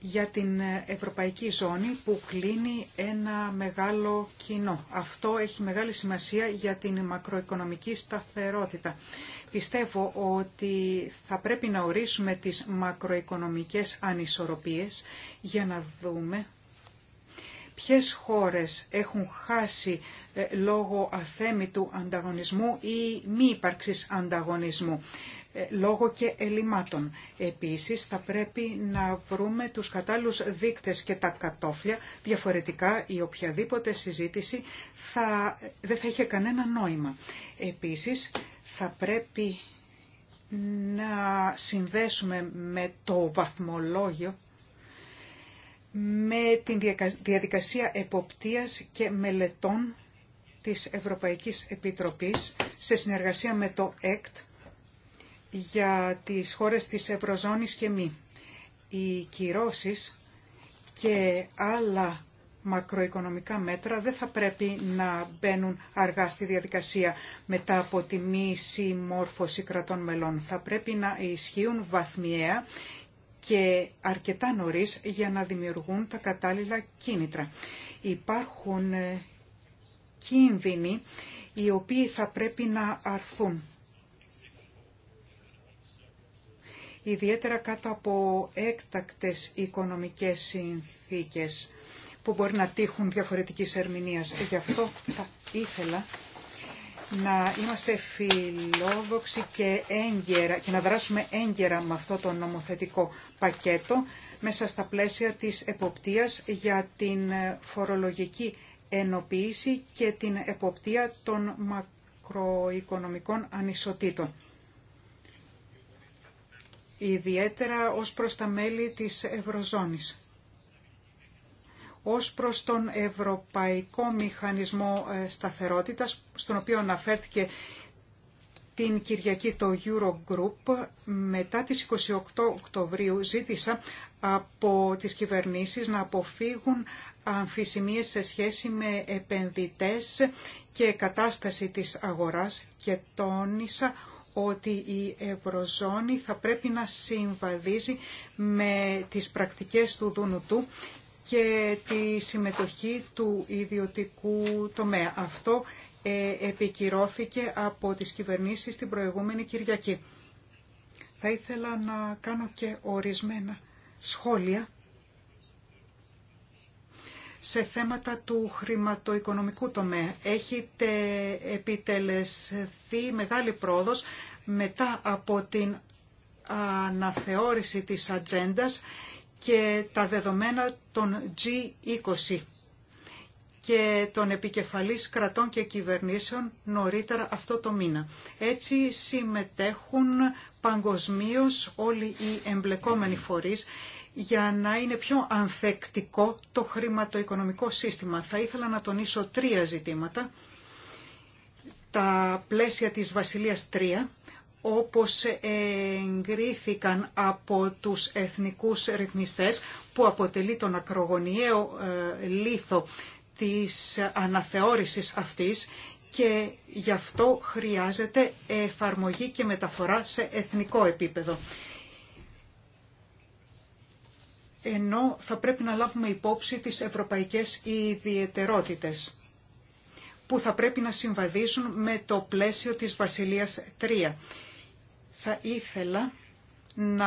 S4: για την Ευρωπαϊκή Ζώνη που κλείνει ένα μεγάλο κοινό. Αυτό έχει μεγάλη σημασία για την μακροοικονομική σταθερότητα. Πιστεύω ότι θα πρέπει να ορίσουμε τις μακροοικονομικές ανισορροπίες για να δούμε ποιες χώρες έχουν χάσει ε, λόγω αθέμητου ανταγωνισμού ή μη ύπαρξης ανταγωνισμού ε, λόγω και ελλημάτων. Επίσης θα πρέπει να βρούμε τους κατάλληλους δίκτες και τα κατόφλια, διαφορετικά η οποιαδήποτε συζήτηση θα, ε, δεν θα είχε κανένα νόημα. Επίσης θα πρέπει να συνδέσουμε με το βαθμολόγιο με την διαδικασία εποπτείας και μελετών της Ευρωπαϊκής Επιτροπής σε συνεργασία με το ΕΚΤ για τις χώρες της Ευρωζώνης και μη. Οι κυρώσεις και άλλα μακροοικονομικά μέτρα δεν θα πρέπει να μπαίνουν αργά στη διαδικασία μετά από τη μη συμμόρφωση κρατών μελών. Θα πρέπει να ισχύουν βαθμιαία και αρκετά νωρίς για να δημιουργούν τα κατάλληλα κίνητρα. Υπάρχουν ε, κίνδυνοι οι οποίοι θα πρέπει να αρθούν. Ιδιαίτερα κάτω από έκτακτες οικονομικές συνθήκες που μπορεί να τύχουν διαφορετικής ερμηνείας. Ε, γι' αυτό θα ήθελα να είμαστε φιλόδοξοι και, έγκαιρα, και να δράσουμε έγκαιρα με αυτό το νομοθετικό πακέτο μέσα στα πλαίσια της εποπτείας για την φορολογική ενοποίηση και την εποπτεία των μακροοικονομικών ανισοτήτων. Ιδιαίτερα ως προς τα μέλη της Ευρωζώνης ως προς τον Ευρωπαϊκό Μηχανισμό ε, Σταθερότητας, στον οποίο αναφέρθηκε την Κυριακή το Eurogroup, μετά τις 28 Οκτωβρίου ζήτησα από τις κυβερνήσεις να αποφύγουν αμφισημίες σε σχέση με επενδυτές και κατάσταση της αγοράς και τόνισα ότι η Ευρωζώνη θα πρέπει να συμβαδίζει με τις πρακτικές του Δουνουτού και τη συμμετοχή του ιδιωτικού τομέα. Αυτό ε, επικυρώθηκε από τις κυβερνήσεις την προηγούμενη Κυριακή. Θα ήθελα να κάνω και ορισμένα σχόλια σε θέματα του χρηματοοικονομικού τομέα. Έχετε επιτελεσθεί μεγάλη πρόοδος μετά από την αναθεώρηση της ατζέντα και τα δεδομένα των G20 και των επικεφαλής κρατών και κυβερνήσεων νωρίτερα αυτό το μήνα. Έτσι συμμετέχουν παγκοσμίως όλοι οι εμπλεκόμενοι φορείς για να είναι πιο ανθεκτικό το χρηματοοικονομικό σύστημα. Θα ήθελα να τονίσω τρία ζητήματα. Τα πλαίσια της Βασιλείας 3, όπως εγκρίθηκαν από τους εθνικούς ρυθμιστές που αποτελεί τον ακρογωνιαίο ε, λίθο της αναθεώρησης αυτής και γι' αυτό χρειάζεται εφαρμογή και μεταφορά σε εθνικό επίπεδο. Ενώ θα πρέπει να λάβουμε υπόψη τις ευρωπαϊκές ιδιαιτερότητες που θα πρέπει να συμβαδίζουν με το πλαίσιο της Βασιλείας 3 θα ήθελα να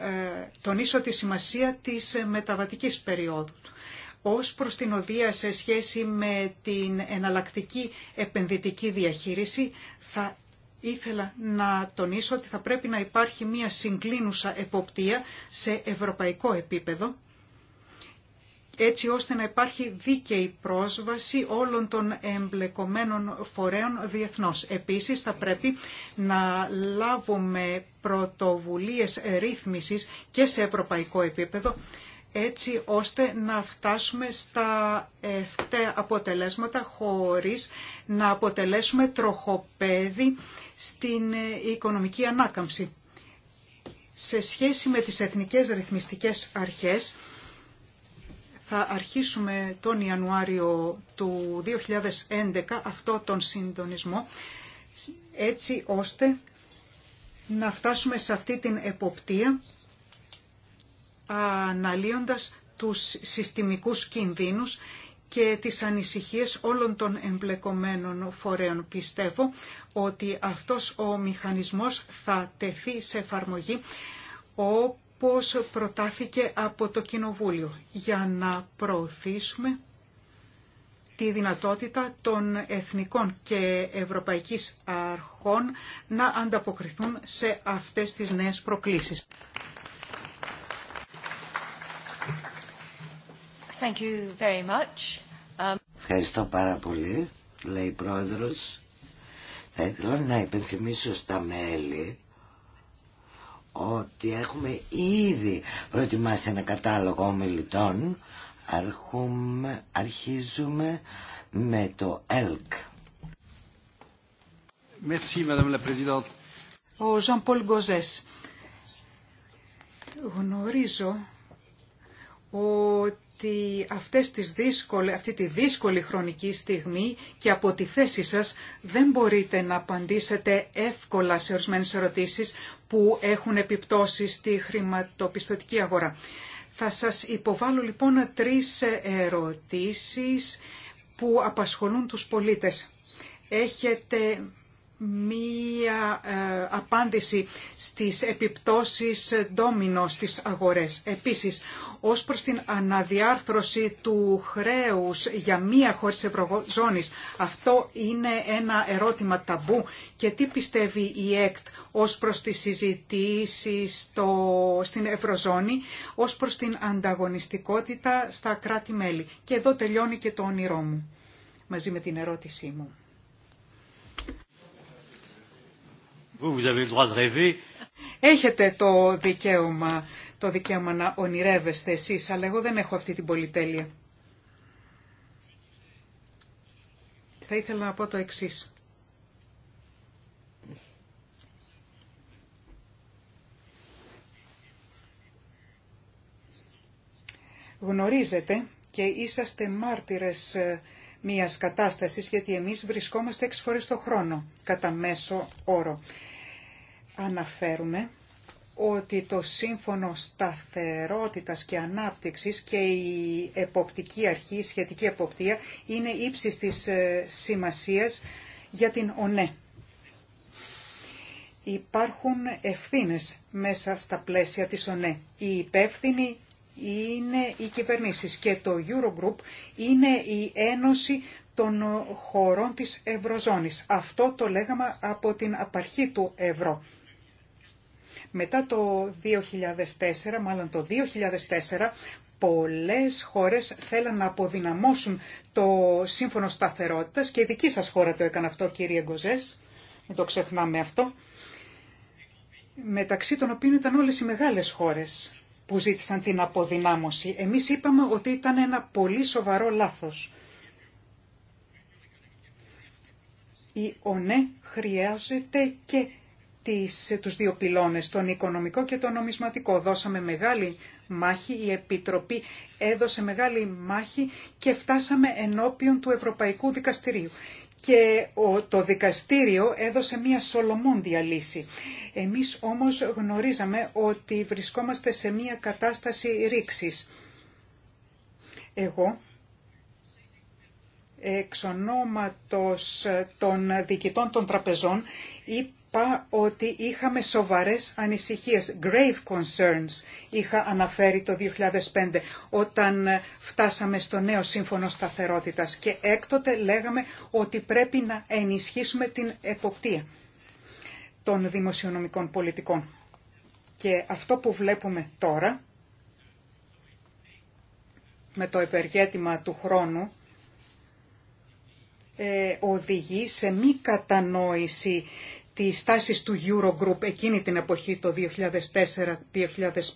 S4: ε, τονίσω τη σημασία της μεταβατικής περίοδου ως προς την οδεία σε σχέση με την εναλλακτική επενδυτική διαχείριση θα ήθελα να τονίσω ότι θα πρέπει να υπάρχει μια συγκλίνουσα εποπτεία σε ευρωπαϊκό επίπεδο έτσι ώστε να υπάρχει δίκαιη πρόσβαση όλων των εμπλεκομένων φορέων διεθνώς. Επίσης θα πρέπει να λάβουμε πρωτοβουλίες ρύθμισης και σε ευρωπαϊκό επίπεδο έτσι ώστε να φτάσουμε στα ευκταία αποτελέσματα χωρίς να αποτελέσουμε τροχοπέδι στην οικονομική ανάκαμψη. Σε σχέση με τις εθνικές ρυθμιστικές αρχές, θα αρχίσουμε τον Ιανουάριο του 2011 αυτό τον συντονισμό έτσι ώστε να φτάσουμε σε αυτή την εποπτεία αναλύοντας τους συστημικούς κινδύνους και τις ανησυχίες όλων των εμπλεκομένων φορέων. Πιστεύω ότι αυτός ο μηχανισμός θα τεθεί σε εφαρμογή πώς προτάθηκε από το Κοινοβούλιο για να προωθήσουμε τη δυνατότητα των εθνικών και ευρωπαϊκής αρχών να ανταποκριθούν σε αυτές τις νέες προκλήσεις.
S1: Thank you very much. Um,
S2: Ευχαριστώ πάρα πολύ, λέει η Πρόεδρος. Θα ήθελα να υπενθυμίσω στα μέλη ότι έχουμε ήδη προετοιμάσει ένα κατάλογο ομιλητών. Αρχούμε, αρχίζουμε με το ΕΛΚ.
S4: Ο Ζαν Πολ Γκοζές. Γνωρίζω ότι ότι αυτές τις αυτή τη δύσκολη χρονική στιγμή και από τη θέση σας δεν μπορείτε να απαντήσετε εύκολα σε ορισμένες ερωτήσεις που έχουν επιπτώσει στη χρηματοπιστωτική αγορά. Θα σας υποβάλω λοιπόν τρεις ερωτήσεις που απασχολούν τους πολίτες. Έχετε μία ε, απάντηση στις επιπτώσεις ντόμινο στις αγορές. Επίσης, ως προς την αναδιάρθρωση του χρέους για μία χώρα της Ευρωζώνης, αυτό είναι ένα ερώτημα ταμπού και τι πιστεύει η ΕΚΤ ως προς τις συζητήσεις στο, στην Ευρωζώνη, ως προς την ανταγωνιστικότητα στα κράτη-μέλη. Και εδώ τελειώνει και το όνειρό μου, μαζί με την ερώτησή μου. Έχετε το δικαίωμα, το δικαίωμα να ονειρεύεστε εσεί, αλλά εγώ δεν έχω αυτή την πολυτέλεια. Θα ήθελα να πω το εξή. Γνωρίζετε και είσαστε μάρτυρες ε, μιας κατάστασης, γιατί εμείς βρισκόμαστε έξι φορές το χρόνο, κατά μέσο όρο αναφέρουμε ότι το Σύμφωνο Σταθερότητας και Ανάπτυξης και η εποπτική αρχή, σχετική εποπτεία, είναι ύψης της ε, σημασίας για την ΟΝΕ. Υπάρχουν ευθύνες μέσα στα πλαίσια της ΟΝΕ. Η υπεύθυνοι είναι οι κυβερνήσεις και το Eurogroup είναι η ένωση των χωρών της Ευρωζώνης. Αυτό το λέγαμε από την απαρχή του ευρώ. Μετά το 2004, μάλλον το 2004, πολλές χώρες θέλαν να αποδυναμώσουν το σύμφωνο σταθερότητας και η δική σας χώρα το έκανε αυτό κύριε Γκοζές, μην το ξεχνάμε αυτό, μεταξύ των οποίων ήταν όλες οι μεγάλες χώρες που ζήτησαν την αποδυνάμωση. Εμείς είπαμε ότι ήταν ένα πολύ σοβαρό λάθος. Η ΟΝΕ χρειάζεται και τις, τους δύο πυλώνες, τον οικονομικό και τον νομισματικό. Δώσαμε μεγάλη μάχη, η Επιτροπή έδωσε μεγάλη μάχη και φτάσαμε ενώπιον του Ευρωπαϊκού Δικαστηρίου. Και το δικαστήριο έδωσε μία σολομόντια λύση. Εμείς όμως γνωρίζαμε ότι βρισκόμαστε σε μία κατάσταση ρήξης. Εγώ εξ των διοικητών των τραπεζών είπα ότι είχαμε σοβαρές ανησυχίες, grave concerns είχα αναφέρει το 2005 όταν ε, φτάσαμε στο νέο σύμφωνο σταθερότητας και έκτοτε λέγαμε ότι πρέπει να ενισχύσουμε την εποπτεία των δημοσιονομικών πολιτικών. Και αυτό που βλέπουμε τώρα με το ευεργέτημα του χρόνου ε, οδηγεί σε μη κατανόηση τις τάσεις του Eurogroup εκείνη την εποχή το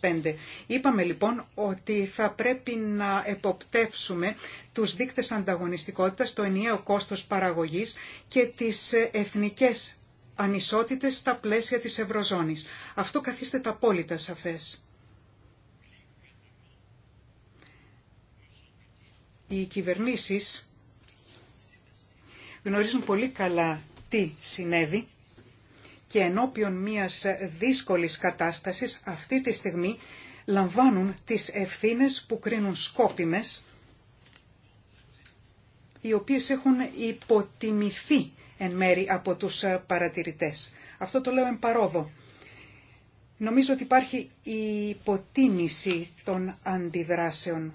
S4: 2004-2005. Είπαμε λοιπόν ότι θα πρέπει να εποπτεύσουμε τους δείκτες ανταγωνιστικότητας, το ενιαίο κόστος παραγωγής και τις εθνικές ανισότητες στα πλαίσια της Ευρωζώνης. Αυτό καθίστε τα απόλυτα σαφές. Οι κυβερνήσεις γνωρίζουν πολύ καλά τι συνέβη και ενώπιον μιας δύσκολης κατάστασης αυτή τη στιγμή λαμβάνουν τις ευθύνες που κρίνουν σκόπιμες, οι οποίες έχουν υποτιμηθεί εν μέρη από τους παρατηρητές. Αυτό το λέω εν παρόδο. Νομίζω ότι υπάρχει η υποτίμηση των αντιδράσεων.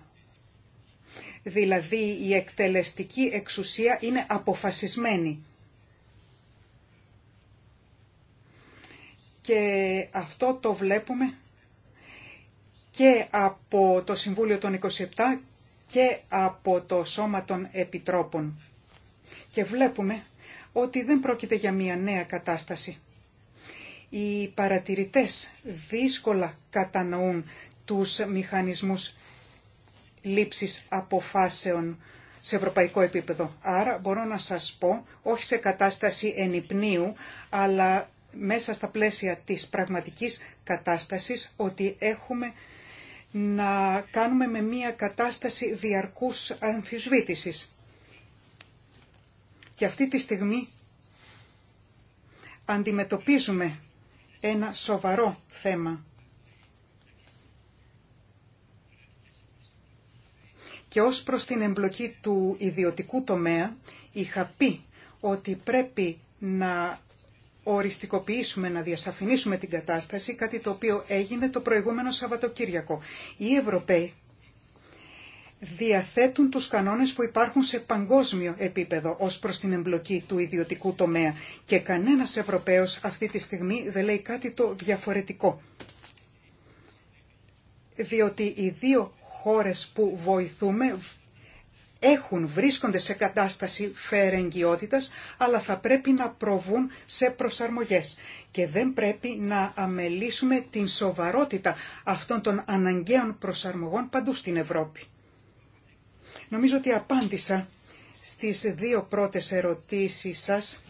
S4: Δηλαδή η εκτελεστική εξουσία είναι αποφασισμένη Και αυτό το βλέπουμε και από το Συμβούλιο των 27 και από το Σώμα των Επιτρόπων. Και βλέπουμε ότι δεν πρόκειται για μια νέα κατάσταση. Οι παρατηρητές δύσκολα κατανοούν τους μηχανισμούς λήψης αποφάσεων σε ευρωπαϊκό επίπεδο. Άρα μπορώ να σας πω, όχι σε κατάσταση ενυπνίου, αλλά μέσα στα πλαίσια της πραγματικής κατάστασης ότι έχουμε να κάνουμε με μια κατάσταση διαρκούς αμφισβήτησης. Και αυτή τη στιγμή αντιμετωπίζουμε ένα σοβαρό θέμα. Και ως προς την εμπλοκή του ιδιωτικού τομέα είχα πει ότι πρέπει να οριστικοποιήσουμε, να διασαφηνίσουμε την κατάσταση, κάτι το οποίο έγινε το προηγούμενο Σαββατοκύριακο. Οι Ευρωπαίοι διαθέτουν τους κανόνες που υπάρχουν σε παγκόσμιο επίπεδο ως προς την εμπλοκή του ιδιωτικού τομέα και κανένας Ευρωπαίος αυτή τη στιγμή δεν λέει κάτι το διαφορετικό. Διότι οι δύο χώρες που βοηθούμε έχουν, βρίσκονται σε κατάσταση φερεγγιότητας, αλλά θα πρέπει να προβούν σε προσαρμογές. Και δεν πρέπει να αμελήσουμε την σοβαρότητα αυτών των αναγκαίων προσαρμογών παντού στην Ευρώπη. Νομίζω ότι απάντησα στις δύο πρώτες ερωτήσεις σας,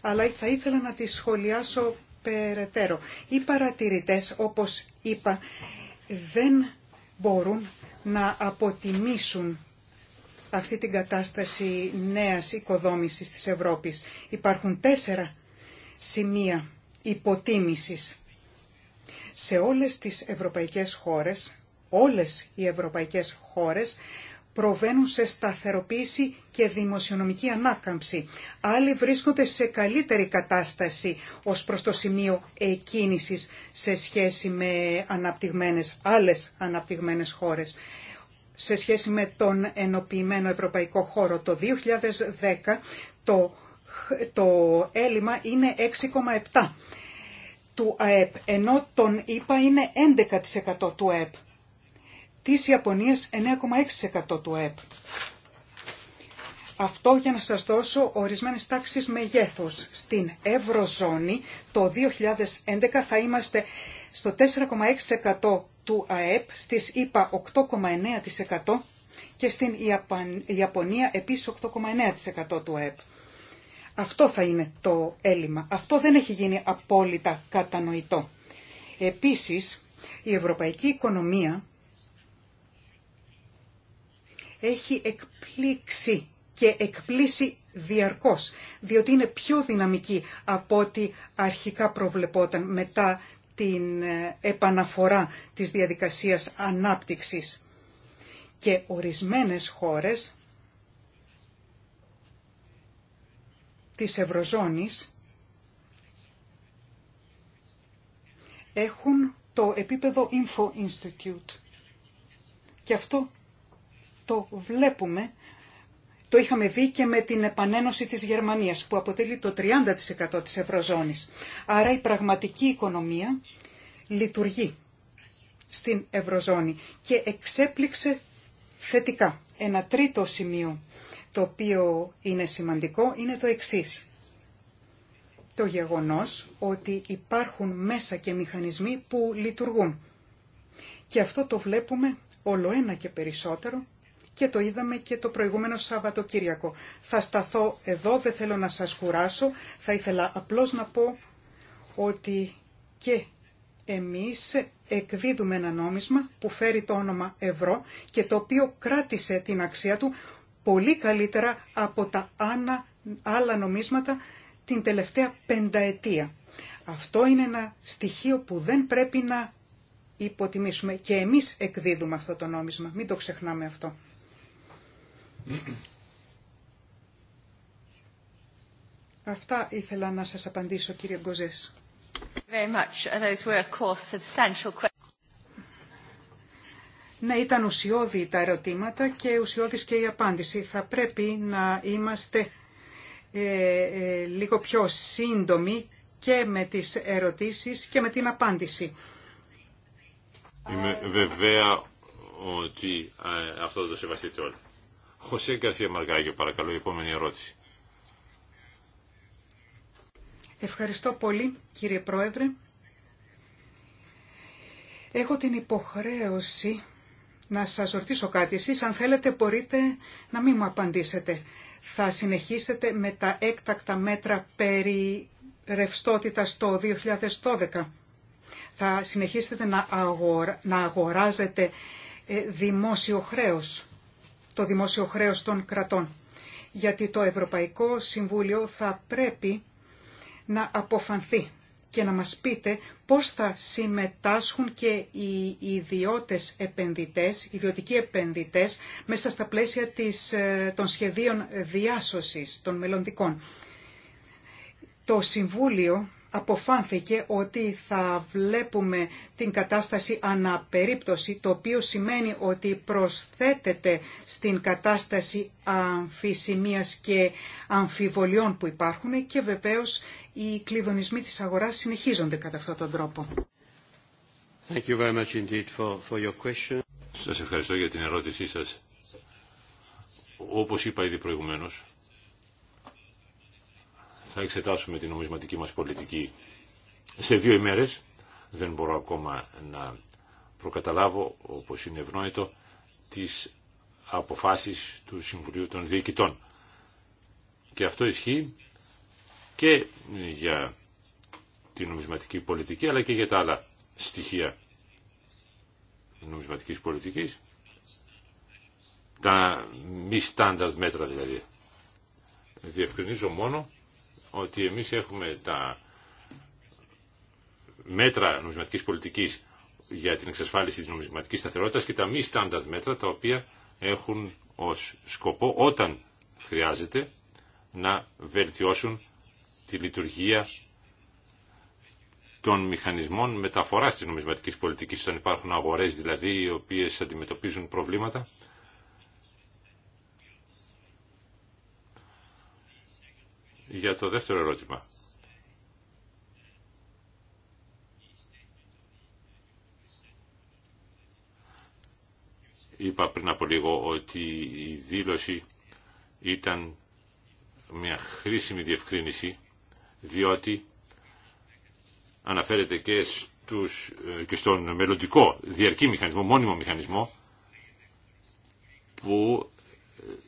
S4: αλλά θα ήθελα να τις σχολιάσω περαιτέρω. Οι παρατηρητές, όπως είπα, δεν μπορούν να αποτιμήσουν αυτή την κατάσταση νέας οικοδόμησης της Ευρώπης. Υπάρχουν τέσσερα σημεία υποτίμησης σε όλες τις ευρωπαϊκές χώρες, όλες οι ευρωπαϊκές χώρες προβαίνουν σε σταθεροποίηση και δημοσιονομική ανάκαμψη. Άλλοι βρίσκονται σε καλύτερη κατάσταση ως προς το σημείο εκκίνησης σε σχέση με αναπτυγμένες, άλλες αναπτυγμένες χώρες σε σχέση με τον ενοποιημένο ευρωπαϊκό χώρο. Το 2010 το, το έλλειμμα είναι 6,7% του ΑΕΠ, ενώ τον ΙΠΑ είναι 11% του ΑΕΠ. Της Ιαπωνίας 9,6% του ΑΕΠ. Αυτό για να σας δώσω ορισμένες τάξεις μεγέθους. Στην Ευρωζώνη το 2011 θα είμαστε στο 4,6% του ΑΕΠ, στις 8,9% και στην Ιαπωνία επίσης 8,9% του ΑΕΠ. Αυτό θα είναι το έλλειμμα. Αυτό δεν έχει γίνει απόλυτα κατανοητό. Επίσης, η ευρωπαϊκή οικονομία έχει εκπλήξει και εκπλήσει διαρκώς, διότι είναι πιο δυναμική από ό,τι αρχικά προβλεπόταν μετά την ε, επαναφορά της διαδικασίας ανάπτυξης και ορισμένες χώρες της Ευρωζώνης έχουν το επίπεδο Info Institute. Και αυτό το βλέπουμε το είχαμε δει και με την επανένωση της Γερμανίας που αποτελεί το 30% της Ευρωζώνης. Άρα η πραγματική οικονομία λειτουργεί στην Ευρωζώνη και εξέπληξε θετικά. Ένα τρίτο σημείο το οποίο είναι σημαντικό είναι το εξής. Το γεγονός ότι υπάρχουν μέσα και μηχανισμοί που λειτουργούν. Και αυτό το βλέπουμε όλο ένα και περισσότερο και το είδαμε και το προηγούμενο Κυριακό. Θα σταθώ εδώ, δεν θέλω να σας κουράσω, θα ήθελα απλώς να πω ότι και εμείς εκδίδουμε ένα νόμισμα που φέρει το όνομα ευρώ και το οποίο κράτησε την αξία του πολύ καλύτερα από τα άλλα νομίσματα την τελευταία πενταετία. Αυτό είναι ένα στοιχείο που δεν πρέπει να υποτιμήσουμε και εμείς εκδίδουμε αυτό το νόμισμα. Μην το ξεχνάμε αυτό. Αυτά ήθελα να σας απαντήσω, κύριε Γκοζές. Ναι, ήταν ουσιώδη τα ερωτήματα και ουσιώδης και η απάντηση. Θα πρέπει να είμαστε ε, ε, λίγο πιο σύντομοι και με τις ερωτήσεις και με την απάντηση.
S3: Είμαι βεβαία ότι ε, αυτό το σεβαστείτε όλοι. Χωσέ Γκαρσία Μαργάγιο, παρακαλώ, η επόμενη ερώτηση.
S4: Ευχαριστώ πολύ, κύριε Πρόεδρε. Έχω την υποχρέωση να σας ρωτήσω κάτι. Εσείς, αν θέλετε, μπορείτε να μην μου απαντήσετε. Θα συνεχίσετε με τα έκτακτα μέτρα περί ρευστότητας το 2012. Θα συνεχίσετε να, αγορα... να αγοράζετε ε, δημόσιο χρέος το δημόσιο χρέος των κρατών. Γιατί το Ευρωπαϊκό Συμβούλιο θα πρέπει να αποφανθεί και να μας πείτε πώς θα συμμετάσχουν και οι ιδιώτες επενδυτές, ιδιωτικοί επενδυτές, μέσα στα πλαίσια της, ε, των σχεδίων διάσωσης των μελλοντικών. Το Συμβούλιο αποφάνθηκε ότι θα βλέπουμε την κατάσταση αναπερίπτωση, το οποίο σημαίνει ότι προσθέτεται στην κατάσταση αμφισημίας και αμφιβολιών που υπάρχουν και βεβαίως οι κλειδονισμοί της αγοράς συνεχίζονται κατά αυτόν τον τρόπο.
S5: Thank you very much
S3: Σας ευχαριστώ για την ερώτησή σας. Όπως είπα ήδη προηγουμένως, θα εξετάσουμε την νομισματική μας πολιτική σε δύο ημέρες. Δεν μπορώ ακόμα να προκαταλάβω, όπως είναι ευνόητο, τις αποφάσεις του Συμβουλίου των Διοικητών. Και αυτό ισχύει και για την νομισματική πολιτική, αλλά και για τα άλλα στοιχεία νομισματικής πολιτικής, τα μη στάνταρτ μέτρα δηλαδή. Διευκρινίζω μόνο ότι εμείς έχουμε τα μέτρα νομισματικής πολιτικής για την εξασφάλιση της νομισματικής σταθερότητας και τα μη στάνταρτ μέτρα τα οποία έχουν ως σκοπό όταν χρειάζεται να βελτιώσουν τη λειτουργία των μηχανισμών μεταφοράς της νομισματικής πολιτικής όταν υπάρχουν αγορές δηλαδή οι οποίες αντιμετωπίζουν προβλήματα για το δεύτερο ερώτημα. Είπα πριν από λίγο ότι η δήλωση ήταν μια χρήσιμη διευκρίνηση διότι αναφέρεται και, στους, και στον μελλοντικό διαρκή μηχανισμό, μόνιμο μηχανισμό που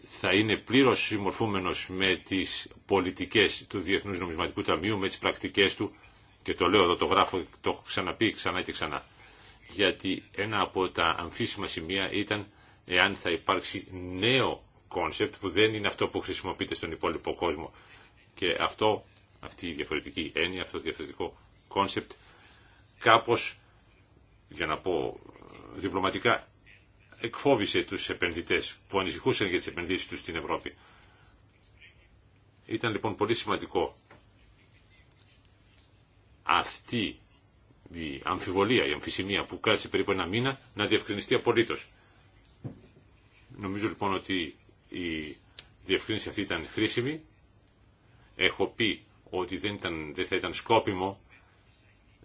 S3: θα είναι πλήρως συμμορφούμενος με τις πολιτικές του Διεθνούς Νομισματικού Ταμείου, με τις πρακτικές του, και το λέω εδώ, το γράφω, το έχω ξαναπεί ξανά και ξανά, γιατί ένα από τα αμφίσιμα σημεία ήταν εάν θα υπάρξει νέο κόνσεπτ που δεν είναι αυτό που χρησιμοποιείται στον υπόλοιπο κόσμο. Και αυτό, αυτή η διαφορετική έννοια, αυτό το διαφορετικό κόνσεπτ, κάπως, για να πω ε, διπλωματικά, εκφόβησε τους επενδυτές που ανησυχούσαν για τις επενδύσεις τους στην Ευρώπη. Ήταν λοιπόν πολύ σημαντικό αυτή η αμφιβολία, η αμφισημία που κράτησε περίπου ένα μήνα να διευκρινιστεί απολύτως. Νομίζω λοιπόν ότι η διευκρίνηση αυτή ήταν χρήσιμη. Έχω πει ότι δεν, ήταν, δεν θα ήταν σκόπιμο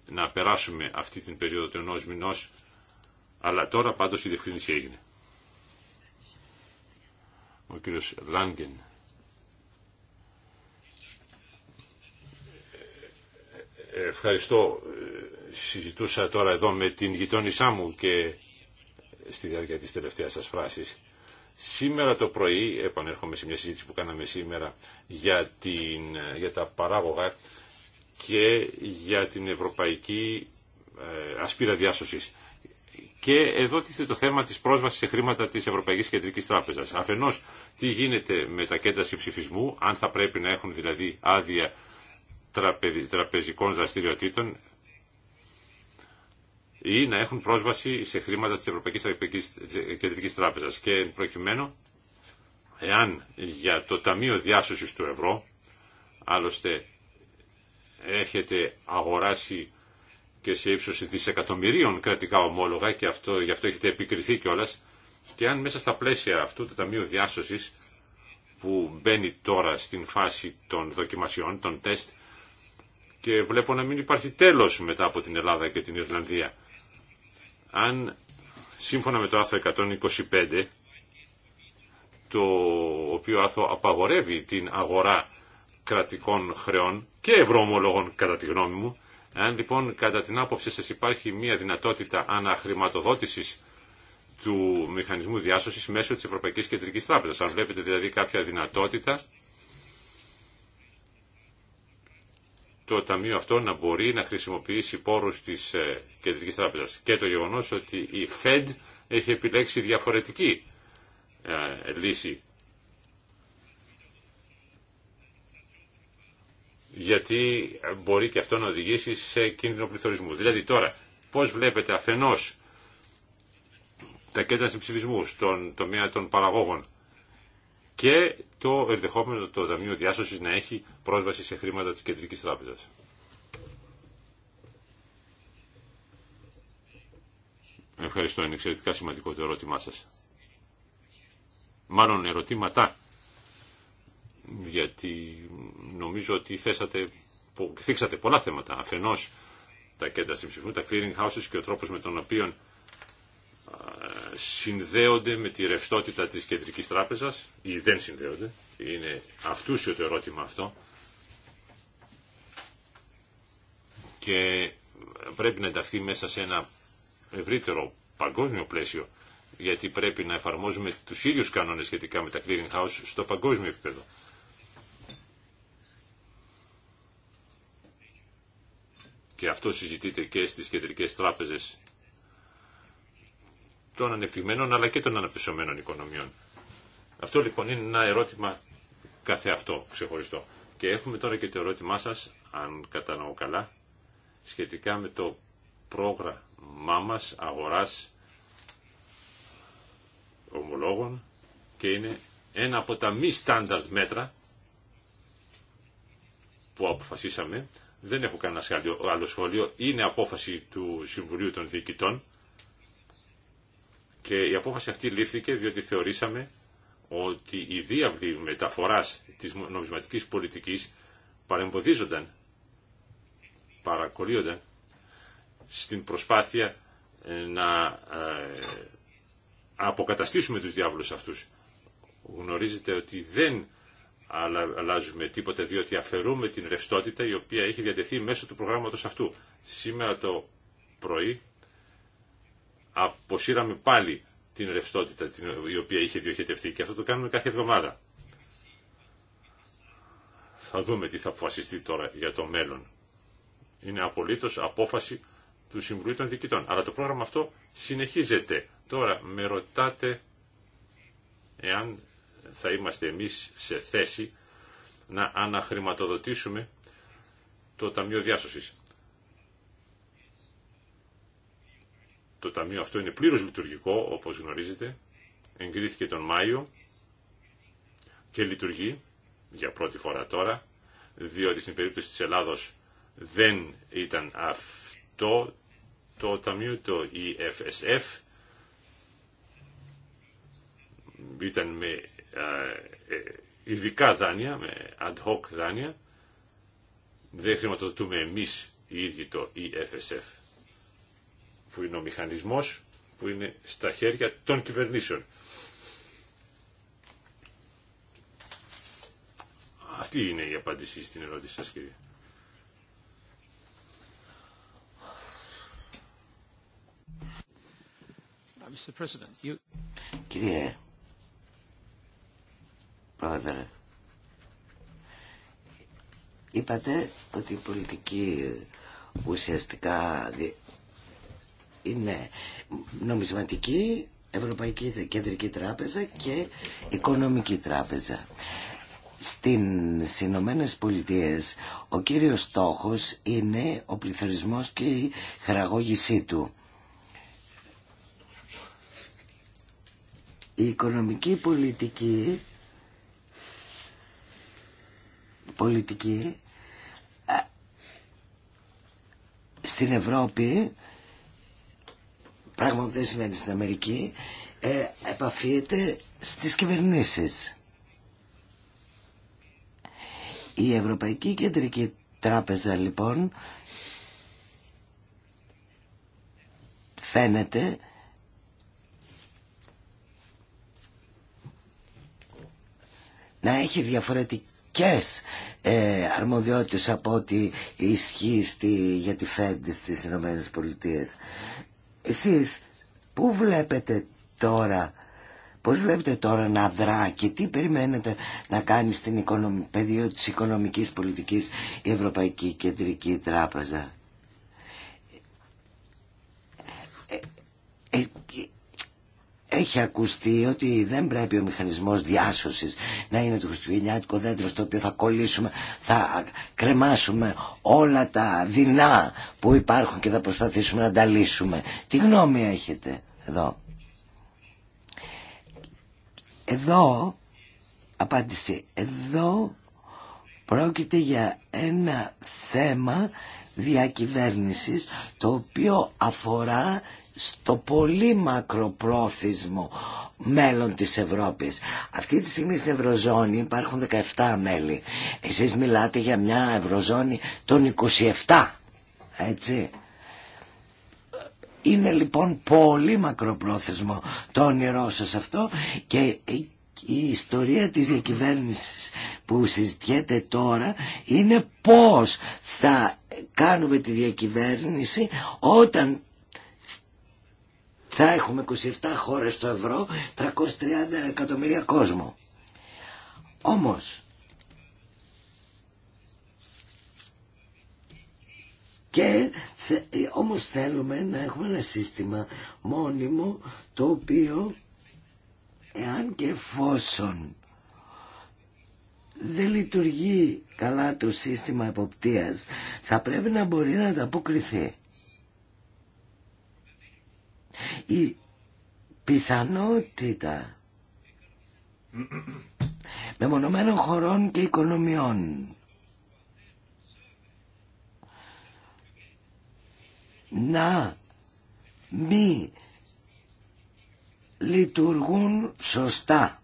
S3: να περάσουμε αυτή την περίοδο του ενός μηνός αλλά τώρα πάντως η διευκρίνηση έγινε. Ο κύριος Λάγκεν. Ε, ευχαριστώ. Ε, συζητούσα τώρα εδώ με την γειτόνισά μου και στη διάρκεια της τελευταίας σας φράσης. Σήμερα το πρωί, επανέρχομαι σε μια συζήτηση που κάναμε σήμερα για, την, για τα παράγωγα και για την ευρωπαϊκή ε, ασπίδα διάσωσης. Και εδώ τίθεται το θέμα της πρόσβασης σε χρήματα της Ευρωπαϊκής Κεντρικής Τράπεζας. Αφενός, τι γίνεται με τα κέντρα συμψηφισμού, αν θα πρέπει να έχουν δηλαδή άδεια τραπεζικών δραστηριοτήτων ή να έχουν πρόσβαση σε χρήματα της Ευρωπαϊκής Κεντρικής Τράπεζας. Και προκειμένου, εάν για το Ταμείο Διάσωσης του Ευρώ, άλλωστε έχετε αγοράσει και σε ύψος δισεκατομμυρίων κρατικά ομόλογα και αυτό, γι' αυτό έχετε επικριθεί κιόλα. και αν μέσα στα πλαίσια αυτού του Ταμείου Διάσωσης που μπαίνει τώρα στην φάση των δοκιμασιών, των τεστ και βλέπω να μην υπάρχει τέλο μετά από την Ελλάδα και την Ιρλανδία. Αν σύμφωνα με το άθρο 125 το οποίο ΆΘΟ απαγορεύει την αγορά κρατικών χρεών και ευρωομολογών κατά τη γνώμη μου αν λοιπόν κατά την άποψη σας υπάρχει μια δυνατότητα αναχρηματοδότησης του μηχανισμού διάσωσης μέσω της Ευρωπαϊκής Κεντρικής Τράπεζας, αν βλέπετε δηλαδή κάποια δυνατότητα το Ταμείο αυτό να μπορεί να χρησιμοποιήσει πόρους της ε, Κεντρικής Τράπεζας. Και το γεγονός ότι η Fed έχει επιλέξει διαφορετική ε, λύση γιατί μπορεί και αυτό να οδηγήσει σε κίνδυνο πληθωρισμού. Δηλαδή τώρα, πώς βλέπετε αφενός τα κέντρα συμψηφισμού στον τομέα των παραγόγων και το ενδεχόμενο το Δαμείο Διάσωσης να έχει πρόσβαση σε χρήματα της Κεντρικής Τράπεζας. Ευχαριστώ, είναι εξαιρετικά σημαντικό το ερώτημά σας. Μάλλον ερωτήματα γιατί νομίζω ότι θέσατε, θίξατε πολλά θέματα. Αφενός τα κέντρα συμψηφού, τα clearing houses και ο τρόπος με τον οποίο συνδέονται με τη ρευστότητα της κεντρικής τράπεζας ή δεν συνδέονται. Είναι αυτούσιο το ερώτημα αυτό. Και πρέπει να ενταχθεί μέσα σε ένα ευρύτερο παγκόσμιο πλαίσιο γιατί πρέπει να εφαρμόζουμε τους ίδιους κανόνες σχετικά με τα clearing house στο παγκόσμιο επίπεδο. και αυτό συζητείται και στις κεντρικές τράπεζες των ανεπτυγμένων αλλά και των αναπτυσσομένων οικονομιών. Αυτό λοιπόν είναι ένα ερώτημα καθεαυτό, ξεχωριστό. Και έχουμε τώρα και το ερώτημά σας, αν κατανοώ καλά, σχετικά με το πρόγραμμά μας αγοράς ομολόγων και είναι ένα από τα μη στάνταρτ μέτρα που αποφασίσαμε δεν έχω κανένα άλλο σχόλιο. Είναι απόφαση του Συμβουλίου των Διοικητών και η απόφαση αυτή λήφθηκε διότι θεωρήσαμε ότι οι διάβλοι μεταφοράς της νομισματικής πολιτικής παρεμποδίζονταν, παρακολύονταν στην προσπάθεια ε, να ε, αποκαταστήσουμε τους διάβλους αυτούς. Γνωρίζετε ότι δεν αλλά αλλάζουμε τίποτε διότι αφαιρούμε την ρευστότητα η οποία έχει διατεθεί μέσω του προγράμματος αυτού. Σήμερα το πρωί αποσύραμε πάλι την ρευστότητα η οποία είχε διοχετευτεί και αυτό το κάνουμε κάθε εβδομάδα. Θα δούμε τι θα αποφασιστεί τώρα για το μέλλον. Είναι απολύτως απόφαση του Συμβουλίου των Διοικητών. Αλλά το πρόγραμμα αυτό συνεχίζεται. Τώρα με ρωτάτε εάν θα είμαστε εμείς σε θέση να αναχρηματοδοτήσουμε το Ταμείο Διάσωσης. Το Ταμείο αυτό είναι πλήρως λειτουργικό, όπως γνωρίζετε. Εγκρίθηκε τον Μάιο και λειτουργεί για πρώτη φορά τώρα, διότι στην περίπτωση της Ελλάδος δεν ήταν αυτό το Ταμείο, το EFSF, ήταν με ε, ειδικά δάνεια, με ad hoc δάνεια. Δεν χρηματοδοτούμε εμείς οι ίδιοι το EFSF, που είναι ο μηχανισμός που είναι στα χέρια των κυβερνήσεων. Αυτή είναι η απάντηση στην ερώτηση σας, κύριε.
S2: Κύριε Πρόεδρε. Είπατε ότι η πολιτική ουσιαστικά είναι νομισματική, Ευρωπαϊκή Κεντρική Τράπεζα και Οικονομική Τράπεζα. Στις Ηνωμένε Πολιτείε ο κύριος στόχος είναι ο πληθωρισμός και η χαραγώγησή του. Η οικονομική πολιτική πολιτική ε, στην Ευρώπη πράγμα που δεν συμβαίνει στην Αμερική ε, επαφίεται στις κυβερνήσεις η Ευρωπαϊκή Κεντρική Τράπεζα λοιπόν φαίνεται να έχει διαφορετική και ε, αρμοδιότητες από ό,τι ισχύει στη, για τη ΦΕΔ στις Ηνωμένες Πολιτείες. Εσείς πού βλέπετε τώρα, πώς βλέπετε τώρα να δρά και τι περιμένετε να κάνει στην πεδίο της οικονομικής πολιτικής η Ευρωπαϊκή Κεντρική Τράπεζα. Ε, ε, ε, έχει ακουστεί ότι δεν πρέπει ο μηχανισμός διάσωσης να είναι το χριστουγεννιάτικο δέντρο στο οποίο θα κολλήσουμε, θα κρεμάσουμε όλα τα δεινά που υπάρχουν και θα προσπαθήσουμε να τα λύσουμε. Τι γνώμη έχετε εδώ. Εδώ, απάντηση, εδώ πρόκειται για ένα θέμα διακυβέρνησης το οποίο αφορά στο πολύ μακροπρόθεσμο μέλλον της Ευρώπης. Αυτή τη στιγμή στην Ευρωζώνη υπάρχουν 17 μέλη. Εσείς μιλάτε για μια Ευρωζώνη των 27, έτσι. Είναι λοιπόν πολύ μακροπρόθεσμο το όνειρό σας αυτό και η ιστορία της διακυβέρνησης που συζητιέται τώρα είναι πώς θα κάνουμε τη διακυβέρνηση όταν θα έχουμε 27 χώρες στο ευρώ, 330 εκατομμύρια κόσμο. Όμως, και όμως θέλουμε να έχουμε ένα σύστημα μόνιμο το οποίο εάν και εφόσον δεν λειτουργεί καλά το σύστημα εποπτείας θα πρέπει να μπορεί να ανταποκριθεί. Η πιθανότητα μεμονωμένων χωρών και οικονομιών να μη λειτουργούν σωστά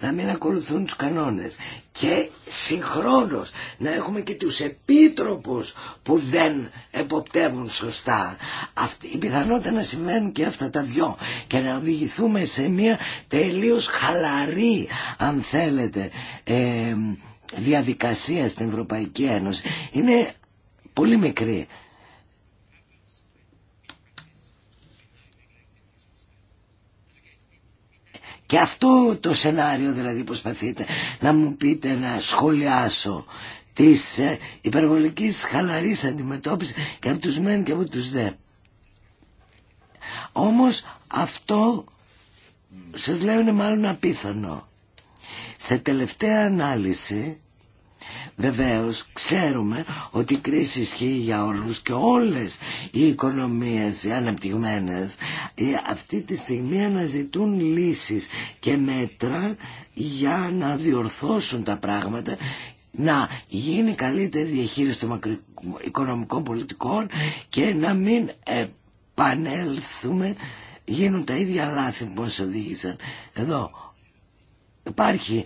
S2: να μην ακολουθούν τους κανόνες και συγχρόνως να έχουμε και τους επίτροπους που δεν εποπτεύουν σωστά. Αυτή, η πιθανότητα να σημαίνουν και αυτά τα δυο και να οδηγηθούμε σε μια τελείως χαλαρή αν θέλετε διαδικασία στην Ευρωπαϊκή Ένωση είναι πολύ μικρή Και αυτό το σενάριο δηλαδή προσπαθείτε να μου πείτε να σχολιάσω της ε, υπερβολικής χαλαρής αντιμετώπισης και από τους μεν και από τους δε. Όμως αυτό σας λέω είναι μάλλον απίθανο. Σε τελευταία ανάλυση Βεβαίως ξέρουμε ότι η κρίση ισχύει για όλους και όλες οι οικονομίες οι αναπτυγμένες αυτή τη στιγμή αναζητούν λύσεις και μέτρα για να διορθώσουν τα πράγματα να γίνει καλύτερη διαχείριση των οικονομικών πολιτικών και να μην επανέλθουμε γίνουν τα ίδια λάθη που μας οδήγησαν εδώ υπάρχει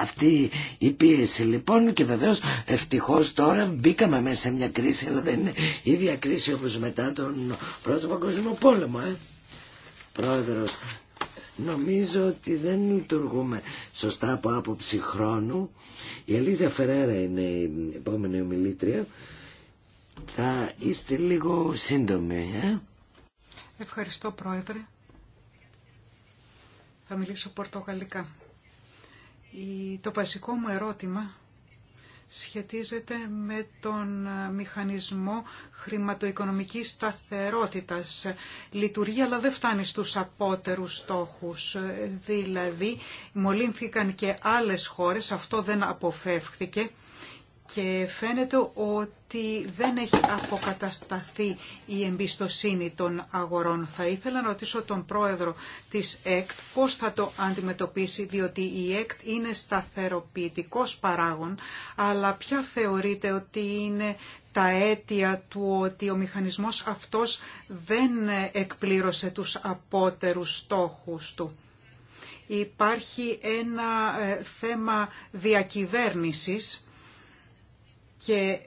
S2: αυτή η πίεση λοιπόν και βεβαίως ευτυχώς τώρα μπήκαμε μέσα σε μια κρίση αλλά δεν είναι ίδια κρίση όπως μετά τον Πρώτο Παγκόσμιο Πόλεμο ε. Πρόεδρος Νομίζω ότι δεν λειτουργούμε σωστά από άποψη χρόνου. Η Ελίζα Φερέρα είναι η επόμενη ομιλήτρια. Θα είστε λίγο σύντομοι. Ε?
S4: Ευχαριστώ Πρόεδρε. Θα μιλήσω πορτογαλικά. Το βασικό μου ερώτημα σχετίζεται με τον ε, μηχανισμό χρηματοοικονομικής σταθερότητας. Λειτουργεί αλλά δεν φτάνει στους απότερους στόχους. Ε, δηλαδή μολύνθηκαν και άλλες χώρες, αυτό δεν αποφεύχθηκε και φαίνεται ότι δεν έχει αποκατασταθεί η εμπιστοσύνη των αγορών. Θα ήθελα να ρωτήσω τον πρόεδρο της ΕΚΤ πώς θα το αντιμετωπίσει, διότι η ΕΚΤ είναι σταθεροποιητικός παράγων, αλλά ποια θεωρείτε ότι είναι τα αίτια του ότι ο μηχανισμός αυτός δεν εκπλήρωσε τους απότερους στόχους του. Υπάρχει ένα ε, θέμα διακυβέρνησης και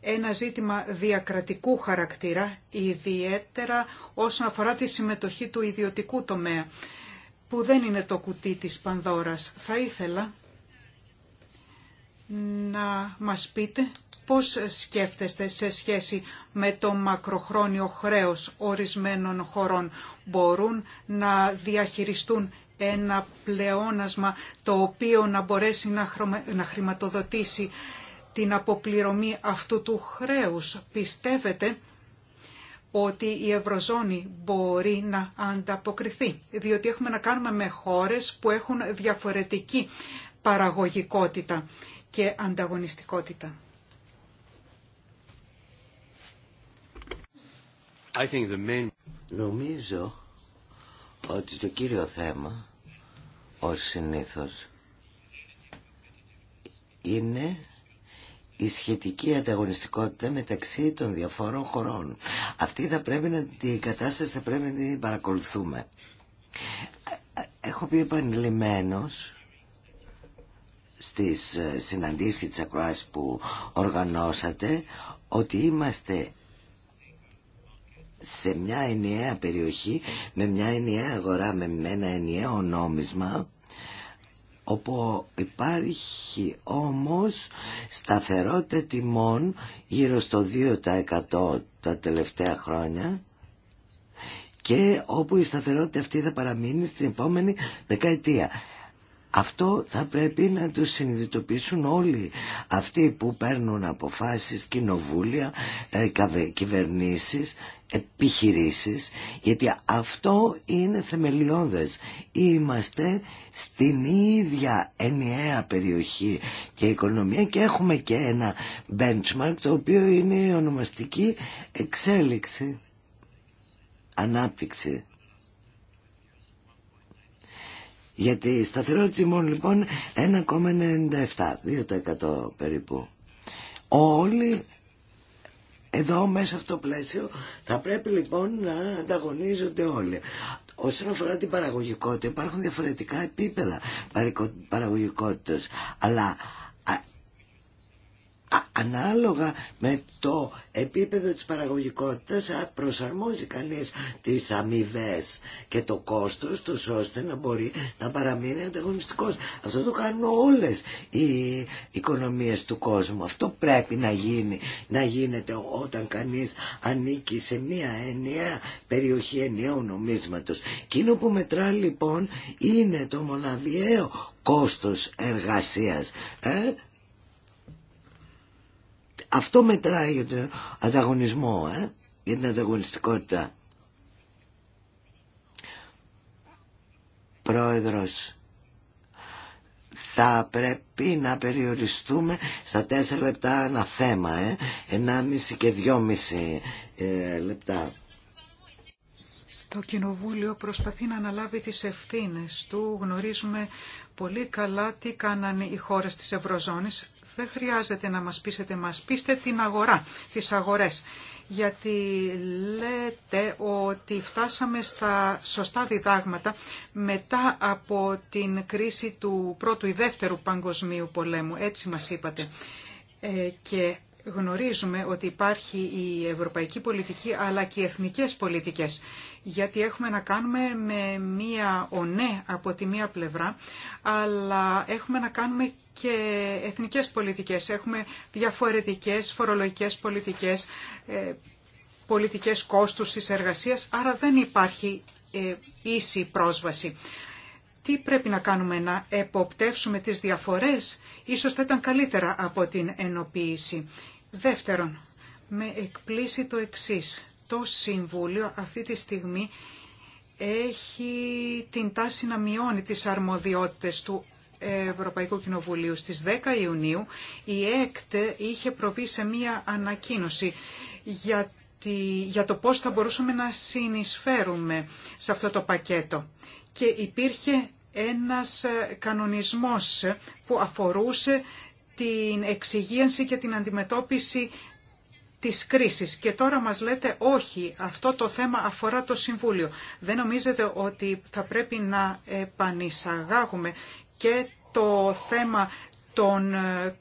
S4: ένα ζήτημα διακρατικού χαρακτήρα, ιδιαίτερα όσον αφορά τη συμμετοχή του ιδιωτικού τομέα, που δεν είναι το κουτί της Πανδώρας. Θα ήθελα να μας πείτε πώς σκέφτεστε σε σχέση με το μακροχρόνιο χρέος ορισμένων χωρών. Μπορούν να διαχειριστούν ένα πλεόνασμα το οποίο να μπορέσει να χρηματοδοτήσει την αποπληρωμή αυτού του χρέους. Πιστεύετε ότι η Ευρωζώνη μπορεί να ανταποκριθεί, διότι έχουμε να κάνουμε με χώρες που έχουν διαφορετική παραγωγικότητα και ανταγωνιστικότητα.
S2: Νομίζω ότι το κύριο θέμα, ως συνήθως, είναι η σχετική ανταγωνιστικότητα μεταξύ των διαφόρων χωρών. Αυτή θα πρέπει να, την κατάσταση θα πρέπει να την παρακολουθούμε. Έχω πει επανειλημμένος στις ε, συναντήσεις και τις που οργανώσατε ότι είμαστε σε μια ενιαία περιοχή με μια ενιαία αγορά με ένα ενιαίο νόμισμα όπου υπάρχει όμως σταθερότητα τιμών γύρω στο 2% τα τελευταία χρόνια και όπου η σταθερότητα αυτή θα παραμείνει στην επόμενη δεκαετία. Αυτό θα πρέπει να το συνειδητοποιήσουν όλοι αυτοί που παίρνουν αποφάσεις, κοινοβούλια, ε, κυβερνήσεις, επιχειρήσεις, γιατί αυτό είναι θεμελιώδες. Είμαστε στην ίδια ενιαία περιοχή και οικονομία και έχουμε και ένα benchmark το οποίο είναι η ονομαστική εξέλιξη, ανάπτυξη. Για τη σταθερότητα τιμών λοιπόν 1,97, 2% περίπου. Όλοι εδώ μέσα αυτό το πλαίσιο θα πρέπει λοιπόν να ανταγωνίζονται όλοι. Όσον αφορά την παραγωγικότητα υπάρχουν διαφορετικά επίπεδα παραγωγικότητας. Αλλά ανάλογα με το επίπεδο της παραγωγικότητας προσαρμόζει κανείς τις αμοιβέ και το κόστος του ώστε να μπορεί να παραμείνει ανταγωνιστικός. Αυτό το κάνουν όλες οι οικονομίες του κόσμου. Αυτό πρέπει να γίνει, να γίνεται όταν κανείς ανήκει σε μια ενιαία περιοχή ενιαίου νομίσματος. Εκείνο που μετρά λοιπόν είναι το μοναδιαίο κόστος εργασίας. Ε? Αυτό μετράει για τον ανταγωνισμό, ε? για την ανταγωνιστικότητα. Πρόεδρος, θα πρέπει να περιοριστούμε στα τέσσερα λεπτά ένα θέμα, ε? ενάμιση και δυόμιση ε, λεπτά.
S4: Το Κοινοβούλιο προσπαθεί να αναλάβει τις ευθύνες του. Γνωρίζουμε πολύ καλά τι κάνανε οι χώρες της Ευρωζώνης δεν χρειάζεται να μας πείσετε μας. Πείστε την αγορά, τις αγορές. Γιατί λέτε ότι φτάσαμε στα σωστά διδάγματα μετά από την κρίση του πρώτου ή δεύτερου παγκοσμίου πολέμου. Έτσι μας είπατε. Ε, και γνωρίζουμε ότι υπάρχει η ευρωπαϊκή πολιτική αλλά και οι εθνικές πολιτικές γιατί έχουμε να κάνουμε με μία ονέ από τη μία πλευρά αλλά έχουμε να κάνουμε και εθνικές πολιτικές. Έχουμε διαφορετικές φορολογικές πολιτικές, ε, πολιτικές κόστους της εργασίας, άρα δεν υπάρχει ε, ίση πρόσβαση. Τι πρέπει να κάνουμε, να εποπτεύσουμε τις διαφορές, ίσως θα ήταν καλύτερα από την ενοποίηση. Δεύτερον, με εκπλήσει το εξής. Το Συμβούλιο αυτή τη στιγμή έχει την τάση να μειώνει τις αρμοδιότητες του Ευρωπαϊκού Κοινοβουλίου στις 10 Ιουνίου η ΕΚΤ είχε προβεί σε μία ανακοίνωση για, για το πώς θα μπορούσαμε να συνεισφέρουμε σε αυτό το πακέτο. Και υπήρχε ένας ε, κανονισμός που αφορούσε την εξυγίανση και την αντιμετώπιση της κρίσης. Και τώρα μας λέτε όχι, αυτό το θέμα αφορά το Συμβούλιο. Δεν νομίζετε ότι θα πρέπει να επανεισαγάγουμε και το θέμα των ε,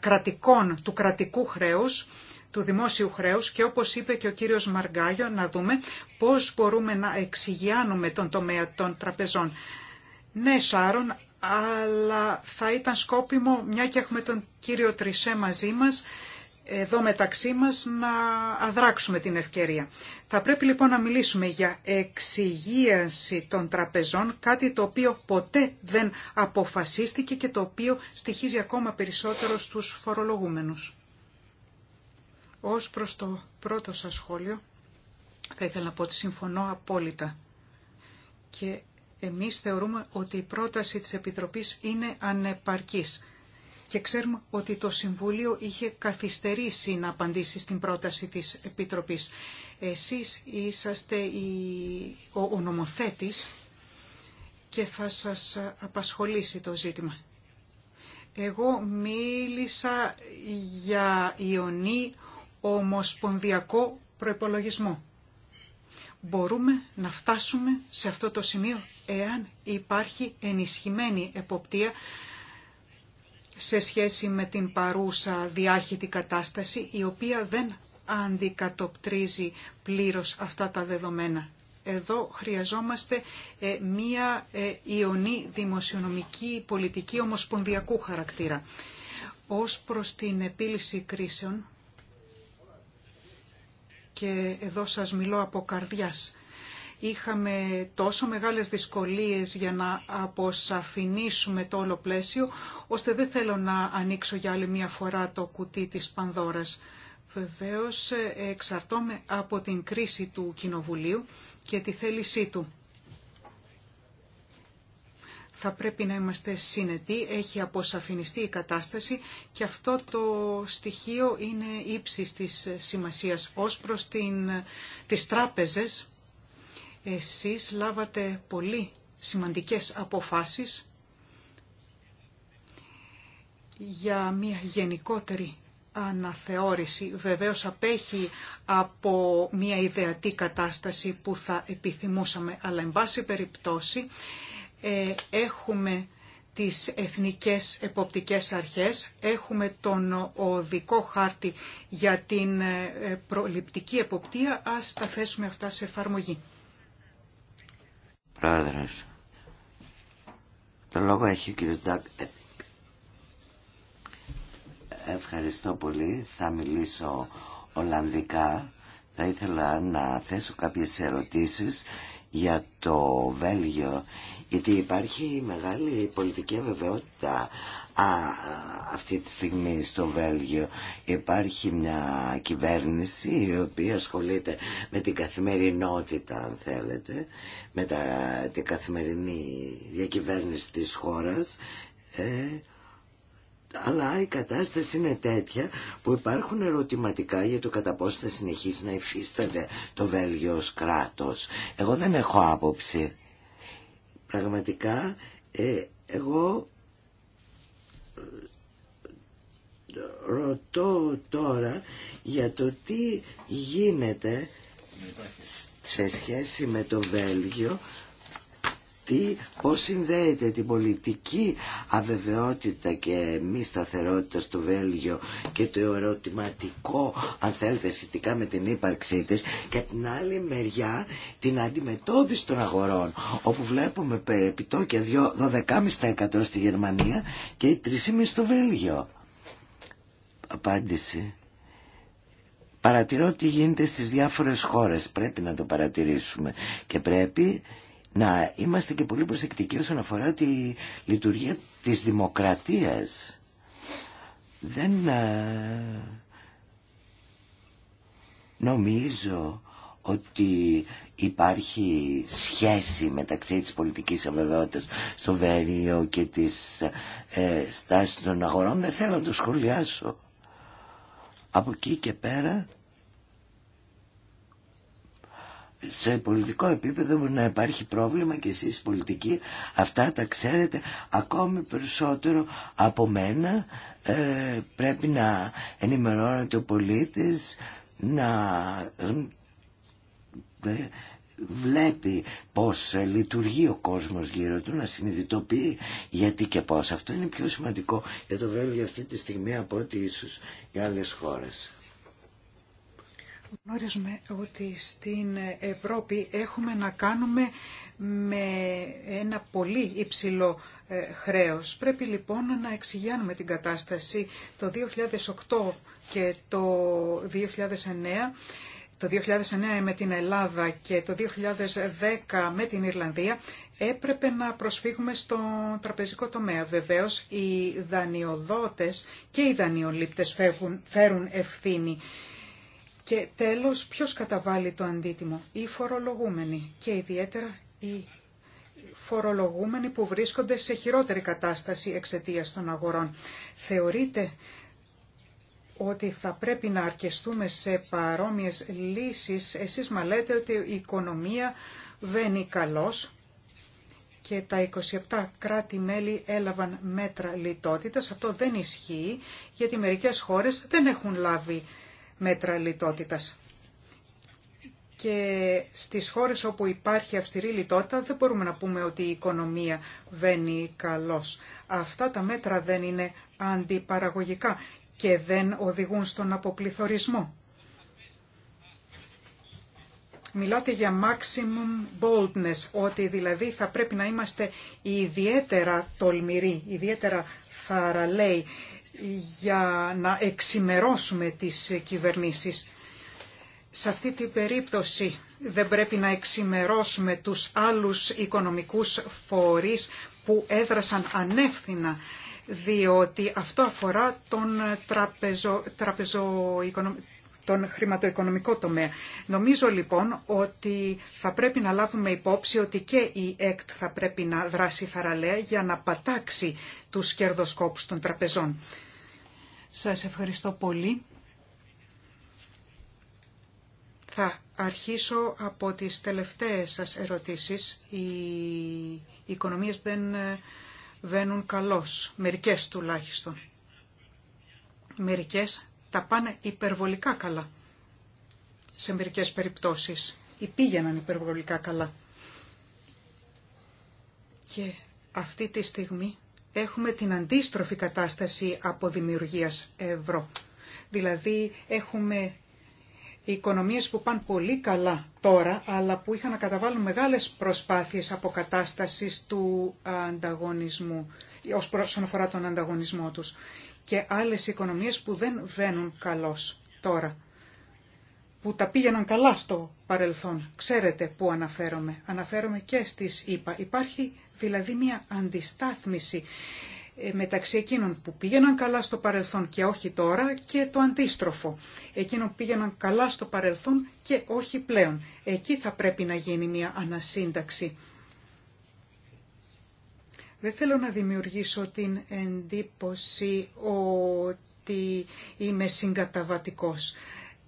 S4: κρατικών, του κρατικού χρέους, του δημόσιου χρέους και όπως είπε και ο κύριος Μαργκάγιο να δούμε πώς μπορούμε να εξηγιάνουμε τον τομέα των τραπεζών. Ναι, Σάρων, αλλά θα ήταν σκόπιμο, μια και έχουμε τον κύριο Τρισέ μαζί μας, εδώ μεταξύ μας να αδράξουμε την ευκαιρία. Θα πρέπει λοιπόν να μιλήσουμε για εξυγίαση των τραπεζών, κάτι το οποίο ποτέ δεν αποφασίστηκε και το οποίο στοιχίζει ακόμα περισσότερο στους φορολογούμενους. Ως προς το πρώτο σας σχόλιο, θα ήθελα να πω ότι συμφωνώ απόλυτα. Και εμείς θεωρούμε ότι η πρόταση της Επιτροπής είναι ανεπαρκής και ξέρουμε ότι το Συμβούλιο είχε καθυστερήσει να απαντήσει στην πρόταση της Επιτροπής. Εσείς είσαστε η... ο νομοθέτης και θα σας απασχολήσει το ζήτημα. Εγώ μίλησα για ιονή ομοσπονδιακό προϋπολογισμό. Μπορούμε να φτάσουμε σε αυτό το σημείο εάν υπάρχει ενισχυμένη εποπτεία σε σχέση με την παρούσα διάχυτη κατάσταση, η οποία δεν αντικατοπτρίζει πλήρως αυτά τα δεδομένα. Εδώ χρειαζόμαστε ε, μία ε, ιονή δημοσιονομική πολιτική ομοσπονδιακού χαρακτήρα. Ως προς την επίλυση κρίσεων, και εδώ σας μιλώ από καρδιάς, Είχαμε τόσο μεγάλες δυσκολίες για να αποσαφηνίσουμε το όλο πλαίσιο, ώστε δεν θέλω να ανοίξω για άλλη μια φορά το κουτί της Πανδώρας. Βεβαίως ε, εξαρτώμε από την κρίση του Κοινοβουλίου και τη θέλησή του. Θα πρέπει να είμαστε συνετοί, έχει αποσαφινιστεί η κατάσταση και αυτό το στοιχείο είναι ύψης της σημασίας ως προς την, ε, τις τράπεζες. Εσείς λάβατε πολύ σημαντικές αποφάσεις για μια γενικότερη αναθεώρηση. Βεβαίως απέχει από μια ιδεατή κατάσταση που θα επιθυμούσαμε, αλλά εν πάση περιπτώσει ε, έχουμε τις εθνικές εποπτικές αρχές, έχουμε τον οδικό χάρτη για την ε, προληπτική εποπτεία, ας τα θέσουμε αυτά σε εφαρμογή.
S2: Το λόγο έχει ο κύριος Ντάκ. Ευχαριστώ πολύ. Θα μιλήσω Ολλανδικά. Θα ήθελα να θέσω κάποιες ερωτήσεις για το Βέλγιο γιατί υπάρχει μεγάλη πολιτική αβεβαιότητα αυτή τη στιγμή στο Βέλγιο υπάρχει μια κυβέρνηση η οποία ασχολείται με την καθημερινότητα αν θέλετε με τα, την καθημερινή διακυβέρνηση της χώρας ε, αλλά η κατάσταση είναι τέτοια που υπάρχουν ερωτηματικά για το κατά πόσο θα συνεχίσει να υφίσταται το Βέλγιο ως κράτος. Εγώ δεν έχω άποψη. Πραγματικά ε, εγώ ρωτώ τώρα για το τι γίνεται σε σχέση με το Βέλγιο τι, πώς συνδέεται την πολιτική αβεβαιότητα και μη σταθερότητα στο Βέλγιο και το ερωτηματικό αν θέλετε σχετικά με την ύπαρξή της και την άλλη μεριά την αντιμετώπιση των αγορών όπου βλέπουμε επιτόκια 12,5% στη Γερμανία και 3,5% στο Βέλγιο απάντηση. Παρατηρώ τι γίνεται στις διάφορες χώρες. Πρέπει να το παρατηρήσουμε. Και πρέπει να είμαστε και πολύ προσεκτικοί όσον αφορά τη λειτουργία της δημοκρατίας. Δεν ε, νομίζω ότι υπάρχει σχέση μεταξύ της πολιτικής αβεβαιότητας στο Βέλιο και της ε, στάσης των αγορών. Δεν θέλω να το σχολιάσω. Από εκεί και πέρα σε πολιτικό επίπεδο μπορεί να υπάρχει πρόβλημα και εσείς πολιτικοί αυτά τα ξέρετε ακόμη περισσότερο από μένα ε, πρέπει να ενημερώνεται ο πολίτης να ε, βλέπει πώς ε, λειτουργεί ο κόσμος γύρω του, να συνειδητοποιεί γιατί και πώς. Αυτό είναι πιο σημαντικό για το Βέλγιο αυτή τη στιγμή από ότι ίσως για άλλες χώρες.
S4: Γνωρίζουμε ότι στην Ευρώπη έχουμε να κάνουμε με ένα πολύ υψηλό ε, χρέος. Πρέπει λοιπόν να εξηγιάνουμε την κατάσταση το 2008 και το 2009 το 2009 με την Ελλάδα και το 2010 με την Ιρλανδία έπρεπε να προσφύγουμε στο τραπεζικό τομέα. Βεβαίως οι δανειοδότες και οι δανειολήπτες φέρουν, φέρουν ευθύνη. Και τέλος, ποιος καταβάλει το αντίτιμο, οι φορολογούμενοι και ιδιαίτερα οι φορολογούμενοι που βρίσκονται σε χειρότερη κατάσταση εξαιτίας των αγορών. Θεωρείται ότι θα πρέπει να αρκεστούμε σε παρόμοιες λύσεις. Εσείς μα λέτε ότι η οικονομία βαίνει καλώς και τα 27 κράτη-μέλη έλαβαν μέτρα λιτότητας. Αυτό δεν ισχύει γιατί μερικές χώρες δεν έχουν λάβει μέτρα λιτότητας. Και στις χώρες όπου υπάρχει αυστηρή λιτότητα δεν μπορούμε να πούμε ότι η οικονομία βαίνει καλώς. Αυτά τα μέτρα δεν είναι αντιπαραγωγικά και δεν οδηγούν στον αποπληθωρισμό. Μιλάτε για maximum boldness, ότι δηλαδή θα πρέπει να είμαστε ιδιαίτερα τολμηροί, ιδιαίτερα θαραλέοι για να εξημερώσουμε τις κυβερνήσεις. Σε αυτή την περίπτωση δεν πρέπει να εξημερώσουμε τους άλλους οικονομικούς φορείς που έδρασαν ανεύθυνα διότι αυτό αφορά τον, τραπεζο, τραπεζο, τον χρηματοοικονομικό τομέα. Νομίζω λοιπόν ότι θα πρέπει να λάβουμε υπόψη ότι και η ΕΚΤ θα πρέπει να δράσει θαραλέα για να πατάξει τους κερδοσκόπους των τραπεζών. Σας ευχαριστώ πολύ. Θα αρχίσω από τις τελευταίες σας ερωτήσεις. Οι οικονομίες δεν βαίνουν καλώς, μερικές τουλάχιστον. Μερικές τα πάνε υπερβολικά καλά. Σε μερικές περιπτώσεις ή πήγαιναν υπερβολικά καλά. Και αυτή τη στιγμή έχουμε την αντίστροφη κατάσταση από δημιουργίας ευρώ. Δηλαδή έχουμε οι οικονομίες που πάνε πολύ καλά τώρα, αλλά που είχαν να καταβάλουν μεγάλες προσπάθειες αποκατάστασης του ανταγωνισμού, ως όσον αφορά τον ανταγωνισμό τους, και άλλες οικονομίες που δεν βαίνουν καλώς τώρα, που τα πήγαιναν καλά στο παρελθόν. Ξέρετε πού αναφέρομαι. Αναφέρομαι και στις ΗΠΑ. Υπάρχει δηλαδή μια αντιστάθμιση ε, μεταξύ εκείνων που πήγαιναν καλά στο παρελθόν και όχι τώρα και το αντίστροφο. Εκείνων που πήγαιναν καλά στο παρελθόν και όχι πλέον. Εκεί θα πρέπει να γίνει μια ανασύνταξη. Δεν θέλω να δημιουργήσω την εντύπωση ότι είμαι συγκαταβατικός.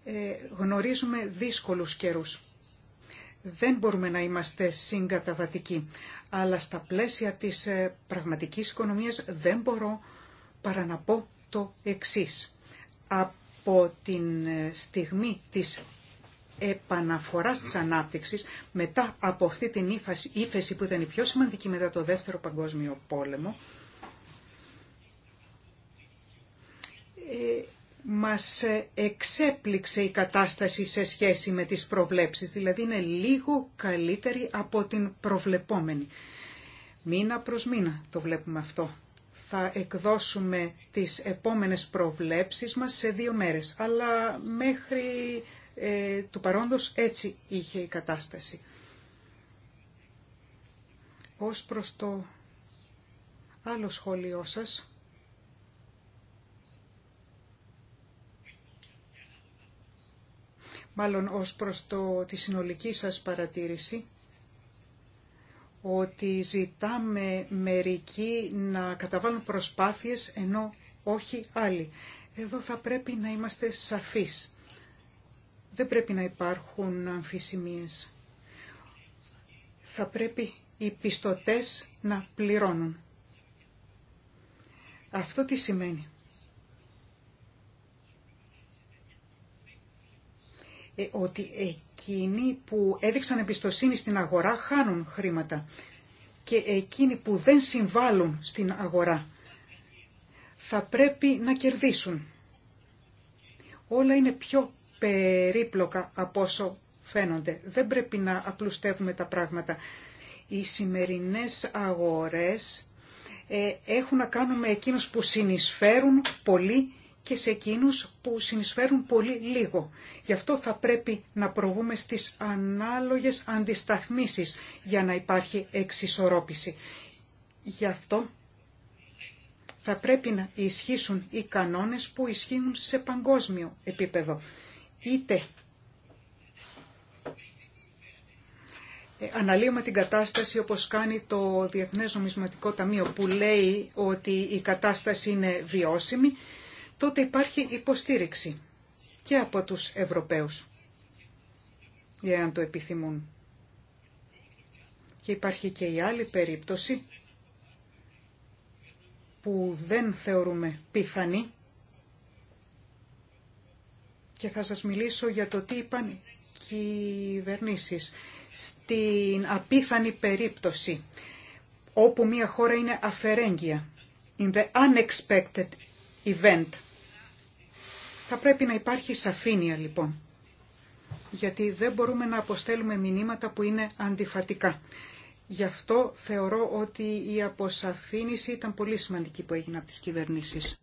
S4: Ε, γνωρίζουμε δύσκολους καιρούς. Δεν μπορούμε να είμαστε συγκαταβατικοί αλλά στα πλαίσια της ε, πραγματικής οικονομίας δεν μπορώ παρά να πω το εξής. Από την ε, στιγμή της επαναφοράς της ανάπτυξης, μετά από αυτή την ύφεση που ήταν η πιο σημαντική μετά το Δεύτερο Παγκόσμιο Πόλεμο, ε, μας εξέπληξε η κατάσταση σε σχέση με τις προβλέψεις, δηλαδή είναι λίγο καλύτερη από την προβλεπόμενη. Μήνα προς μήνα το βλέπουμε αυτό. Θα εκδώσουμε τις επόμενες προβλέψεις μας σε δύο μέρες, αλλά μέχρι ε, του παρόντος έτσι είχε η κατάσταση. Ως προς το άλλο σχόλιο σας, μάλλον ως προς το, τη συνολική σας παρατήρηση, ότι ζητάμε μερικοί να καταβάλουν προσπάθειες ενώ όχι άλλοι. Εδώ θα πρέπει να είμαστε σαφείς. Δεν πρέπει να υπάρχουν αμφισημίες. Θα πρέπει οι πιστωτές να πληρώνουν. Αυτό τι σημαίνει. Ε, ότι εκείνοι που έδειξαν εμπιστοσύνη στην αγορά χάνουν χρήματα και εκείνοι που δεν συμβάλλουν στην αγορά θα πρέπει να κερδίσουν. Όλα είναι πιο περίπλοκα από όσο φαίνονται. Δεν πρέπει να απλουστεύουμε τα πράγματα. Οι σημερινές αγορές ε, έχουν να κάνουν με εκείνους που συνεισφέρουν πολύ και σε εκείνους που συνεισφέρουν πολύ λίγο. Γι' αυτό θα πρέπει να προβούμε στις ανάλογες αντισταθμίσεις για να υπάρχει εξισορρόπηση. Γι' αυτό θα πρέπει να ισχύσουν οι κανόνες που ισχύουν σε παγκόσμιο επίπεδο. Είτε ε, αναλύουμε την κατάσταση όπως κάνει το Διεθνές Νομισματικό Ταμείο που λέει ότι η κατάσταση είναι βιώσιμη τότε υπάρχει υποστήριξη και από τους Ευρωπαίους, εάν το επιθυμούν. Και υπάρχει και η άλλη περίπτωση που δεν θεωρούμε πιθανή και θα σας μιλήσω για το τι είπαν οι κυβερνήσεις. Στην απίθανη περίπτωση όπου μια χώρα είναι αφαιρέγγια, in the unexpected event. Θα πρέπει να υπάρχει σαφήνεια λοιπόν, γιατί δεν μπορούμε να αποστέλουμε μηνύματα που είναι αντιφατικά. Γι' αυτό θεωρώ ότι η αποσαφήνιση ήταν πολύ σημαντική που έγινε από τις κυβερνήσεις.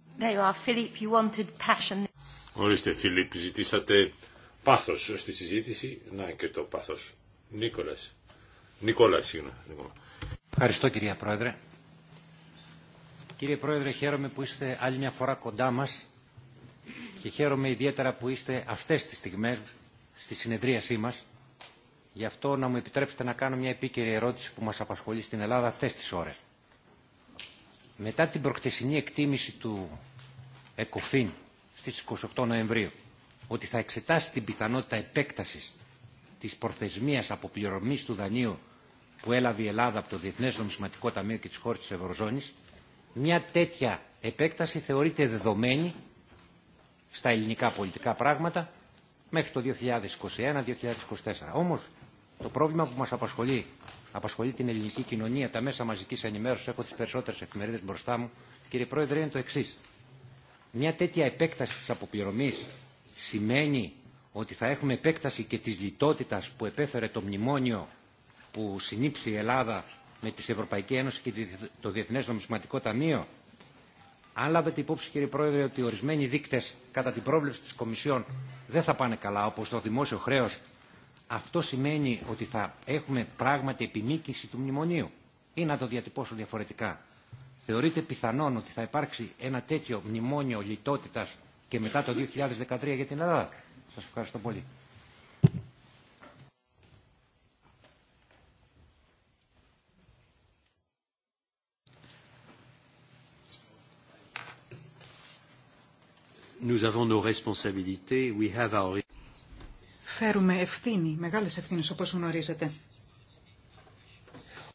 S3: Ορίστε Φίλιπ, ζητήσατε πάθος στη συζήτηση. Να και το πάθος. Νίκολας. Νίκολας, συγγνώμη.
S5: Ευχαριστώ κυρία Πρόεδρε. Κύριε Πρόεδρε, χαίρομαι που είστε άλλη μια φορά κοντά μας και χαίρομαι ιδιαίτερα που είστε αυτές τις στιγμές στη συνεδρίασή μας. Γι' αυτό να μου επιτρέψετε να κάνω μια επίκαιρη ερώτηση που μας απασχολεί στην Ελλάδα αυτές τις ώρες. Μετά την προκτεσινή εκτίμηση του ΕΚΟΦΗΝ στις 28 Νοεμβρίου ότι θα εξετάσει την πιθανότητα επέκτασης της προθεσμίας αποπληρωμής του δανείου που έλαβε η Ελλάδα από το Διεθνές Νομισματικό Ταμείο και τις χώρες τη Ευρωζώνης, μια τέτοια επέκταση θεωρείται δεδομένη στα ελληνικά πολιτικά πράγματα μέχρι το 2021-2024. Όμως το πρόβλημα που μας απασχολεί, απασχολεί την ελληνική κοινωνία, τα μέσα μαζικής ενημέρωσης, έχω τις περισσότερες εφημερίδες μπροστά μου, κύριε Πρόεδρε, είναι το εξή. Μια τέτοια επέκταση της αποπληρωμής σημαίνει ότι θα έχουμε επέκταση και της λιτότητας που επέφερε το μνημόνιο που συνήψει η Ελλάδα με τις Ευρωπαϊκή Ένωση και το Διεθνές Νομισματικό Ταμείο. Αν λάβετε υπόψη, κύριε Πρόεδρε, ότι ορισμένοι δείκτες κατά την πρόβλεψη της Κομισιόν δεν θα πάνε καλά, όπως το δημόσιο χρέος, αυτό σημαίνει ότι θα έχουμε πράγματι επιμήκυση του μνημονίου. Ή να το διατυπώσω διαφορετικά. Θεωρείτε πιθανόν ότι θα υπάρξει ένα τέτοιο μνημόνιο λιτότητας και μετά το 2013 για την Ελλάδα. Σας ευχαριστώ πολύ. Nous avons nos responsabilités. We have our...
S4: Φέρουμε ευθύνη, μεγάλες ευθύνες όπως γνωρίζετε.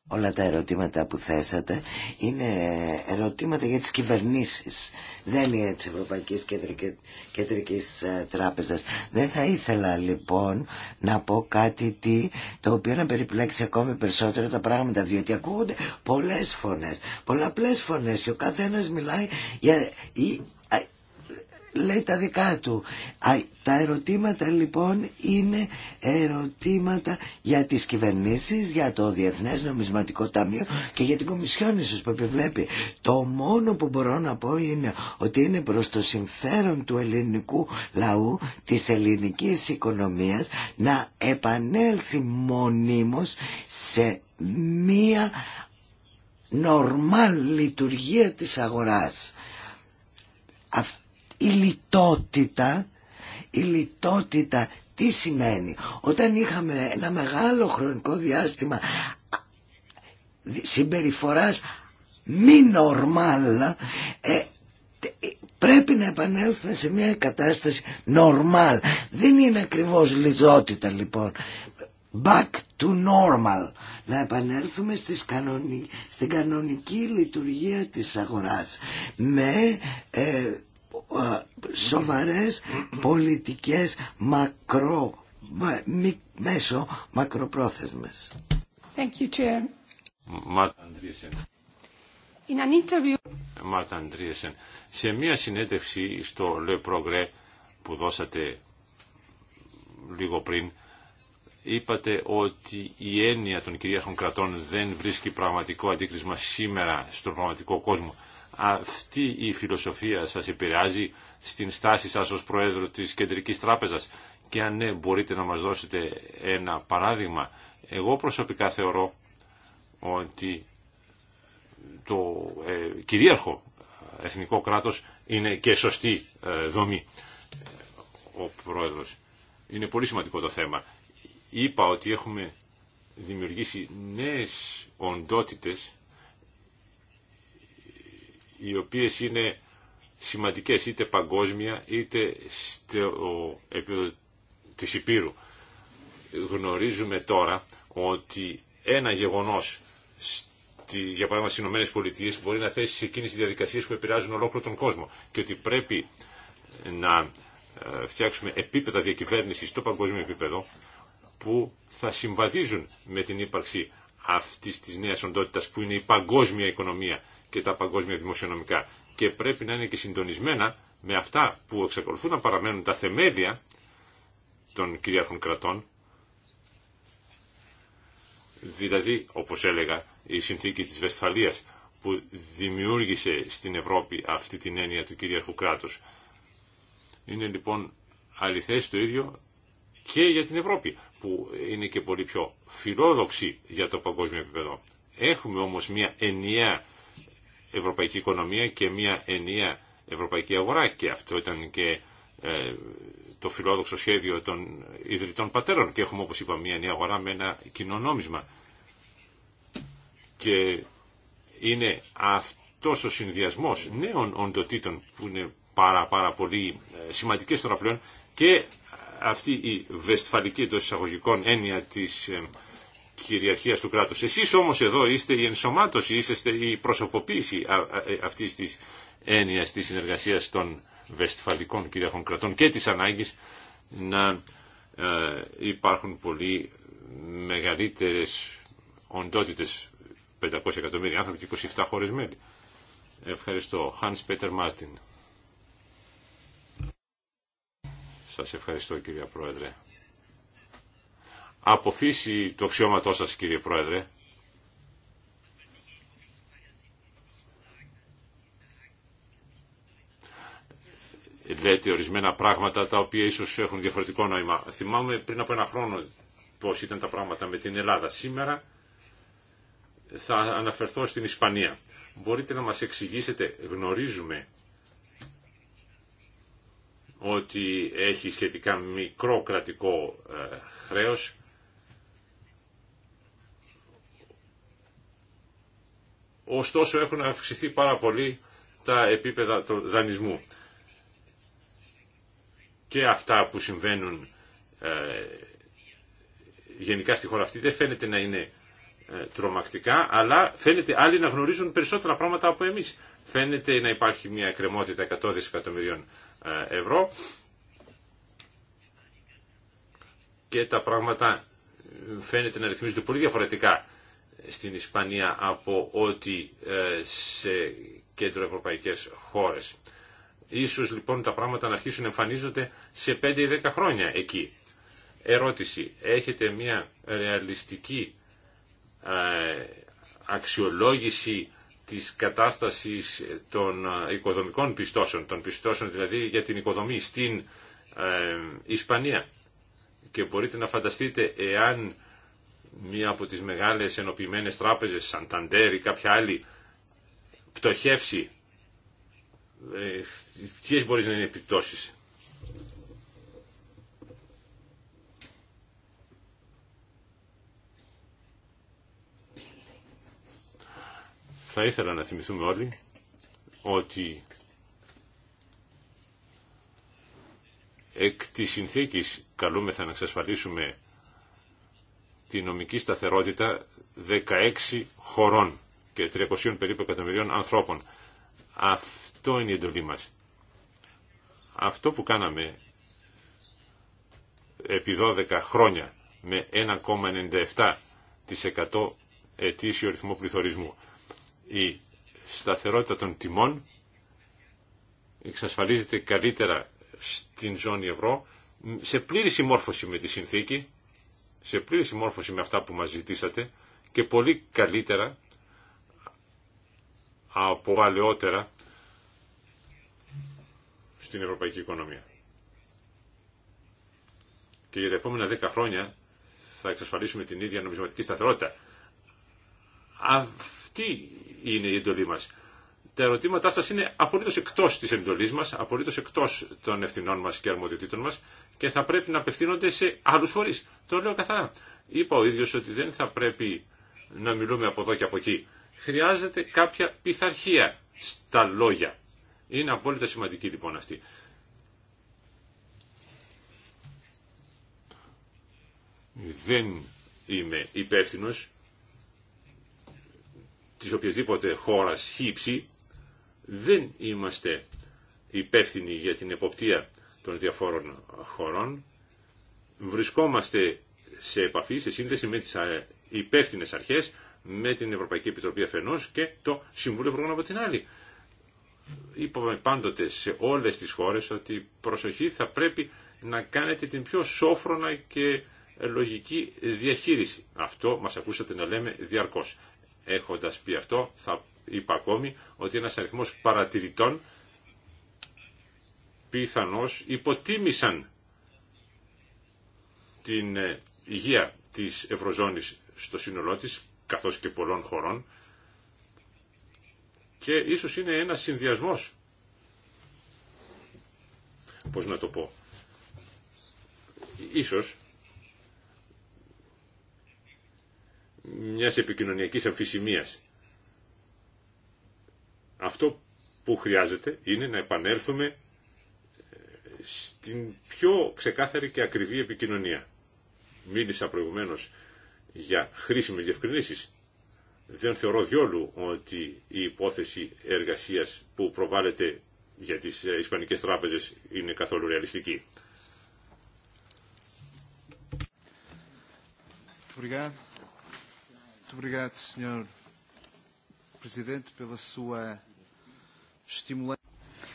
S2: Όλα τα ερωτήματα που θέσατε είναι ερωτήματα για τις κυβερνήσεις, δεν είναι της Ευρωπαϊκής Κεντρικής ε, Τράπεζας. Δεν θα ήθελα λοιπόν να πω κάτι τι, το οποίο να περιπλέξει ακόμη περισσότερο τα πράγματα, διότι ακούγονται πολλές φωνές, πολλαπλές φωνές και ο καθένας μιλάει για, λέει τα δικά του. τα ερωτήματα λοιπόν είναι ερωτήματα για τις κυβερνήσεις, για το Διεθνές Νομισματικό Ταμείο και για την Κομισιόν ίσως που επιβλέπει. Το μόνο που μπορώ να πω είναι ότι είναι προς το συμφέρον του ελληνικού λαού, της ελληνικής οικονομίας να επανέλθει μονίμως σε μία νορμάλ λειτουργία της αγοράς. Αυτό η λιτότητα, η λιτότητα τι σημαίνει. Όταν είχαμε ένα μεγάλο χρονικό διάστημα συμπεριφοράς μη νορμάλ, ε, πρέπει να επανέλθουμε σε μια κατάσταση νορμάλ. Δεν είναι ακριβώς λιτότητα λοιπόν. Back to normal. Να επανέλθουμε στις κανονι... στην κανονική λειτουργία της αγοράς. Με... Ε, σοβαρές πολιτικές μακρό, μη, μακροπρόθεσμες.
S4: Thank you, Chair. In an interview...
S3: Μάρτα σε μια συνέντευξη στο Le Progrès που δώσατε λίγο πριν, είπατε ότι η έννοια των κυρίαρχων κρατών δεν βρίσκει πραγματικό αντίκρισμα σήμερα στον πραγματικό κόσμο αυτή η φιλοσοφία σας επηρεάζει στην στάση σας ως Προέδρου της Κεντρικής Τράπεζας και αν ναι μπορείτε να μας δώσετε ένα παράδειγμα. Εγώ προσωπικά θεωρώ ότι το ε, κυρίαρχο εθνικό κράτος είναι και σωστή ε, δομή ο Πρόεδρος. Είναι πολύ σημαντικό το θέμα. Είπα ότι έχουμε δημιουργήσει νέες οντότητες οι οποίες είναι σημαντικές είτε παγκόσμια είτε στο επίπεδο της Υπήρου. Γνωρίζουμε τώρα ότι ένα γεγονός στη, για παράδειγμα στις Ηνωμένες Πολιτείες μπορεί να θέσει σε εκείνες τις διαδικασίες που επηρεάζουν ολόκληρο τον κόσμο και ότι πρέπει να ε, φτιάξουμε επίπεδα διακυβέρνησης στο παγκόσμιο επίπεδο που θα συμβαδίζουν με την ύπαρξη αυτής της νέας οντότητας που είναι η παγκόσμια οικονομία και τα παγκόσμια δημοσιονομικά και πρέπει να είναι και συντονισμένα με αυτά που εξακολουθούν να παραμένουν τα θεμέλια των κυρίαρχων κρατών, δηλαδή, όπως έλεγα, η συνθήκη της Βεσφαλίας που δημιούργησε στην Ευρώπη αυτή την έννοια του κυρίαρχου κράτους. Είναι λοιπόν αληθές το ίδιο και για την Ευρώπη, που είναι και πολύ πιο φιλόδοξη για το παγκόσμιο επίπεδο. Έχουμε όμως μια ενιαία ευρωπαϊκή οικονομία και μια ενιαία ευρωπαϊκή αγορά και αυτό ήταν και ε, το φιλόδοξο σχέδιο των ιδρυτών πατέρων και έχουμε όπως είπα μια ενιαία αγορά με ένα κοινό νόμισμα. Και είναι αυτός ο συνδυασμός νέων οντοτήτων που είναι πάρα πάρα πολύ ε, σημαντικές τώρα πλέον και αυτή η βεσφαλική εντός εισαγωγικών έννοια της ε, κυριαρχίας του κράτους. Εσείς όμως εδώ είστε η ενσωμάτωση, είστε η προσωποποίηση ε, αυτής της έννοιας της συνεργασίας των βεστιφαλικών κυριαρχών κρατών και της ανάγκης να ε, υπάρχουν πολύ μεγαλύτερες οντότητες 500 εκατομμύρια άνθρωποι και 27 χώρες μέλη. Ευχαριστώ. Hans Peter Martin. Σας ευχαριστώ κυρία Πρόεδρε αποφύσει το αξιώματο σας κύριε Πρόεδρε. Λέτε ορισμένα πράγματα τα οποία ίσως έχουν διαφορετικό νόημα. Θυμάμαι πριν από ένα χρόνο πώς ήταν τα πράγματα με την Ελλάδα. Σήμερα θα αναφερθώ στην Ισπανία. Μπορείτε να μας εξηγήσετε, γνωρίζουμε ότι έχει σχετικά μικρό κρατικό ε, χρέος ωστόσο έχουν αυξηθεί πάρα πολύ τα επίπεδα του δανεισμού. Και αυτά που συμβαίνουν ε, γενικά στη χώρα αυτή δεν φαίνεται να είναι ε, τρομακτικά, αλλά φαίνεται άλλοι να γνωρίζουν περισσότερα πράγματα από εμείς. Φαίνεται να υπάρχει μια κρεμότητα 100 δισεκατομμυρίων ε, ευρώ και τα πράγματα ε, φαίνεται να ρυθμίζονται πολύ διαφορετικά στην Ισπανία από ό,τι ε, σε κεντροευρωπαϊκές χώρες. Ίσως λοιπόν τα πράγματα να αρχίσουν να εμφανίζονται σε 5 ή 10 χρόνια εκεί. Ερώτηση, έχετε μια ρεαλιστική ε, αξιολόγηση της κατάστασης των ε, οικοδομικών πιστώσεων, των πιστώσεων δηλαδή για την οικοδομή στην Ισπανία. Και μπορείτε να φανταστείτε εάν μία από τις μεγάλες ενοποιημένες τράπεζες, Σανταντέρ ή κάποια άλλη, πτωχεύσει, ε, ποιες μπορείς να είναι επιπτώσεις. Θα ήθελα να θυμηθούμε όλοι ότι εκ της συνθήκης καλούμεθα να εξασφαλίσουμε τη νομική σταθερότητα 16 χωρών και 300 περίπου εκατομμυρίων ανθρώπων. Αυτό είναι η εντολή μας. Αυτό που κάναμε επί 12 χρόνια με 1,97% ετήσιο ρυθμό πληθωρισμού. Η σταθερότητα των τιμών εξασφαλίζεται καλύτερα στην ζώνη ευρώ σε πλήρη συμμόρφωση με τη συνθήκη σε πλήρη συμμόρφωση με αυτά που μας ζητήσατε και πολύ καλύτερα από παλαιότερα στην ευρωπαϊκή οικονομία. Και για τα επόμενα δέκα χρόνια θα εξασφαλίσουμε την ίδια νομισματική σταθερότητα. Αυτή είναι η εντολή μας τα ερωτήματά σα είναι απολύτως εκτός της εντολή μα, απολύτως εκτός των ευθυνών μας και αρμοδιοτήτων μας και θα πρέπει να απευθύνονται σε άλλου φορεί. Το λέω καθαρά. Είπα ο ίδιο ότι δεν θα πρέπει να μιλούμε από εδώ και από εκεί. Χρειάζεται κάποια πειθαρχία στα λόγια. Είναι απόλυτα σημαντική λοιπόν αυτή. Δεν είμαι υπεύθυνο τη οποιασδήποτε χώρα χύψη δεν είμαστε υπεύθυνοι για την εποπτεία των διαφόρων χωρών. Βρισκόμαστε σε επαφή, σε σύνδεση με τις υπεύθυνες αρχές, με την Ευρωπαϊκή Επιτροπή αφενός και το Συμβούλιο Ευρωπαϊκών από την άλλη. Είπαμε πάντοτε σε όλες τις χώρες ότι προσοχή θα πρέπει να κάνετε την πιο σόφρονα και λογική διαχείριση. Αυτό μας ακούσατε να λέμε διαρκώς. Έχοντας πει αυτό θα είπα ακόμη ότι ένας αριθμός παρατηρητών πιθανώς υποτίμησαν την ε, υγεία της Ευρωζώνης στο σύνολό της, καθώς και πολλών χωρών, και ίσως είναι ένας συνδυασμός. Πώς να το πω. Ίσως μιας επικοινωνιακής αμφισημίας αυτό που χρειάζεται είναι να επανέλθουμε ε,
S2: στην
S3: πιο ξεκάθαρη και ακριβή επικοινωνία. Μίλησα προηγουμένως για χρήσιμες διευκρινήσεις. Δεν θεωρώ διόλου ότι η υπόθεση εργασίας που προβάλλεται για τις ε, ισπανικές τράπεζες είναι καθόλου ρεαλιστική.
S5: Obrigado. Muito obrigado,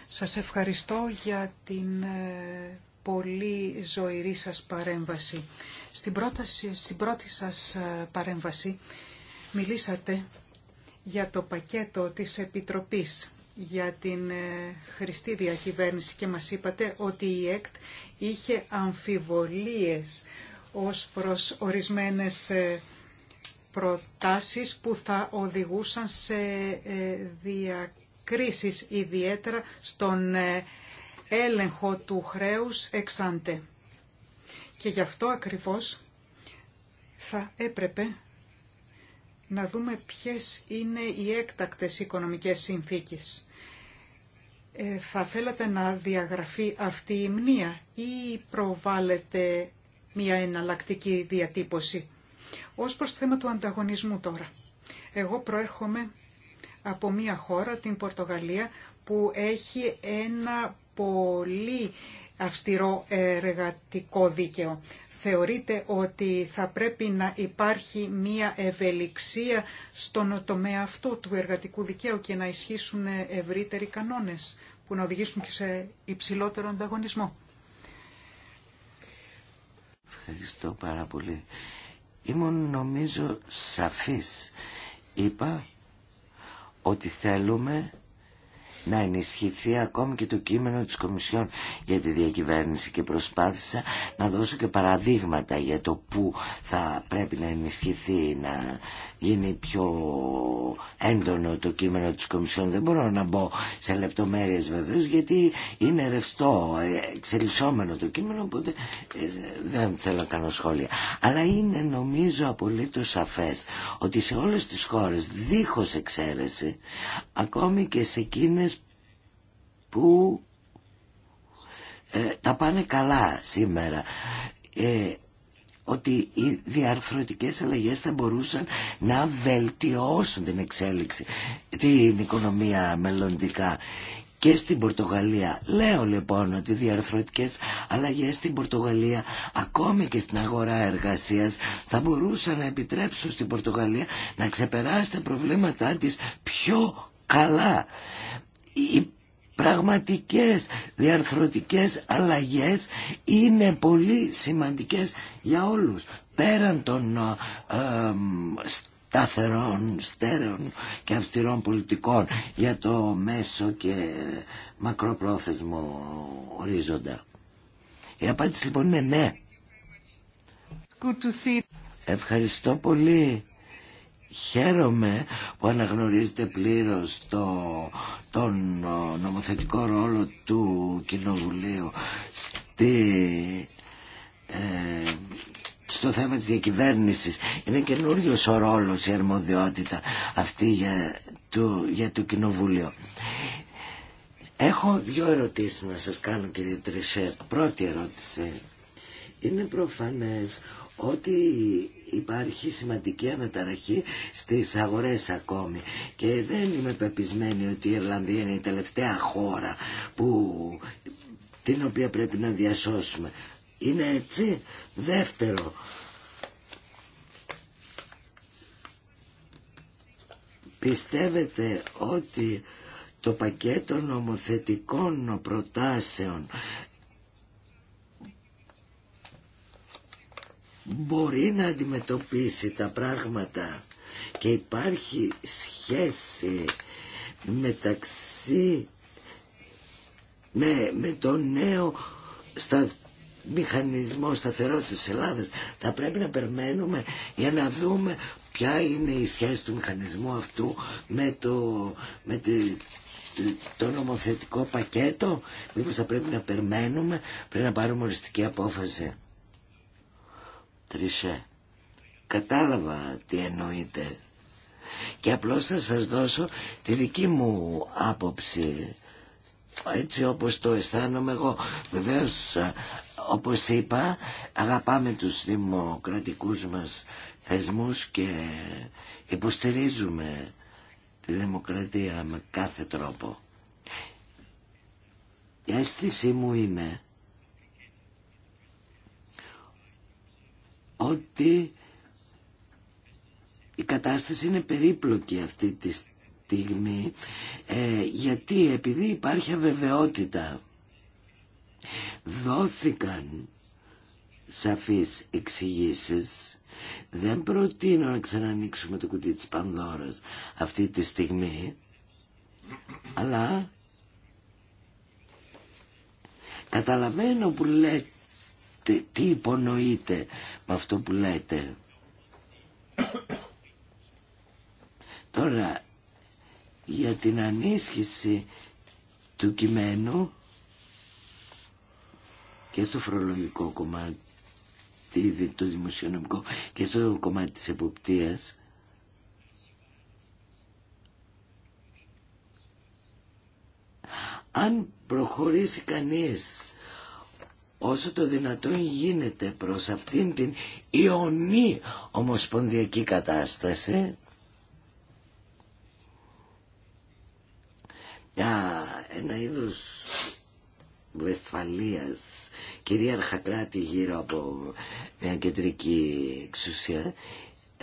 S4: σας ευχαριστώ για την ε, πολύ ζωηρή σας παρέμβαση. Στην, πρόταση, στην πρώτη σας ε, παρέμβαση μιλήσατε για το πακέτο της Επιτροπής για την ε, χρηστή διακυβέρνηση και μας είπατε ότι η ΕΚΤ είχε αμφιβολίες ως προς ορισμένες προτάσεις που θα οδηγούσαν σε ε, διακρίσεις, ιδιαίτερα στον ε, έλεγχο του χρέους εξάντε. Και γι' αυτό ακριβώς θα έπρεπε να δούμε ποιες είναι οι έκτακτες οικονομικές συνθήκες. Ε, θα θέλατε να διαγραφεί αυτή η μνήα ή προβάλλεται μια εναλλακτική διατύπωση. Ως προς το θέμα του ανταγωνισμού τώρα. Εγώ προέρχομαι από μια χώρα, την Πορτογαλία, που έχει ένα πολύ αυστηρό εργατικό δίκαιο. Θεωρείτε ότι θα πρέπει να υπάρχει μία ευελιξία στον τομέα αυτό του εργατικού δικαίου και να ισχύσουν ευρύτεροι κανόνες που να οδηγήσουν και σε υψηλότερο ανταγωνισμό.
S2: Ευχαριστώ πάρα πολύ ήμουν νομίζω σαφής. Είπα ότι θέλουμε να ενισχυθεί ακόμη και το κείμενο της Κομισιόν για τη διακυβέρνηση και προσπάθησα να δώσω και παραδείγματα για το που θα πρέπει να ενισχυθεί, να γίνει πιο έντονο το κείμενο της Κομισιόν. Δεν μπορώ να μπω σε λεπτομέρειες βεβαίως γιατί είναι ρευστό, ε, εξελισσόμενο το κείμενο οπότε ε, δεν θέλω να κάνω σχόλια. Αλλά είναι νομίζω απολύτως σαφές ότι σε όλες τις χώρες δίχως εξαίρεση ακόμη και σε εκείνες που ε, τα πάνε καλά σήμερα ότι οι διαρθρωτικές αλλαγές θα μπορούσαν να βελτιώσουν την εξέλιξη, την οικονομία μελλοντικά και στην Πορτογαλία. Λέω λοιπόν ότι οι διαρθρωτικές αλλαγές στην Πορτογαλία ακόμη και στην αγορά εργασίας θα μπορούσαν να επιτρέψουν στην Πορτογαλία να ξεπεράσει τα προβλήματά της πιο καλά πραγματικές διαρθρωτικές αλλαγές είναι πολύ σημαντικές για όλους πέραν των ε, σταθερών, στέρεων και αυστηρών πολιτικών για το μέσο και μακροπρόθεσμο ορίζοντα. Η απάντηση λοιπόν είναι ναι. Ευχαριστώ πολύ. Χαίρομαι που αναγνωρίζετε πλήρως το, τον νομοθετικό ρόλο του Κοινοβουλίου στη, ε, στο θέμα της διακυβέρνησης. Είναι καινούριο ο ρόλος η αρμοδιότητα αυτή για το, για το Κοινοβούλιο. Έχω δύο ερωτήσεις να σας κάνω κύριε Τρισέ. Πρώτη ερώτηση. Είναι προφανές ότι υπάρχει σημαντική αναταραχή στις αγορές ακόμη και δεν είμαι πεπισμένη ότι η Ιρλανδία είναι η τελευταία χώρα που, την οποία πρέπει να διασώσουμε. Είναι έτσι. Δεύτερο, πιστεύετε ότι το πακέτο νομοθετικών προτάσεων μπορεί να αντιμετωπίσει τα πράγματα και υπάρχει σχέση μεταξύ με, με το νέο στα, μηχανισμό τα της Ελλάδας θα πρέπει να περιμένουμε για να δούμε ποια είναι η σχέση του μηχανισμού αυτού με το, με τη, το νομοθετικό πακέτο μήπως θα πρέπει να περιμένουμε πριν να πάρουμε οριστική απόφαση Τρισέ. Κατάλαβα τι εννοείτε. Και απλώς θα σας δώσω τη δική μου άποψη. Έτσι όπως το αισθάνομαι εγώ. Βεβαίως, όπως είπα, αγαπάμε τους δημοκρατικούς μας θεσμούς και υποστηρίζουμε τη δημοκρατία με κάθε τρόπο. Η αίσθησή μου είναι ότι η κατάσταση είναι περίπλοκη αυτή τη στιγμή ε, γιατί επειδή υπάρχει αβεβαιότητα δόθηκαν σαφείς εξηγήσει. δεν προτείνω να ξανανοίξουμε το κουτί της Πανδώρας αυτή τη στιγμή αλλά καταλαβαίνω που λέτε τι, τι υπονοείτε με αυτό που λέτε. Τώρα, για την ανίσχυση του κειμένου και στο φορολογικό κομμάτι, το δημοσιονομικό και στο κομμάτι της εποπτείας, αν προχωρήσει κανείς όσο το δυνατόν γίνεται προς αυτήν την ιονή ομοσπονδιακή κατάσταση Ά, ένα είδος Βεσφαλίας κυρίαρχα κράτη γύρω από μια κεντρική εξουσία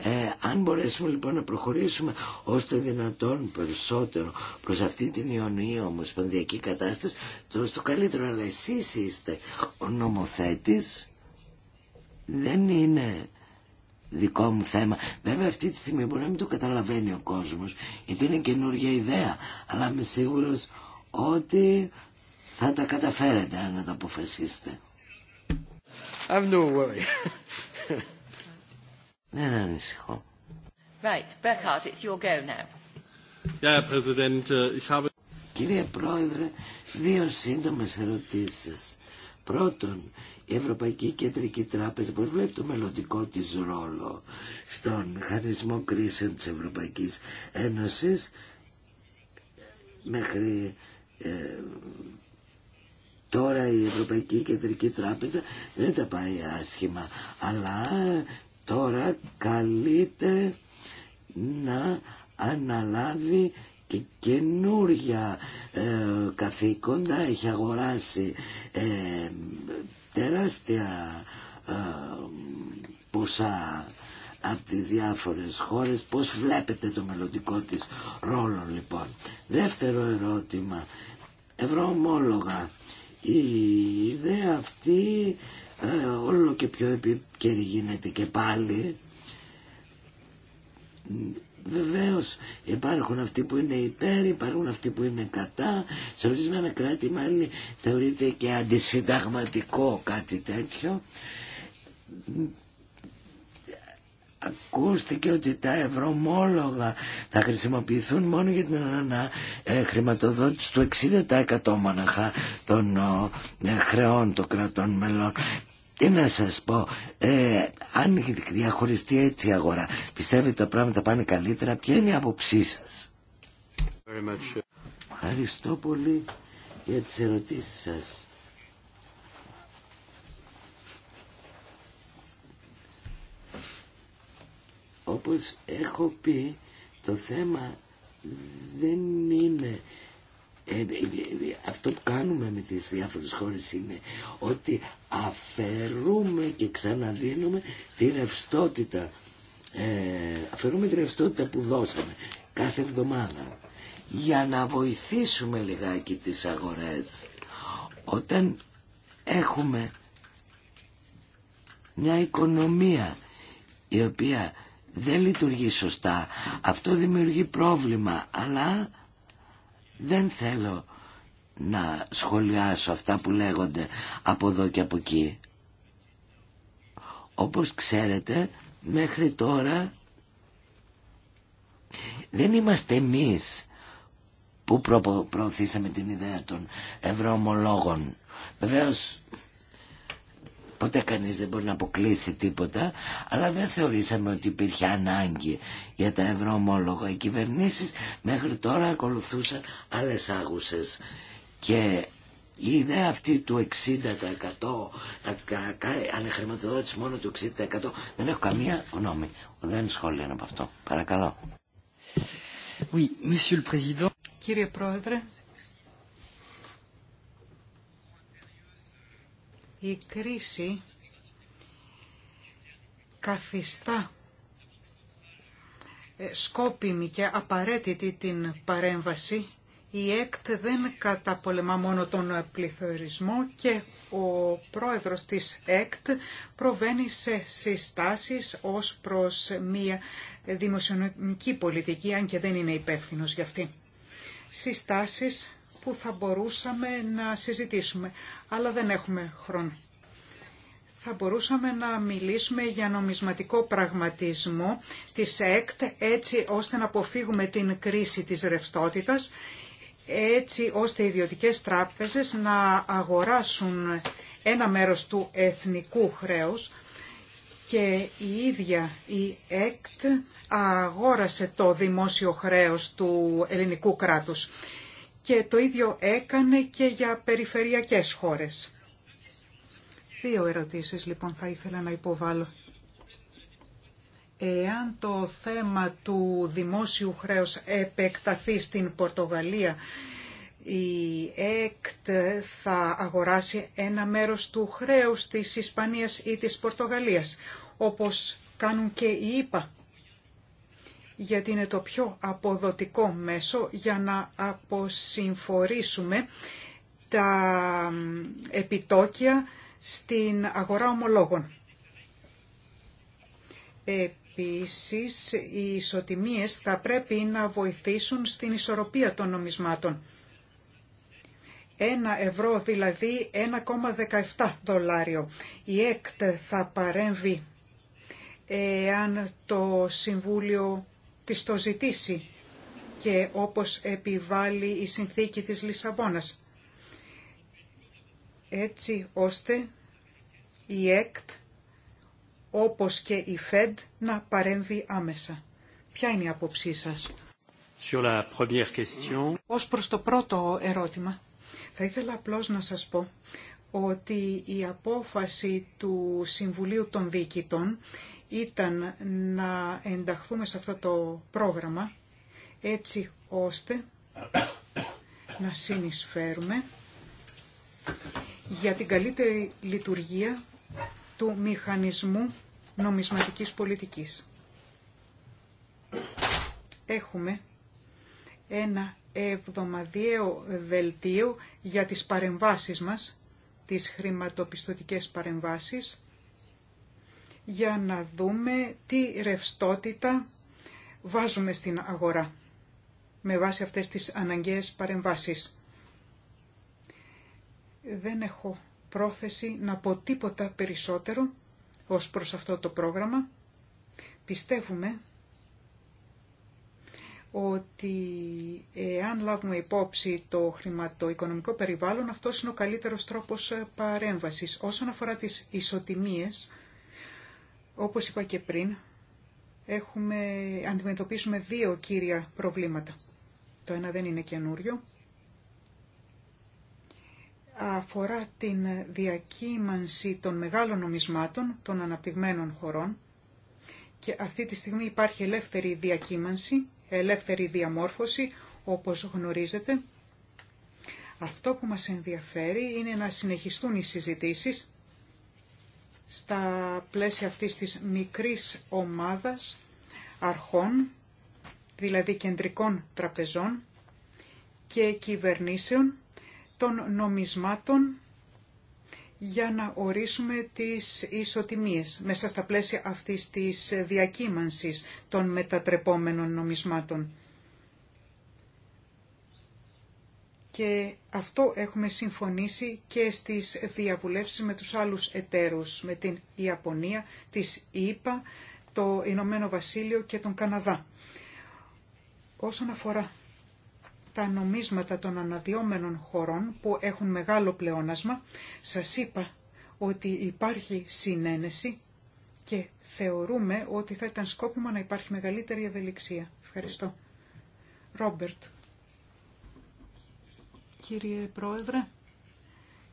S2: ε, αν μπορέσουμε λοιπόν να προχωρήσουμε ως το δυνατόν περισσότερο προς αυτή την ιωνία ομοσπονδιακή κατάσταση, το καλύτερο, αλλά εσείς είστε ο νομοθέτης, δεν είναι δικό μου θέμα. Βέβαια αυτή τη στιγμή μπορεί να μην το καταλαβαίνει ο κόσμος, γιατί είναι καινούργια ιδέα, αλλά είμαι σίγουρος ότι θα τα καταφέρετε αν τα αποφασίσετε. [laughs] Δεν ανησυχώ.
S1: Right, Burkhard, it's your go
S2: now. Uh, ich habe... Κύριε Πρόεδρε, δύο σύντομες ερωτήσεις. Πρώτον, η Ευρωπαϊκή Κεντρική Τράπεζα πώς βλέπει το μελλοντικό της ρόλο στον χαρισμό κρίσεων της Ευρωπαϊκής Ένωσης μέχρι ε, τώρα η Ευρωπαϊκή Κεντρική Τράπεζα δεν τα πάει άσχημα αλλά τώρα καλείται να αναλάβει και καινούργια ε, καθήκοντα έχει αγοράσει ε, τεράστια ε, ποσά από τις διάφορες χώρες πώς βλέπετε το μελλοντικό της ρόλο λοιπόν δεύτερο ερώτημα ευρωομόλογα η ιδέα αυτή όλο και πιο επίκαιρη γίνεται και πάλι Βεβαίω υπάρχουν αυτοί που είναι υπέρ, υπάρχουν αυτοί που είναι κατά. Σε ορισμένα κράτη μάλλον θεωρείται και αντισυνταγματικό κάτι τέτοιο ακούστηκε ότι τα ευρωμόλογα θα χρησιμοποιηθούν μόνο για την ε, χρηματοδότηση του 60% μοναχά των ε, χρεών των κρατών μελών. Τι να σας πω, ε, αν διαχωριστεί έτσι η αγορά, πιστεύετε ότι τα πράγματα πάνε καλύτερα, ποια είναι η άποψή σας. Ευχαριστώ πολύ για τις ερωτήσεις σας. Όπως έχω πει, το θέμα δεν είναι... Ε, ε, ε, αυτό που κάνουμε με τις διάφορες χώρες είναι ότι αφαιρούμε και ξαναδίνουμε τη ρευστότητα αφαιρούμε τη ρευστότητα που δώσαμε κάθε εβδομάδα για να βοηθήσουμε λιγάκι τις αγορές όταν έχουμε μια οικονομία η οποία δεν λειτουργεί σωστά. Αυτό δημιουργεί πρόβλημα, αλλά δεν θέλω να σχολιάσω αυτά που λέγονται από εδώ και από εκεί. Όπως ξέρετε, μέχρι τώρα δεν είμαστε εμείς που προωθήσαμε την ιδέα των ευρωομολόγων. Βεβαίως ποτέ κανείς δεν μπορεί να αποκλείσει τίποτα, αλλά δεν θεωρήσαμε ότι υπήρχε ανάγκη για τα ευρωομόλογα. Οι κυβερνήσεις μέχρι τώρα ακολουθούσαν άλλες άγουσες και η ιδέα αυτή του 60% ανεχρηματοδότηση μόνο του 60% δεν έχω καμία γνώμη. Δεν σχολιάνω από αυτό. Παρακαλώ.
S4: Oui, monsieur le Président. Κύριε Πρόεδρε, η κρίση καθιστά ε, σκόπιμη και απαραίτητη την παρέμβαση. Η ΕΚΤ δεν καταπολεμά μόνο τον πληθωρισμό και ο πρόεδρος της ΕΚΤ προβαίνει σε συστάσεις ως προς μία δημοσιονομική πολιτική, αν και δεν είναι υπεύθυνος για αυτή. Συστάσεις που θα μπορούσαμε να συζητήσουμε, αλλά δεν έχουμε χρόνο. Θα μπορούσαμε να μιλήσουμε για νομισματικό πραγματισμό της ΕΚΤ έτσι ώστε να αποφύγουμε την κρίση της ρευστότητας, έτσι ώστε οι ιδιωτικές τράπεζες να αγοράσουν ένα μέρος του εθνικού χρέους και η ίδια η ΕΚΤ αγόρασε το δημόσιο χρέος του ελληνικού κράτους και το ίδιο έκανε και για περιφερειακές χώρες. Δύο ερωτήσεις λοιπόν θα ήθελα να υποβάλω. Εάν το θέμα του δημόσιου χρέους επεκταθεί στην Πορτογαλία, η ΕΚΤ θα αγοράσει ένα μέρος του χρέους της Ισπανίας ή της Πορτογαλίας, όπως κάνουν και οι ΙΠΑ γιατί είναι το πιο αποδοτικό μέσο για να αποσυμφορήσουμε τα επιτόκια στην αγορά ομολόγων. Επίσης, οι ισοτιμίες θα πρέπει να βοηθήσουν στην ισορροπία των νομισμάτων. Ένα ευρώ δηλαδή 1,17 δολάριο. Η ΕΚΤ θα παρέμβει εάν το Συμβούλιο της το ζητήσει και όπως επιβάλλει η συνθήκη της Λισαβόνας. Έτσι ώστε η ΕΚΤ όπως και η ΦΕΔ να παρέμβει άμεσα. Ποια είναι η άποψή σας?
S5: Sur la première question.
S4: Ως προς το πρώτο ερώτημα, θα ήθελα απλώς να σας πω ότι η απόφαση του Συμβουλίου των Διοικητών ήταν να ενταχθούμε σε αυτό το πρόγραμμα έτσι ώστε να συνεισφέρουμε για την καλύτερη λειτουργία του μηχανισμού νομισματικής πολιτικής. Έχουμε ένα εβδομαδιαίο δελτίο για τις παρεμβάσεις μας, τις χρηματοπιστωτικές παρεμβάσεις για να δούμε τι ρευστότητα βάζουμε στην αγορά με βάση αυτές τις αναγκαίες παρεμβάσεις. Δεν έχω πρόθεση να πω τίποτα περισσότερο ως προς αυτό το πρόγραμμα. Πιστεύουμε ότι εάν λάβουμε υπόψη το χρηματοοικονομικό περιβάλλον, αυτό είναι ο καλύτερος τρόπος παρέμβασης. Όσον αφορά τις ισοτιμίες, όπως είπα και πριν, έχουμε, αντιμετωπίσουμε δύο κύρια προβλήματα. Το ένα δεν είναι καινούριο. Αφορά την διακύμανση των μεγάλων νομισμάτων των αναπτυγμένων χωρών και αυτή τη στιγμή υπάρχει ελεύθερη διακύμανση, ελεύθερη διαμόρφωση, όπως γνωρίζετε. Αυτό που μας ενδιαφέρει είναι να συνεχιστούν οι συζητήσεις στα πλαίσια αυτής της μικρής ομάδας αρχών, δηλαδή κεντρικών τραπεζών και κυβερνήσεων των νομισμάτων για να ορίσουμε τις ισοτιμίες μέσα στα πλαίσια αυτής της διακύμανσης των μετατρεπόμενων νομισμάτων. και αυτό έχουμε συμφωνήσει και στις διαβουλεύσεις με τους άλλους εταίρους, με την Ιαπωνία, της ΙΠΑ, το Ηνωμένο Βασίλειο και τον Καναδά. Όσον αφορά τα νομίσματα των αναδυόμενων χωρών που έχουν μεγάλο πλεόνασμα, σας είπα ότι υπάρχει συνένεση και θεωρούμε ότι θα ήταν σκόπιμο να υπάρχει μεγαλύτερη ευελιξία. Ευχαριστώ. Ρόμπερτ. Κύριε Πρόεδρε,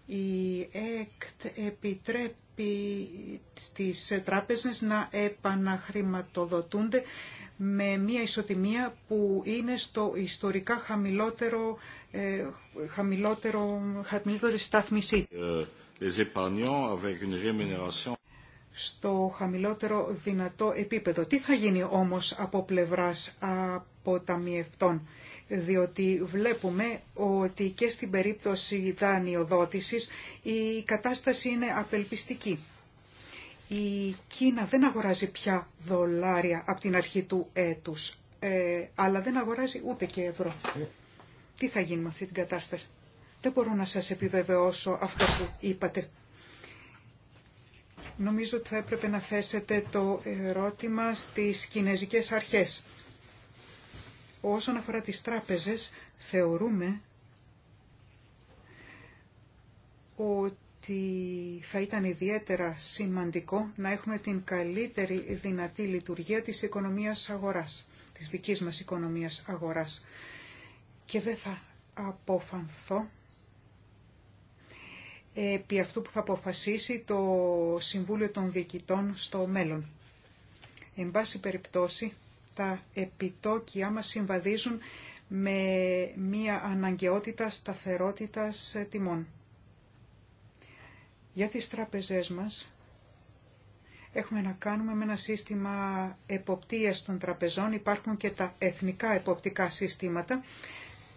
S4: η ΕΚΤ επιτρέπει στις τράπεζες να επαναχρηματοδοτούνται με μια ισοτιμία που είναι στο ιστορικά χαμηλότερο, ε, χαμηλότερο, χαμηλότερη στάθμισή. Ε, στο χαμηλότερο δυνατό επίπεδο. Τι θα γίνει όμως από πλευράς αποταμιευτών διότι βλέπουμε ότι και στην περίπτωση δανειοδότησης η κατάσταση είναι απελπιστική. Η Κίνα δεν αγοράζει πια δολάρια από την αρχή του έτους, ε, αλλά δεν αγοράζει ούτε και ευρώ. Τι θα γίνει με αυτή την κατάσταση. Δεν μπορώ να σας επιβεβαιώσω αυτό που είπατε. Νομίζω ότι θα έπρεπε να θέσετε το ερώτημα στις κινέζικες αρχές. Όσον αφορά τις τράπεζες, θεωρούμε ότι θα ήταν ιδιαίτερα σημαντικό να έχουμε την καλύτερη δυνατή λειτουργία της οικονομίας αγοράς, της δικής μας οικονομίας αγοράς. Και δεν θα αποφανθώ επί αυτού που θα αποφασίσει το Συμβούλιο των Διοικητών στο μέλλον. Εν πάση περιπτώσει, τα επιτόκια μας συμβαδίζουν με μία αναγκαιότητα σταθερότητας τιμών. Για τις τραπεζές μας έχουμε να κάνουμε με ένα σύστημα εποπτείας των τραπεζών. Υπάρχουν και τα εθνικά εποπτικά συστήματα.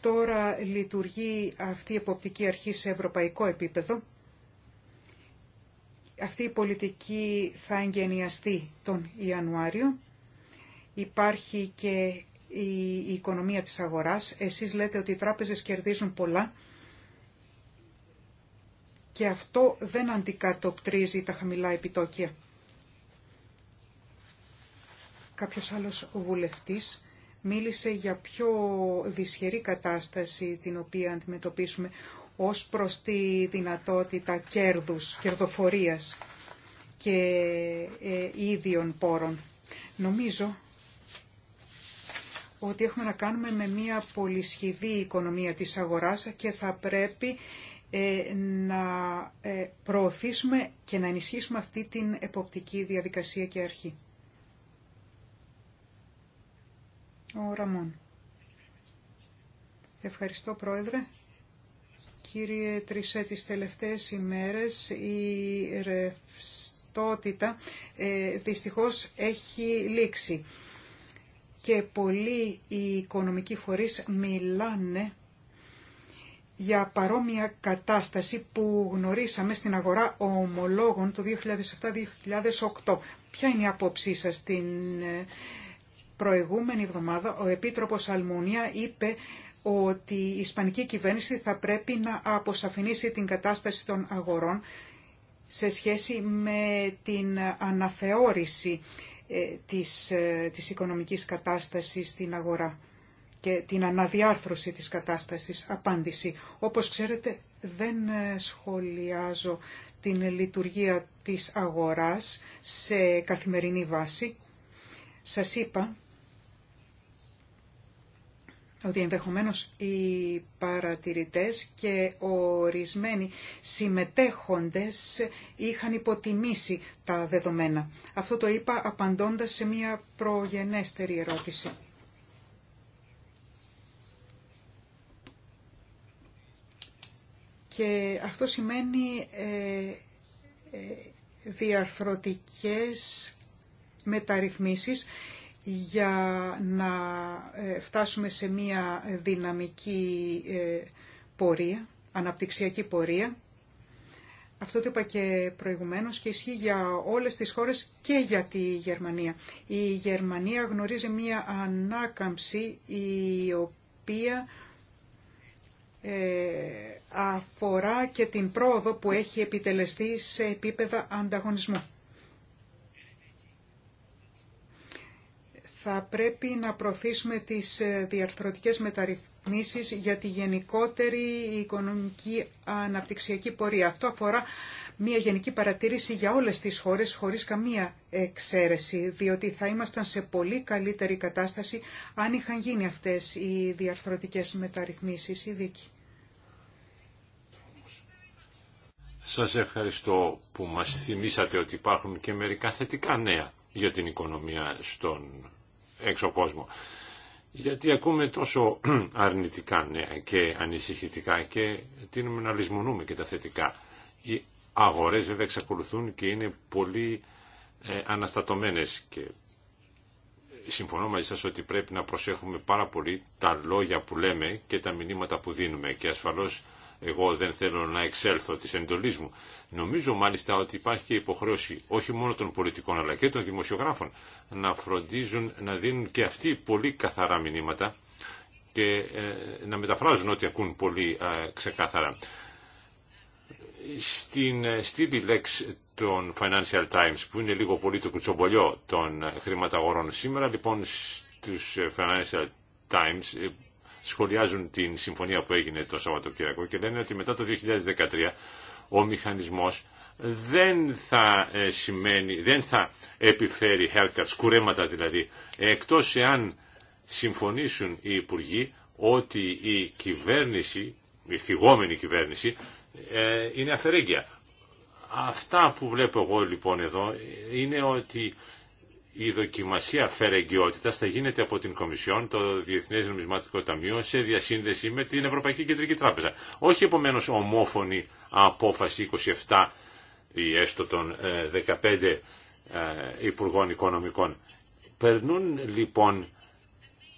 S4: Τώρα λειτουργεί αυτή η εποπτική αρχή σε ευρωπαϊκό επίπεδο. Αυτή η πολιτική θα εγγενιαστεί τον Ιανουάριο Υπάρχει και η οικονομία της αγοράς. Εσείς λέτε ότι οι τράπεζες κερδίζουν πολλά και αυτό δεν αντικατοπτρίζει τα χαμηλά επιτόκια. Κάποιος άλλος βουλευτής μίλησε για πιο δυσχερή κατάσταση την οποία αντιμετωπίσουμε ως προς τη δυνατότητα κέρδους, κερδοφορίας και ε, ίδιων πόρων. Νομίζω ότι έχουμε να κάνουμε με μια πολυσχηδή οικονομία της αγοράς και θα πρέπει ε, να ε, προωθήσουμε και να ενισχύσουμε αυτή την εποπτική διαδικασία και αρχή. Ο Ευχαριστώ Πρόεδρε. Κύριε Τρισέ, τις τελευταίες ημέρες η ρευστότητα ε, δυστυχώς έχει λήξει και πολλοί οι οικονομικοί φορείς μιλάνε για παρόμοια κατάσταση που γνωρίσαμε στην αγορά ομολόγων το 2007-2008. Ποια είναι η απόψή σας την ε, προηγούμενη εβδομάδα ο Επίτροπος Αλμούνια είπε ότι η Ισπανική κυβέρνηση θα πρέπει να αποσαφηνίσει την κατάσταση των αγορών σε σχέση με την αναθεώρηση ε, της, ε, της οικονομικής κατάστασης στην αγορά και την αναδιάρθρωση της κατάστασης. Απάντηση. Όπως ξέρετε δεν ε, σχολιάζω την λειτουργία της αγοράς σε καθημερινή βάση. Σας είπα ότι ενδεχομένως οι παρατηρητές και ορισμένοι συμμετέχοντες είχαν υποτιμήσει τα δεδομένα. Αυτό το είπα απαντώντας σε μια προγενέστερη ερώτηση. Και αυτό σημαίνει ε, ε διαρθρωτικές μεταρρυθμίσεις για να ε, φτάσουμε σε μία δυναμική ε, πορεία, αναπτυξιακή πορεία. Αυτό το είπα και προηγουμένως και ισχύει για όλες τις χώρες και για τη Γερμανία. Η Γερμανία γνωρίζει μία ανάκαμψη η οποία ε, αφορά και την πρόοδο που έχει επιτελεστεί σε επίπεδα ανταγωνισμού. θα πρέπει να προωθήσουμε τις ε, διαρθρωτικές μεταρρυθμίσεις για τη γενικότερη οικονομική αναπτυξιακή πορεία. Αυτό αφορά μια γενική παρατήρηση για όλες τις χώρες χωρίς καμία εξαίρεση, διότι θα ήμασταν σε πολύ καλύτερη κατάσταση αν είχαν γίνει αυτές οι διαρθρωτικές μεταρρυθμίσεις. Η
S3: Σας ευχαριστώ που μας θυμήσατε ότι υπάρχουν και μερικά θετικά νέα για την οικονομία στον έξω κόσμο. Γιατί ακούμε τόσο [clears throat] αρνητικά και ανησυχητικά και τίνουμε να λησμονούμε και τα θετικά. Οι αγορές βέβαια εξακολουθούν και είναι πολύ ε, αναστατωμένες και συμφωνώ μαζί σας ότι πρέπει να προσέχουμε πάρα πολύ τα λόγια που λέμε και τα μηνύματα που δίνουμε και ασφαλώς εγώ δεν θέλω να εξέλθω τη εντολή μου. Νομίζω μάλιστα ότι υπάρχει και υποχρέωση όχι μόνο των πολιτικών αλλά και των δημοσιογράφων να φροντίζουν να δίνουν και αυτοί πολύ καθαρά μηνύματα και ε, να μεταφράζουν ό,τι ακούν πολύ ε, ξεκάθαρα. Στην ε, στήλη λέξη των Financial Times, που είναι λίγο πολύ το κουτσομπολιό των χρηματαγορών σήμερα, λοιπόν στους Financial Times σχολιάζουν την συμφωνία που έγινε το Σαββατοκύριακο και λένε ότι μετά το 2013 ο μηχανισμός δεν θα, ε, σημαίνει, δεν θα επιφέρει haircuts, κουρέματα δηλαδή, εκτός εάν συμφωνήσουν οι υπουργοί ότι η κυβέρνηση, η θυγόμενη κυβέρνηση, ε, είναι αφαιρέγγια. Αυτά που βλέπω εγώ λοιπόν εδώ είναι ότι η δοκιμασία φερεγγιότητα θα γίνεται από την Κομισιόν, το Διεθνές Νομισματικό Ταμείο, σε διασύνδεση με την Ευρωπαϊκή Κεντρική Τράπεζα. Όχι επομένω ομόφωνη απόφαση 27 ή έστω των 15 ε, ε, Υπουργών Οικονομικών. Περνούν λοιπόν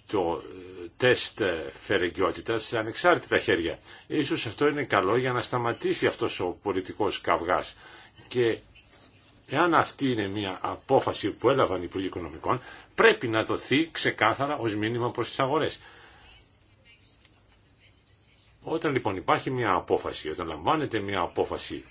S3: το ε, τεστ φερεγγιότητα σε ανεξάρτητα χέρια. Ίσως αυτό είναι καλό για να σταματήσει αυτός ο πολιτικός καυγάς και Εάν αυτή είναι μια απόφαση που έλαβαν οι Υπουργοί Οικονομικών, πρέπει να δοθεί ξεκάθαρα ως μήνυμα προς τις αγορές. Όταν λοιπόν υπάρχει μια απόφαση, όταν λαμβάνεται μια απόφαση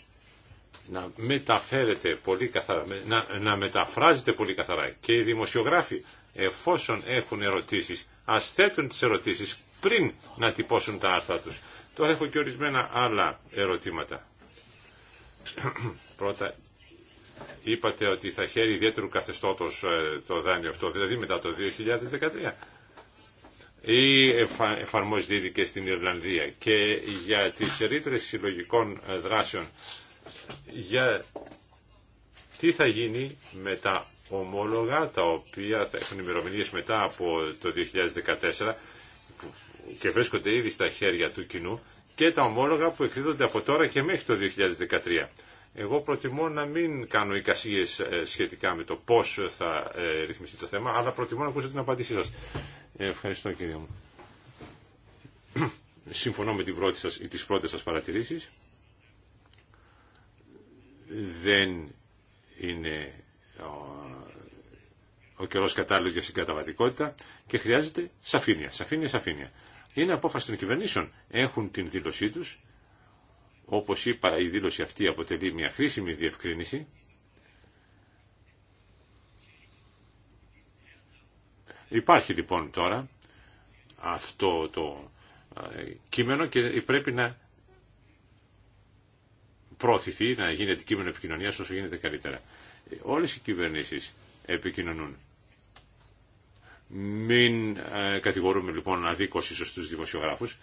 S3: να μεταφέρεται πολύ καθαρά, να, να μεταφράζεται πολύ καθαρά και οι δημοσιογράφοι εφόσον έχουν ερωτήσεις, ας θέτουν τις ερωτήσεις πριν να τυπώσουν τα άρθρα τους. Τώρα έχω και ορισμένα άλλα ερωτήματα. [clears throat] Πρώτα, Είπατε ότι θα χαίρει ιδιαίτερου καθεστώτος ε, το δάνειο αυτό, δηλαδή μετά το 2013. Ή εφα, εφαρμόζεται ήδη και στην Ιρλανδία. Και για τις ρήτρες συλλογικών ε, δράσεων, για τι θα γίνει με τα ομόλογα, τα οποία θα έχουν ημερομηνίε μετά από το 2014 και βρίσκονται ήδη στα χέρια του κοινού, και τα ομόλογα που εκδίδονται από τώρα και μέχρι το 2013. Εγώ προτιμώ να μην κάνω εικασίε ε, σχετικά με το πώ θα ε, ρυθμιστεί το θέμα, αλλά προτιμώ να ακούσω την απάντησή σα. Ε, ευχαριστώ κύριε μου. [clears throat] Συμφωνώ με την πρώτη σας, ή τις πρώτες σας παρατηρήσεις. Δεν είναι ο καιρό κατάλληλο για συγκαταβατικότητα και χρειάζεται σαφήνεια, σαφήνεια, σαφήνεια. Είναι απόφαση των κυβερνήσεων. Έχουν την δήλωσή τους, όπως είπα, η δήλωση αυτή αποτελεί μια χρήσιμη διευκρίνηση. Υπάρχει λοιπόν τώρα αυτό το ε, κείμενο και πρέπει να προωθηθεί, να γίνει κείμενο επικοινωνίας όσο γίνεται καλύτερα. Όλες οι κυβερνήσεις επικοινωνούν. Μην ε, κατηγορούμε λοιπόν αδίκως ίσως τους δημοσιογράφους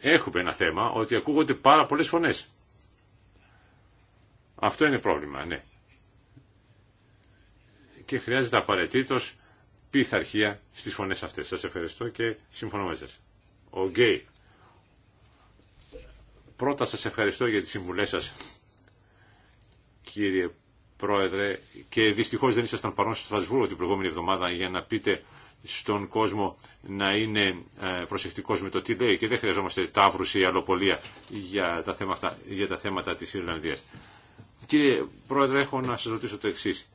S3: έχουμε ένα θέμα ότι ακούγονται πάρα πολλές φωνές. Αυτό είναι πρόβλημα, ναι. Και χρειάζεται απαραίτητο πειθαρχία στις φωνές αυτές. Σας ευχαριστώ και συμφωνώ μαζί σας. Ο Γκέι. Πρώτα σας ευχαριστώ για τις συμβουλές σας, κύριε Πρόεδρε, και δυστυχώς δεν ήσασταν παρόν στο Στρασβούργο την προηγούμενη εβδομάδα για να πείτε στον κόσμο να είναι ε, προσεκτικός με το τι λέει και δεν χρειαζόμαστε ταύρους ή αλλοπολία για τα θέματα, για τα θέματα της Ιρλανδίας. Κύριε Πρόεδρε, έχω να σας ρωτήσω το εξής.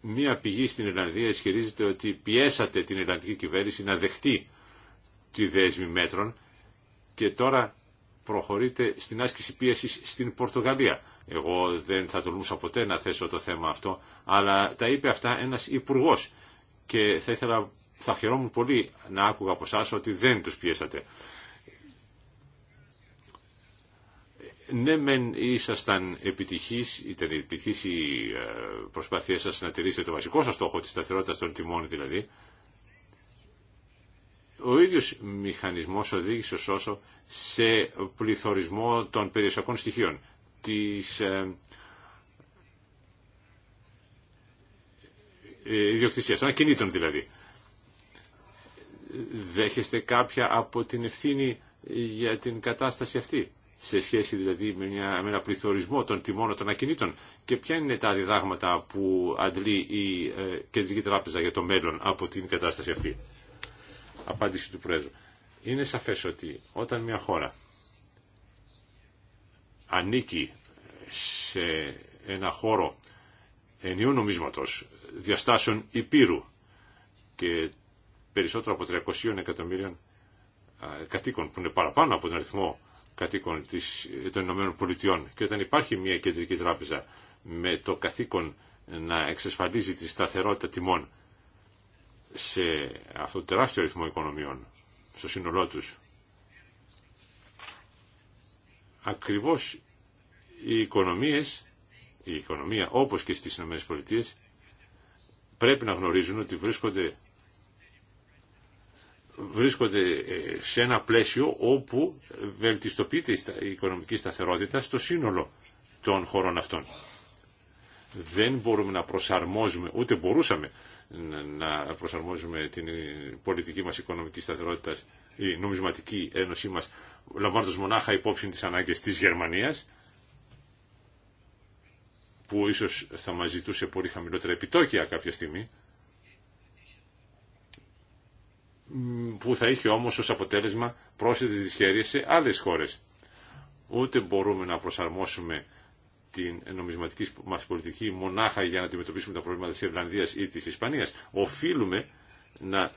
S3: Μία πηγή στην Ιρλανδία ισχυρίζεται ότι πιέσατε την Ιρλανδική κυβέρνηση να δεχτεί τη δέσμη μέτρων και τώρα προχωρείτε στην άσκηση πίεσης στην Πορτογαλία. Εγώ δεν θα τολμούσα ποτέ να θέσω το θέμα αυτό, αλλά τα είπε αυτά ένας υπουργός και θα ήθελα, θα χαιρόμουν πολύ να άκουγα από εσά ότι δεν τους πιέσατε. Ναι, μεν ήσασταν επιτυχείς, ήταν επιτυχής η ε, προσπάθειά σας να τηρήσετε το βασικό σας στόχο, τη σταθερότητα των τιμών δηλαδή. Ο ίδιος μηχανισμός οδήγησε όσο σε πληθωρισμό των περιουσιακών στοιχείων, της ε, Ε, ιδιοκτησία, των ακινήτων δηλαδή. Δέχεστε κάποια από την ευθύνη για την κατάσταση αυτή, σε σχέση δηλαδή με, ένα πληθωρισμό των τιμών των ακινήτων και ποια είναι τα διδάγματα που αντλεί η ε, Κεντρική Τράπεζα για το μέλλον από την κατάσταση αυτή. Απάντηση του Πρόεδρου. Είναι σαφές ότι όταν μια χώρα ανήκει σε ένα χώρο ενιού νομίσματος διαστάσεων υπήρου και περισσότερο από 300 εκατομμύριων κατοίκων που είναι παραπάνω από τον αριθμό κατοίκων της, των Ηνωμένων Πολιτειών και όταν υπάρχει μια κεντρική τράπεζα με το καθήκον να εξασφαλίζει τη σταθερότητα τιμών σε αυτό το τεράστιο αριθμό οικονομιών στο σύνολό τους ακριβώς οι οικονομίες η οικονομία όπως και στις Ηνωμένες Πολιτείες πρέπει να γνωρίζουν ότι βρίσκονται, βρίσκονται ε, σε ένα πλαίσιο όπου βελτιστοποιείται η οικονομική σταθερότητα στο σύνολο των χωρών αυτών. Δεν μπορούμε να προσαρμόζουμε, ούτε μπορούσαμε να προσαρμόζουμε την ε, πολιτική μας οικονομική σταθερότητα, η νομισματική ένωσή μας, λαμβάνοντας μονάχα υπόψη τις ανάγκες της Γερμανίας, που ίσως θα μας ζητούσε πολύ χαμηλότερα επιτόκια κάποια στιγμή, που θα είχε όμως ως αποτέλεσμα πρόσθετες δυσχέρειες σε άλλες χώρες. Ούτε μπορούμε να προσαρμόσουμε την νομισματική μας πολιτική μονάχα για να αντιμετωπίσουμε τα προβλήματα της Ιρλανδίας ή της Ισπανίας. Οφείλουμε να,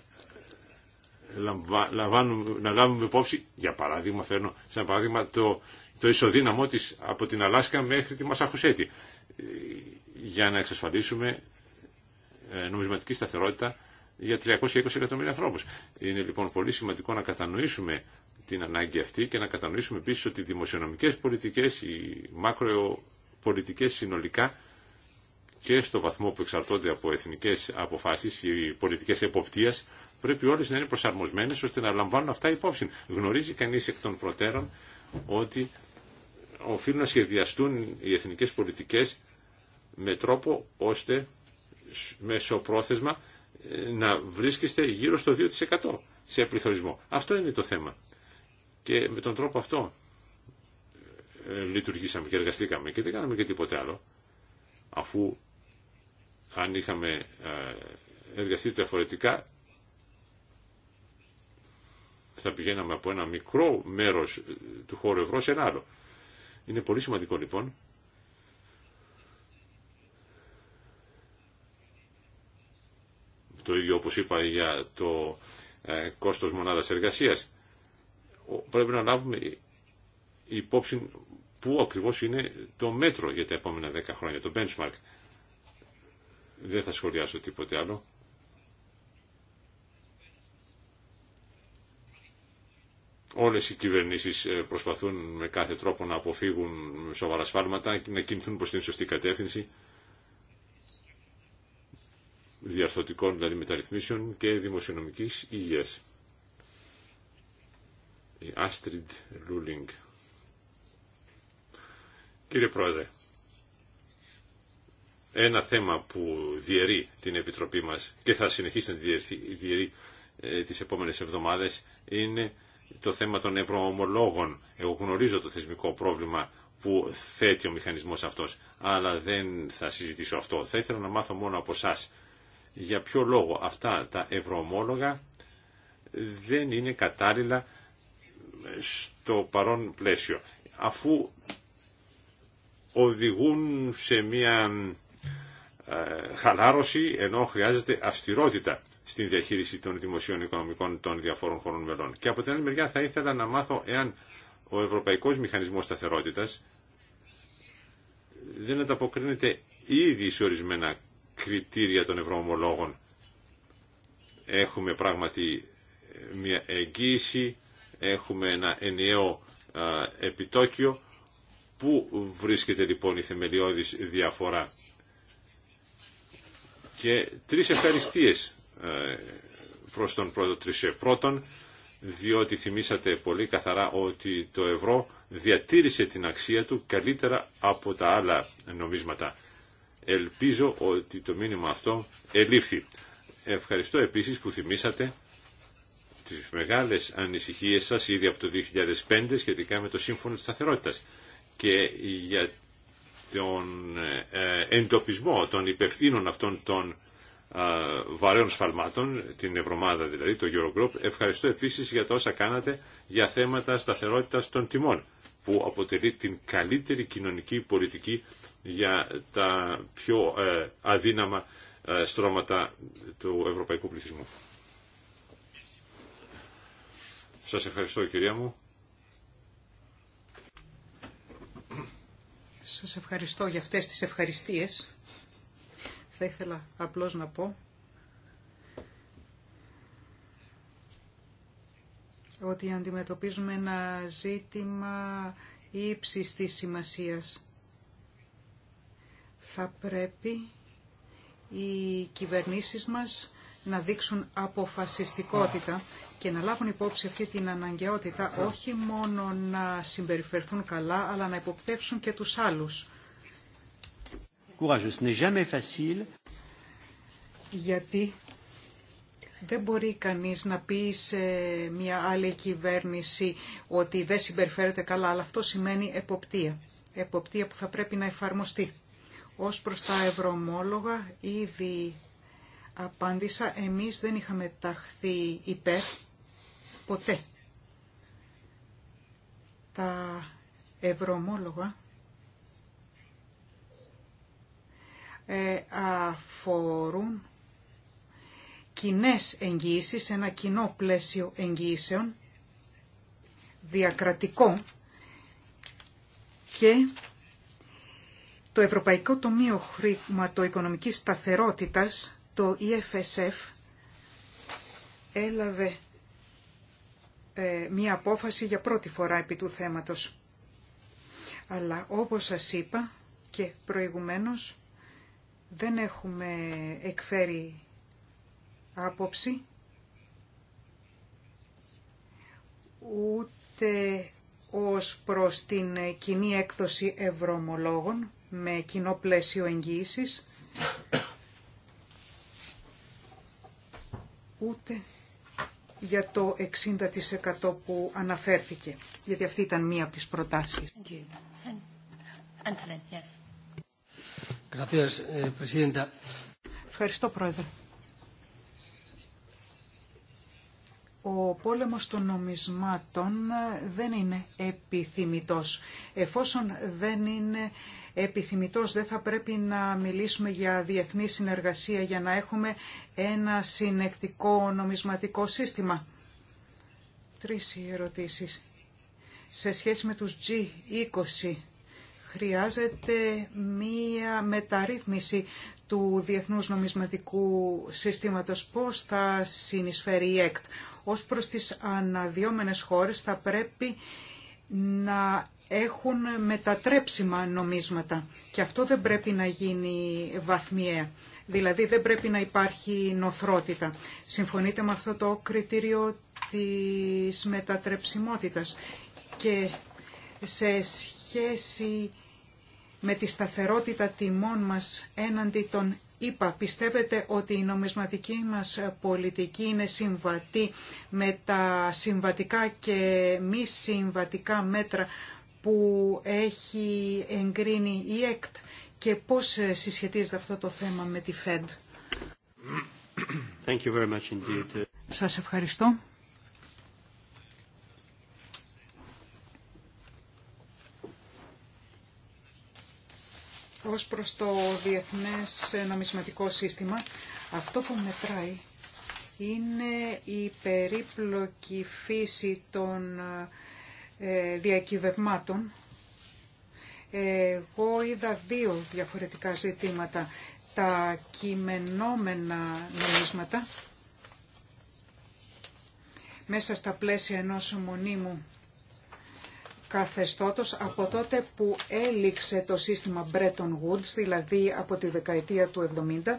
S3: να λάβουμε υπόψη, για παράδειγμα φέρνω σαν παράδειγμα το, το ισοδύναμό της από την Αλάσκα μέχρι τη Μασαχουσέτη για να εξασφαλίσουμε ε, νομισματική σταθερότητα για 320 εκατομμύρια ανθρώπους. Είναι λοιπόν πολύ σημαντικό να κατανοήσουμε την ανάγκη αυτή και να κατανοήσουμε επίσης ότι οι δημοσιονομικές πολιτικές, οι μακροπολιτικές συνολικά και στο βαθμό που εξαρτώνται από εθνικές αποφάσεις, οι πολιτικές εποπτείας, πρέπει όλες να είναι προσαρμοσμένες ώστε να λαμβάνουν αυτά υπόψη. Γνωρίζει κανείς εκ των προτέρων ότι οφείλουν να σχεδιαστούν οι εθνικές πολιτικές με τρόπο ώστε πρόθεσμα ε, να βρίσκεστε γύρω στο 2% σε πληθωρισμό. Αυτό είναι το θέμα. Και με τον τρόπο αυτό ε, λειτουργήσαμε και εργαστήκαμε και δεν κάναμε και τίποτε άλλο. Αφού αν είχαμε ε, εργαστεί διαφορετικά θα πηγαίναμε από ένα μικρό μέρος του χώρου ευρώ σε ένα άλλο. Είναι πολύ σημαντικό λοιπόν το ίδιο όπως είπα για το ε, κόστος μονάδας εργασίας πρέπει να λάβουμε υπόψη που ακριβώς είναι το μέτρο για τα επόμενα 10 χρόνια, το benchmark. Δεν θα σχολιάσω τίποτε άλλο. Όλες οι κυβερνήσεις ε, προσπαθούν με κάθε τρόπο να αποφύγουν σοβαρά σφάλματα, και να κινηθούν προς την σωστή κατεύθυνση διαρθωτικών δηλαδή μεταρρυθμίσεων και δημοσιονομικής υγείας. Η Astrid Λούλινγκ. Κύριε Πρόεδρε, ένα θέμα που διαιρεί την Επιτροπή μας και θα συνεχίσει να διαιρεί ε, τις επόμενες εβδομάδες είναι το θέμα των ευρωομολόγων. Εγώ γνωρίζω το θεσμικό πρόβλημα που θέτει ο μηχανισμός αυτός, αλλά δεν θα συζητήσω αυτό. Θα ήθελα να μάθω μόνο από εσά για ποιο λόγο αυτά τα ευρωομόλογα δεν είναι κατάλληλα στο παρόν πλαίσιο, αφού οδηγούν σε μια ε, χαλάρωση ενώ χρειάζεται αυστηρότητα στην διαχείριση των δημοσίων οικονομικών των διαφόρων χωρών μελών. Και από την άλλη μεριά θα ήθελα να μάθω εάν ο Ευρωπαϊκός Μηχανισμός Σταθερότητας δεν ανταποκρίνεται ήδη σε ορισμένα κριτήρια των ευρωομολόγων. Έχουμε πράγματι ε, μια εγγύηση, έχουμε ένα ενιαίο ε, επιτόκιο. Πού βρίσκεται λοιπόν η θεμελιώδης διαφορά και τρεις ευχαριστίες ε, προς τον πρώτο Τρισέ. Πρώτον, διότι θυμήσατε πολύ καθαρά ότι το ευρώ διατήρησε την αξία του καλύτερα από τα άλλα νομίσματα. Ελπίζω ότι το μήνυμα αυτό ελήφθη. Ευχαριστώ επίσης που θυμήσατε τις μεγάλες ανησυχίες σας ήδη από το 2005 σχετικά με το Σύμφωνο της Σταθερότητας και για τον ε, ε, εντοπισμό των υπευθύνων αυτών των ε, βαρέων σφαλμάτων, την Ευρωμάδα δηλαδή, το Eurogroup. Ευχαριστώ επίσης για τα όσα κάνατε για θέματα σταθερότητας των τιμών, που αποτελεί την καλύτερη κοινωνική πολιτική για τα πιο αδύναμα στρώματα του ευρωπαϊκού πληθυσμού. Σας ευχαριστώ κυρία μου.
S4: Σας ευχαριστώ για αυτές τις ευχαριστίες. Θα ήθελα απλώς να πω ότι αντιμετωπίζουμε ένα ζήτημα ύψης της σημασίας. Θα πρέπει οι κυβερνήσεις μας να δείξουν αποφασιστικότητα και να λάβουν υπόψη αυτή την αναγκαιότητα όχι μόνο να συμπεριφερθούν καλά, αλλά να υποπτεύσουν και τους άλλους. Γιατί δεν μπορεί κανείς να πει σε μια άλλη κυβέρνηση ότι δεν συμπεριφέρεται καλά, αλλά αυτό σημαίνει εποπτεία. Εποπτεία που θα πρέπει να εφαρμοστεί. Ως προς τα ευρωομόλογα ήδη απάντησα, εμείς δεν είχαμε ταχθεί υπέρ ποτέ. Τα ευρωμόλογα ε, αφορούν κοινέ εγγύησεις, ένα κοινό πλαίσιο εγγύησεων, διακρατικό και το Ευρωπαϊκό Τομείο Χρηματοοικονομικής Σταθερότητας, το EFSF, έλαβε ε, μία απόφαση για πρώτη φορά επί του θέματος. Αλλά όπως σας είπα και προηγουμένως δεν έχουμε εκφέρει άποψη ούτε ως προς την κοινή έκδοση ευρωομολόγων με κοινό πλαίσιο εγγύησης ούτε για το 60% που αναφέρθηκε, γιατί αυτή ήταν μία από τις προτάσεις. Eh, Ευχαριστώ, Πρόεδρε. Ο πόλεμος των νομισμάτων δεν είναι επιθυμητός, εφόσον δεν είναι επιθυμητός. Δεν θα πρέπει να μιλήσουμε για διεθνή συνεργασία για να έχουμε ένα συνεκτικό νομισματικό σύστημα. Τρεις ερωτήσεις. Σε σχέση με τους G20 χρειάζεται μία μεταρρύθμιση του Διεθνούς Νομισματικού Συστήματος. Πώς θα συνεισφέρει η ΕΚΤ. Ως προς τις αναδιόμενες χώρες θα πρέπει να έχουν μετατρέψιμα νομίσματα και αυτό δεν πρέπει να γίνει βαθμιαία. Δηλαδή δεν πρέπει να υπάρχει νοθρότητα. Συμφωνείτε με αυτό το κριτήριο της μετατρεψιμότητας και σε σχέση με τη σταθερότητα τιμών μας έναντι των ΗΠΑ, πιστεύετε ότι η νομισματική μας πολιτική είναι συμβατή με τα συμβατικά και μη συμβατικά μέτρα που έχει εγκρίνει η ΕΚΤ και πώς συσχετίζεται αυτό το θέμα με τη ΦΕΔ.
S5: Thank you very much
S4: Σας ευχαριστώ. Ως προς το Διεθνές Νομισματικό Σύστημα, αυτό που μετράει είναι η περίπλοκη φύση των ε, διακυβευμάτων, εγώ είδα δύο διαφορετικά ζητήματα. Τα κειμενόμενα νομίσματα μέσα στα πλαίσια ενός μονίμου καθεστώτος από τότε που έληξε το σύστημα Bretton Woods, δηλαδή από τη δεκαετία του 70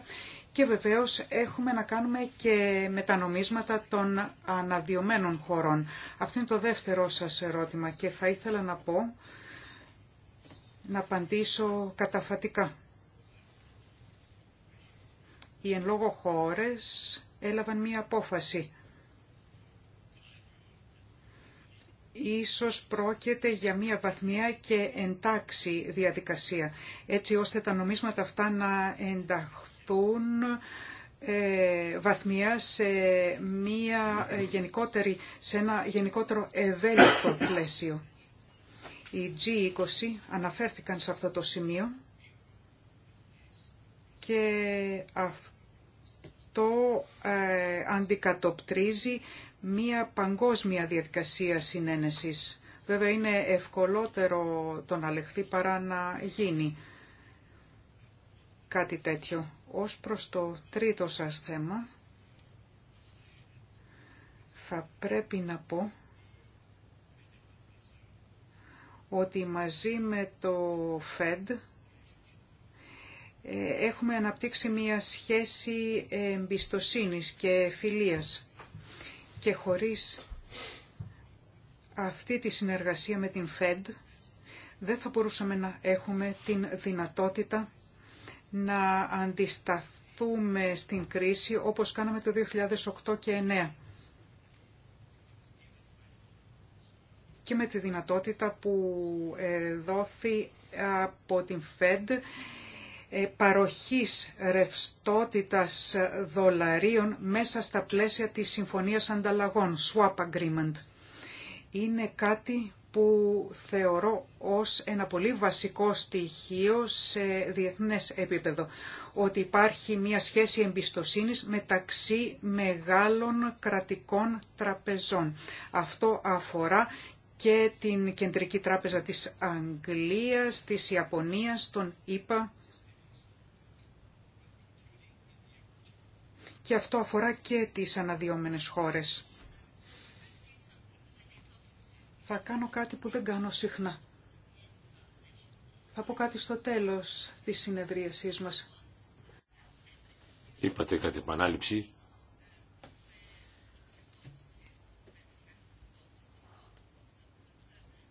S4: και βεβαίως έχουμε να κάνουμε και μετανομίσματα των αναδιωμένων χωρών. Αυτό είναι το δεύτερο σας ερώτημα και θα ήθελα να πω, να απαντήσω καταφατικά. Οι εν λόγω χώρες έλαβαν μία απόφαση. Ίσως πρόκειται για μία βαθμία και εντάξει διαδικασία, έτσι ώστε τα νομίσματα αυτά να ενταχθούν ε, βαθμία σε, μια, ε, γενικότερη, σε ένα γενικότερο ευέλικτο πλαίσιο. Οι G20 αναφέρθηκαν σε αυτό το σημείο και αυτό ε, αντικατοπτρίζει μία παγκόσμια διαδικασία συνένεσης. Βέβαια είναι ευκολότερο το να λεχθεί παρά να γίνει κάτι τέτοιο. Ως προς το τρίτο σας θέμα, θα πρέπει να πω ότι μαζί με το ΦΕΔ έχουμε αναπτύξει μια σχέση εμπιστοσύνης και φιλίας και χωρίς αυτή τη συνεργασία με την ΦΕΔ δεν θα μπορούσαμε να έχουμε την δυνατότητα να αντισταθούμε στην κρίση όπως κάναμε το 2008 και 2009. και με τη δυνατότητα που ε, δόθη από την ΦΕΔ παροχής ρευστότητας δολαρίων μέσα στα πλαίσια της Συμφωνίας Ανταλλαγών, Swap Agreement. Είναι κάτι που θεωρώ ως ένα πολύ βασικό στοιχείο σε διεθνές επίπεδο, ότι υπάρχει μια σχέση εμπιστοσύνης μεταξύ μεγάλων κρατικών τραπεζών. Αυτό αφορά και την Κεντρική Τράπεζα της Αγγλίας, της Ιαπωνίας, των ΙΠΑ Και αυτό αφορά και τις αναδυόμενες χώρες θα κάνω κάτι που δεν κάνω συχνά. Θα πω κάτι στο τέλος της συνεδρίασής μας.
S3: Είπατε κάτι επανάληψη.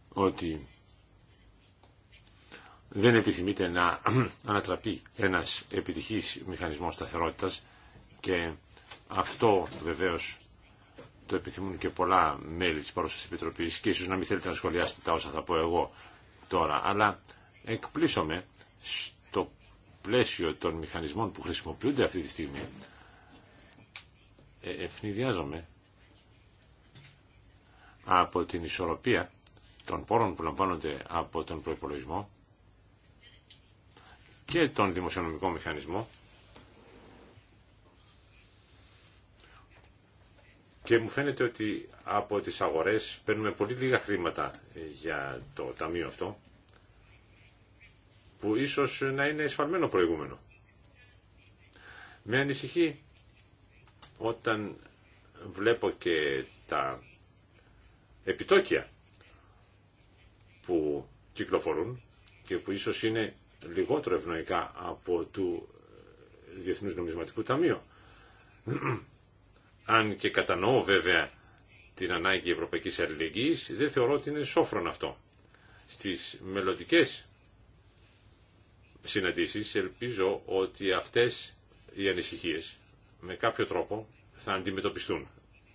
S3: Ότι δεν επιθυμείτε να [clears throat] ανατραπεί ένας επιτυχής μηχανισμός σταθερότητας και αυτό βεβαίως το επιθυμούν και πολλά μέλη της παρούσας Επιτροπής και ίσως να μην θέλετε να σχολιάσετε τα όσα θα πω εγώ τώρα, αλλά εκπλήσωμαι στο πλαίσιο των μηχανισμών που χρησιμοποιούνται αυτή τη στιγμή. Ε, ευνηδιάζομαι από την ισορροπία των πόρων που λαμβάνονται από τον προϋπολογισμό και τον δημοσιονομικό μηχανισμό Και μου φαίνεται ότι από τις αγορές παίρνουμε πολύ λίγα χρήματα ε, για το ταμείο αυτό, που ίσως να είναι εσφαλμένο προηγούμενο. Με ανησυχεί όταν βλέπω και τα επιτόκια που κυκλοφορούν και που ίσως είναι λιγότερο ευνοϊκά από του ε, Διεθνούς Νομισματικού Ταμείου. [clears throat] Αν και κατανοώ βέβαια την ανάγκη ευρωπαϊκής αλληλεγγύης, δεν θεωρώ ότι είναι σόφρον αυτό. Στις μελλοντικέ συναντήσεις ελπίζω ότι αυτές οι ανησυχίες με κάποιο τρόπο θα αντιμετωπιστούν.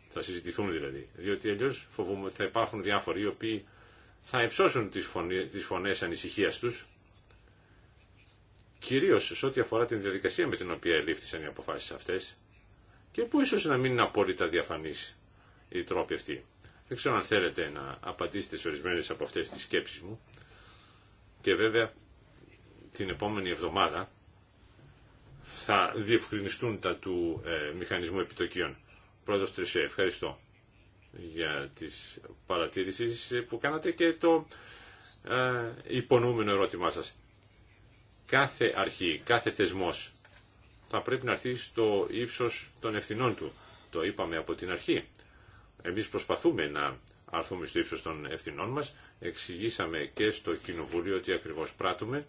S3: Θα συζητηθούν δηλαδή. Διότι αλλιώ φοβούμαι ότι θα υπάρχουν διάφοροι οι οποίοι θα υψώσουν τις, φωνές, τις φωνές ανησυχίας τους, κυρίως σε ό,τι αφορά την διαδικασία με την οποία ελήφθησαν οι αποφάσεις αυτές, και που ίσως να μην είναι απόλυτα διαφανής η τρόπη αυτοί. Δεν ξέρω αν θέλετε να απαντήσετε σε ορισμένες από αυτές τις σκέψεις μου και βέβαια την επόμενη εβδομάδα θα διευκρινιστούν τα του ε, μηχανισμού επιτοκίων. Πρόεδρος Τρισέ, ευχαριστώ για τις παρατήρησεις που κάνατε και το ε, υπονοούμενο ερώτημά σας. Κάθε αρχή, κάθε θεσμός θα πρέπει να έρθει στο ύψος των ευθυνών του. Το είπαμε από την αρχή. Εμείς προσπαθούμε να αρθούμε στο ύψο των ευθυνών μας. Εξηγήσαμε και στο Κοινοβούλιο τι ακριβώ πράττουμε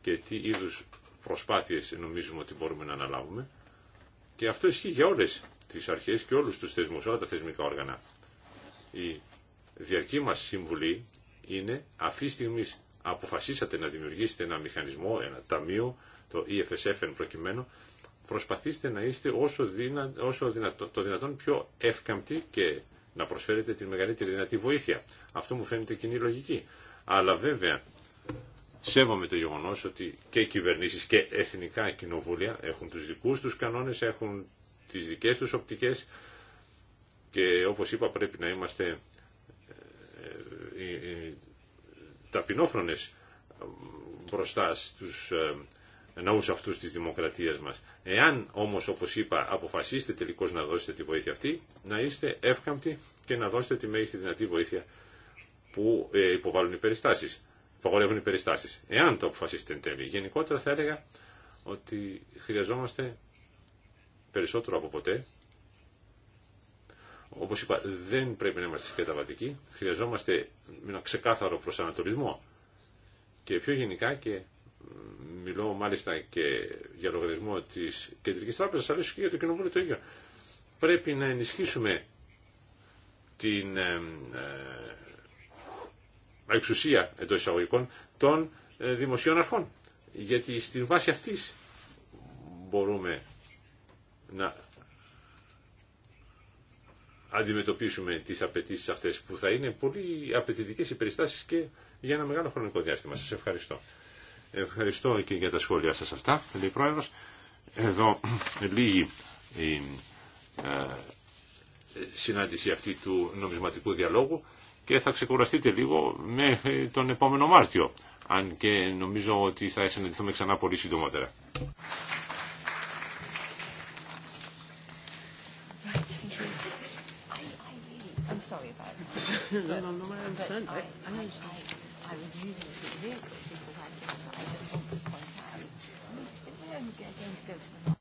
S3: και τι είδου προσπάθειες νομίζουμε ότι μπορούμε να αναλάβουμε. Και αυτό ισχύει για όλε τις αρχές και όλους τους θεσμού, όλα τα θεσμικά όργανα. Η διαρκή μα συμβουλή είναι αυτή τη στιγμή αποφασίσατε να δημιουργήσετε ένα μηχανισμό, ένα ταμείο το EFSF εν προκειμένου, προσπαθήστε να είστε όσο, δυνα, όσο το δυνατόν πιο εύκαμπτοι και να προσφέρετε τη μεγαλύτερη δυνατή βοήθεια. Αυτό μου φαίνεται κοινή λογική. Αλλά βέβαια, σέβομαι το γεγονός ότι και οι κυβερνήσεις και εθνικά κοινοβούλια έχουν τους δικούς τους κανόνες, έχουν τις δικές τους οπτικές και όπω είπα πρέπει να είμαστε ε, ε, ταπεινόφρονες ε, μπροστά στους νόμους αυτού τη δημοκρατία μα. Εάν όμω όπω είπα, αποφασίσετε τελικώς να δώσετε τη βοήθεια αυτή, να είστε εύκαμπτοι και να δώσετε τη μέγιστη δυνατή βοήθεια που ε, υποβάλλουν οι περιστάσεις, υπογορεύουν οι περιστάσει. Εάν το αποφασίσετε εν τέλει. Γενικότερα θα έλεγα ότι χρειαζόμαστε περισσότερο από ποτέ. όπω είπα, δεν πρέπει να είμαστε σκεταβατικοί. Χρειαζόμαστε ένα ξεκάθαρο προσανατολισμό. Και πιο γενικά και μιλώ μάλιστα και για λογαριασμό της Κεντρικής Τράπεζας, αλλά και για το Κοινοβούλιο το ίδιο. Πρέπει να ενισχύσουμε την ε, εξουσία εντό εισαγωγικών των ε, δημοσίων αρχών. Γιατί στην βάση αυτής μπορούμε να αντιμετωπίσουμε τις απαιτήσει αυτές που θα είναι πολύ απαιτητικές οι περιστάσεις και για ένα μεγάλο χρονικό διάστημα. Σας ευχαριστώ. Ευχαριστώ και για τα σχόλια σας αυτά, λέει Πρόεδρος. Εδώ [clears throat] λίγη η ε, συνάντηση αυτή του νομισματικού διαλόγου και θα ξεκουραστείτε λίγο με τον επόμενο Μάρτιο, αν και νομίζω ότι θα συναντηθούμε ξανά πολύ συντομότερα.
S1: Είναι ένα πολύ καλό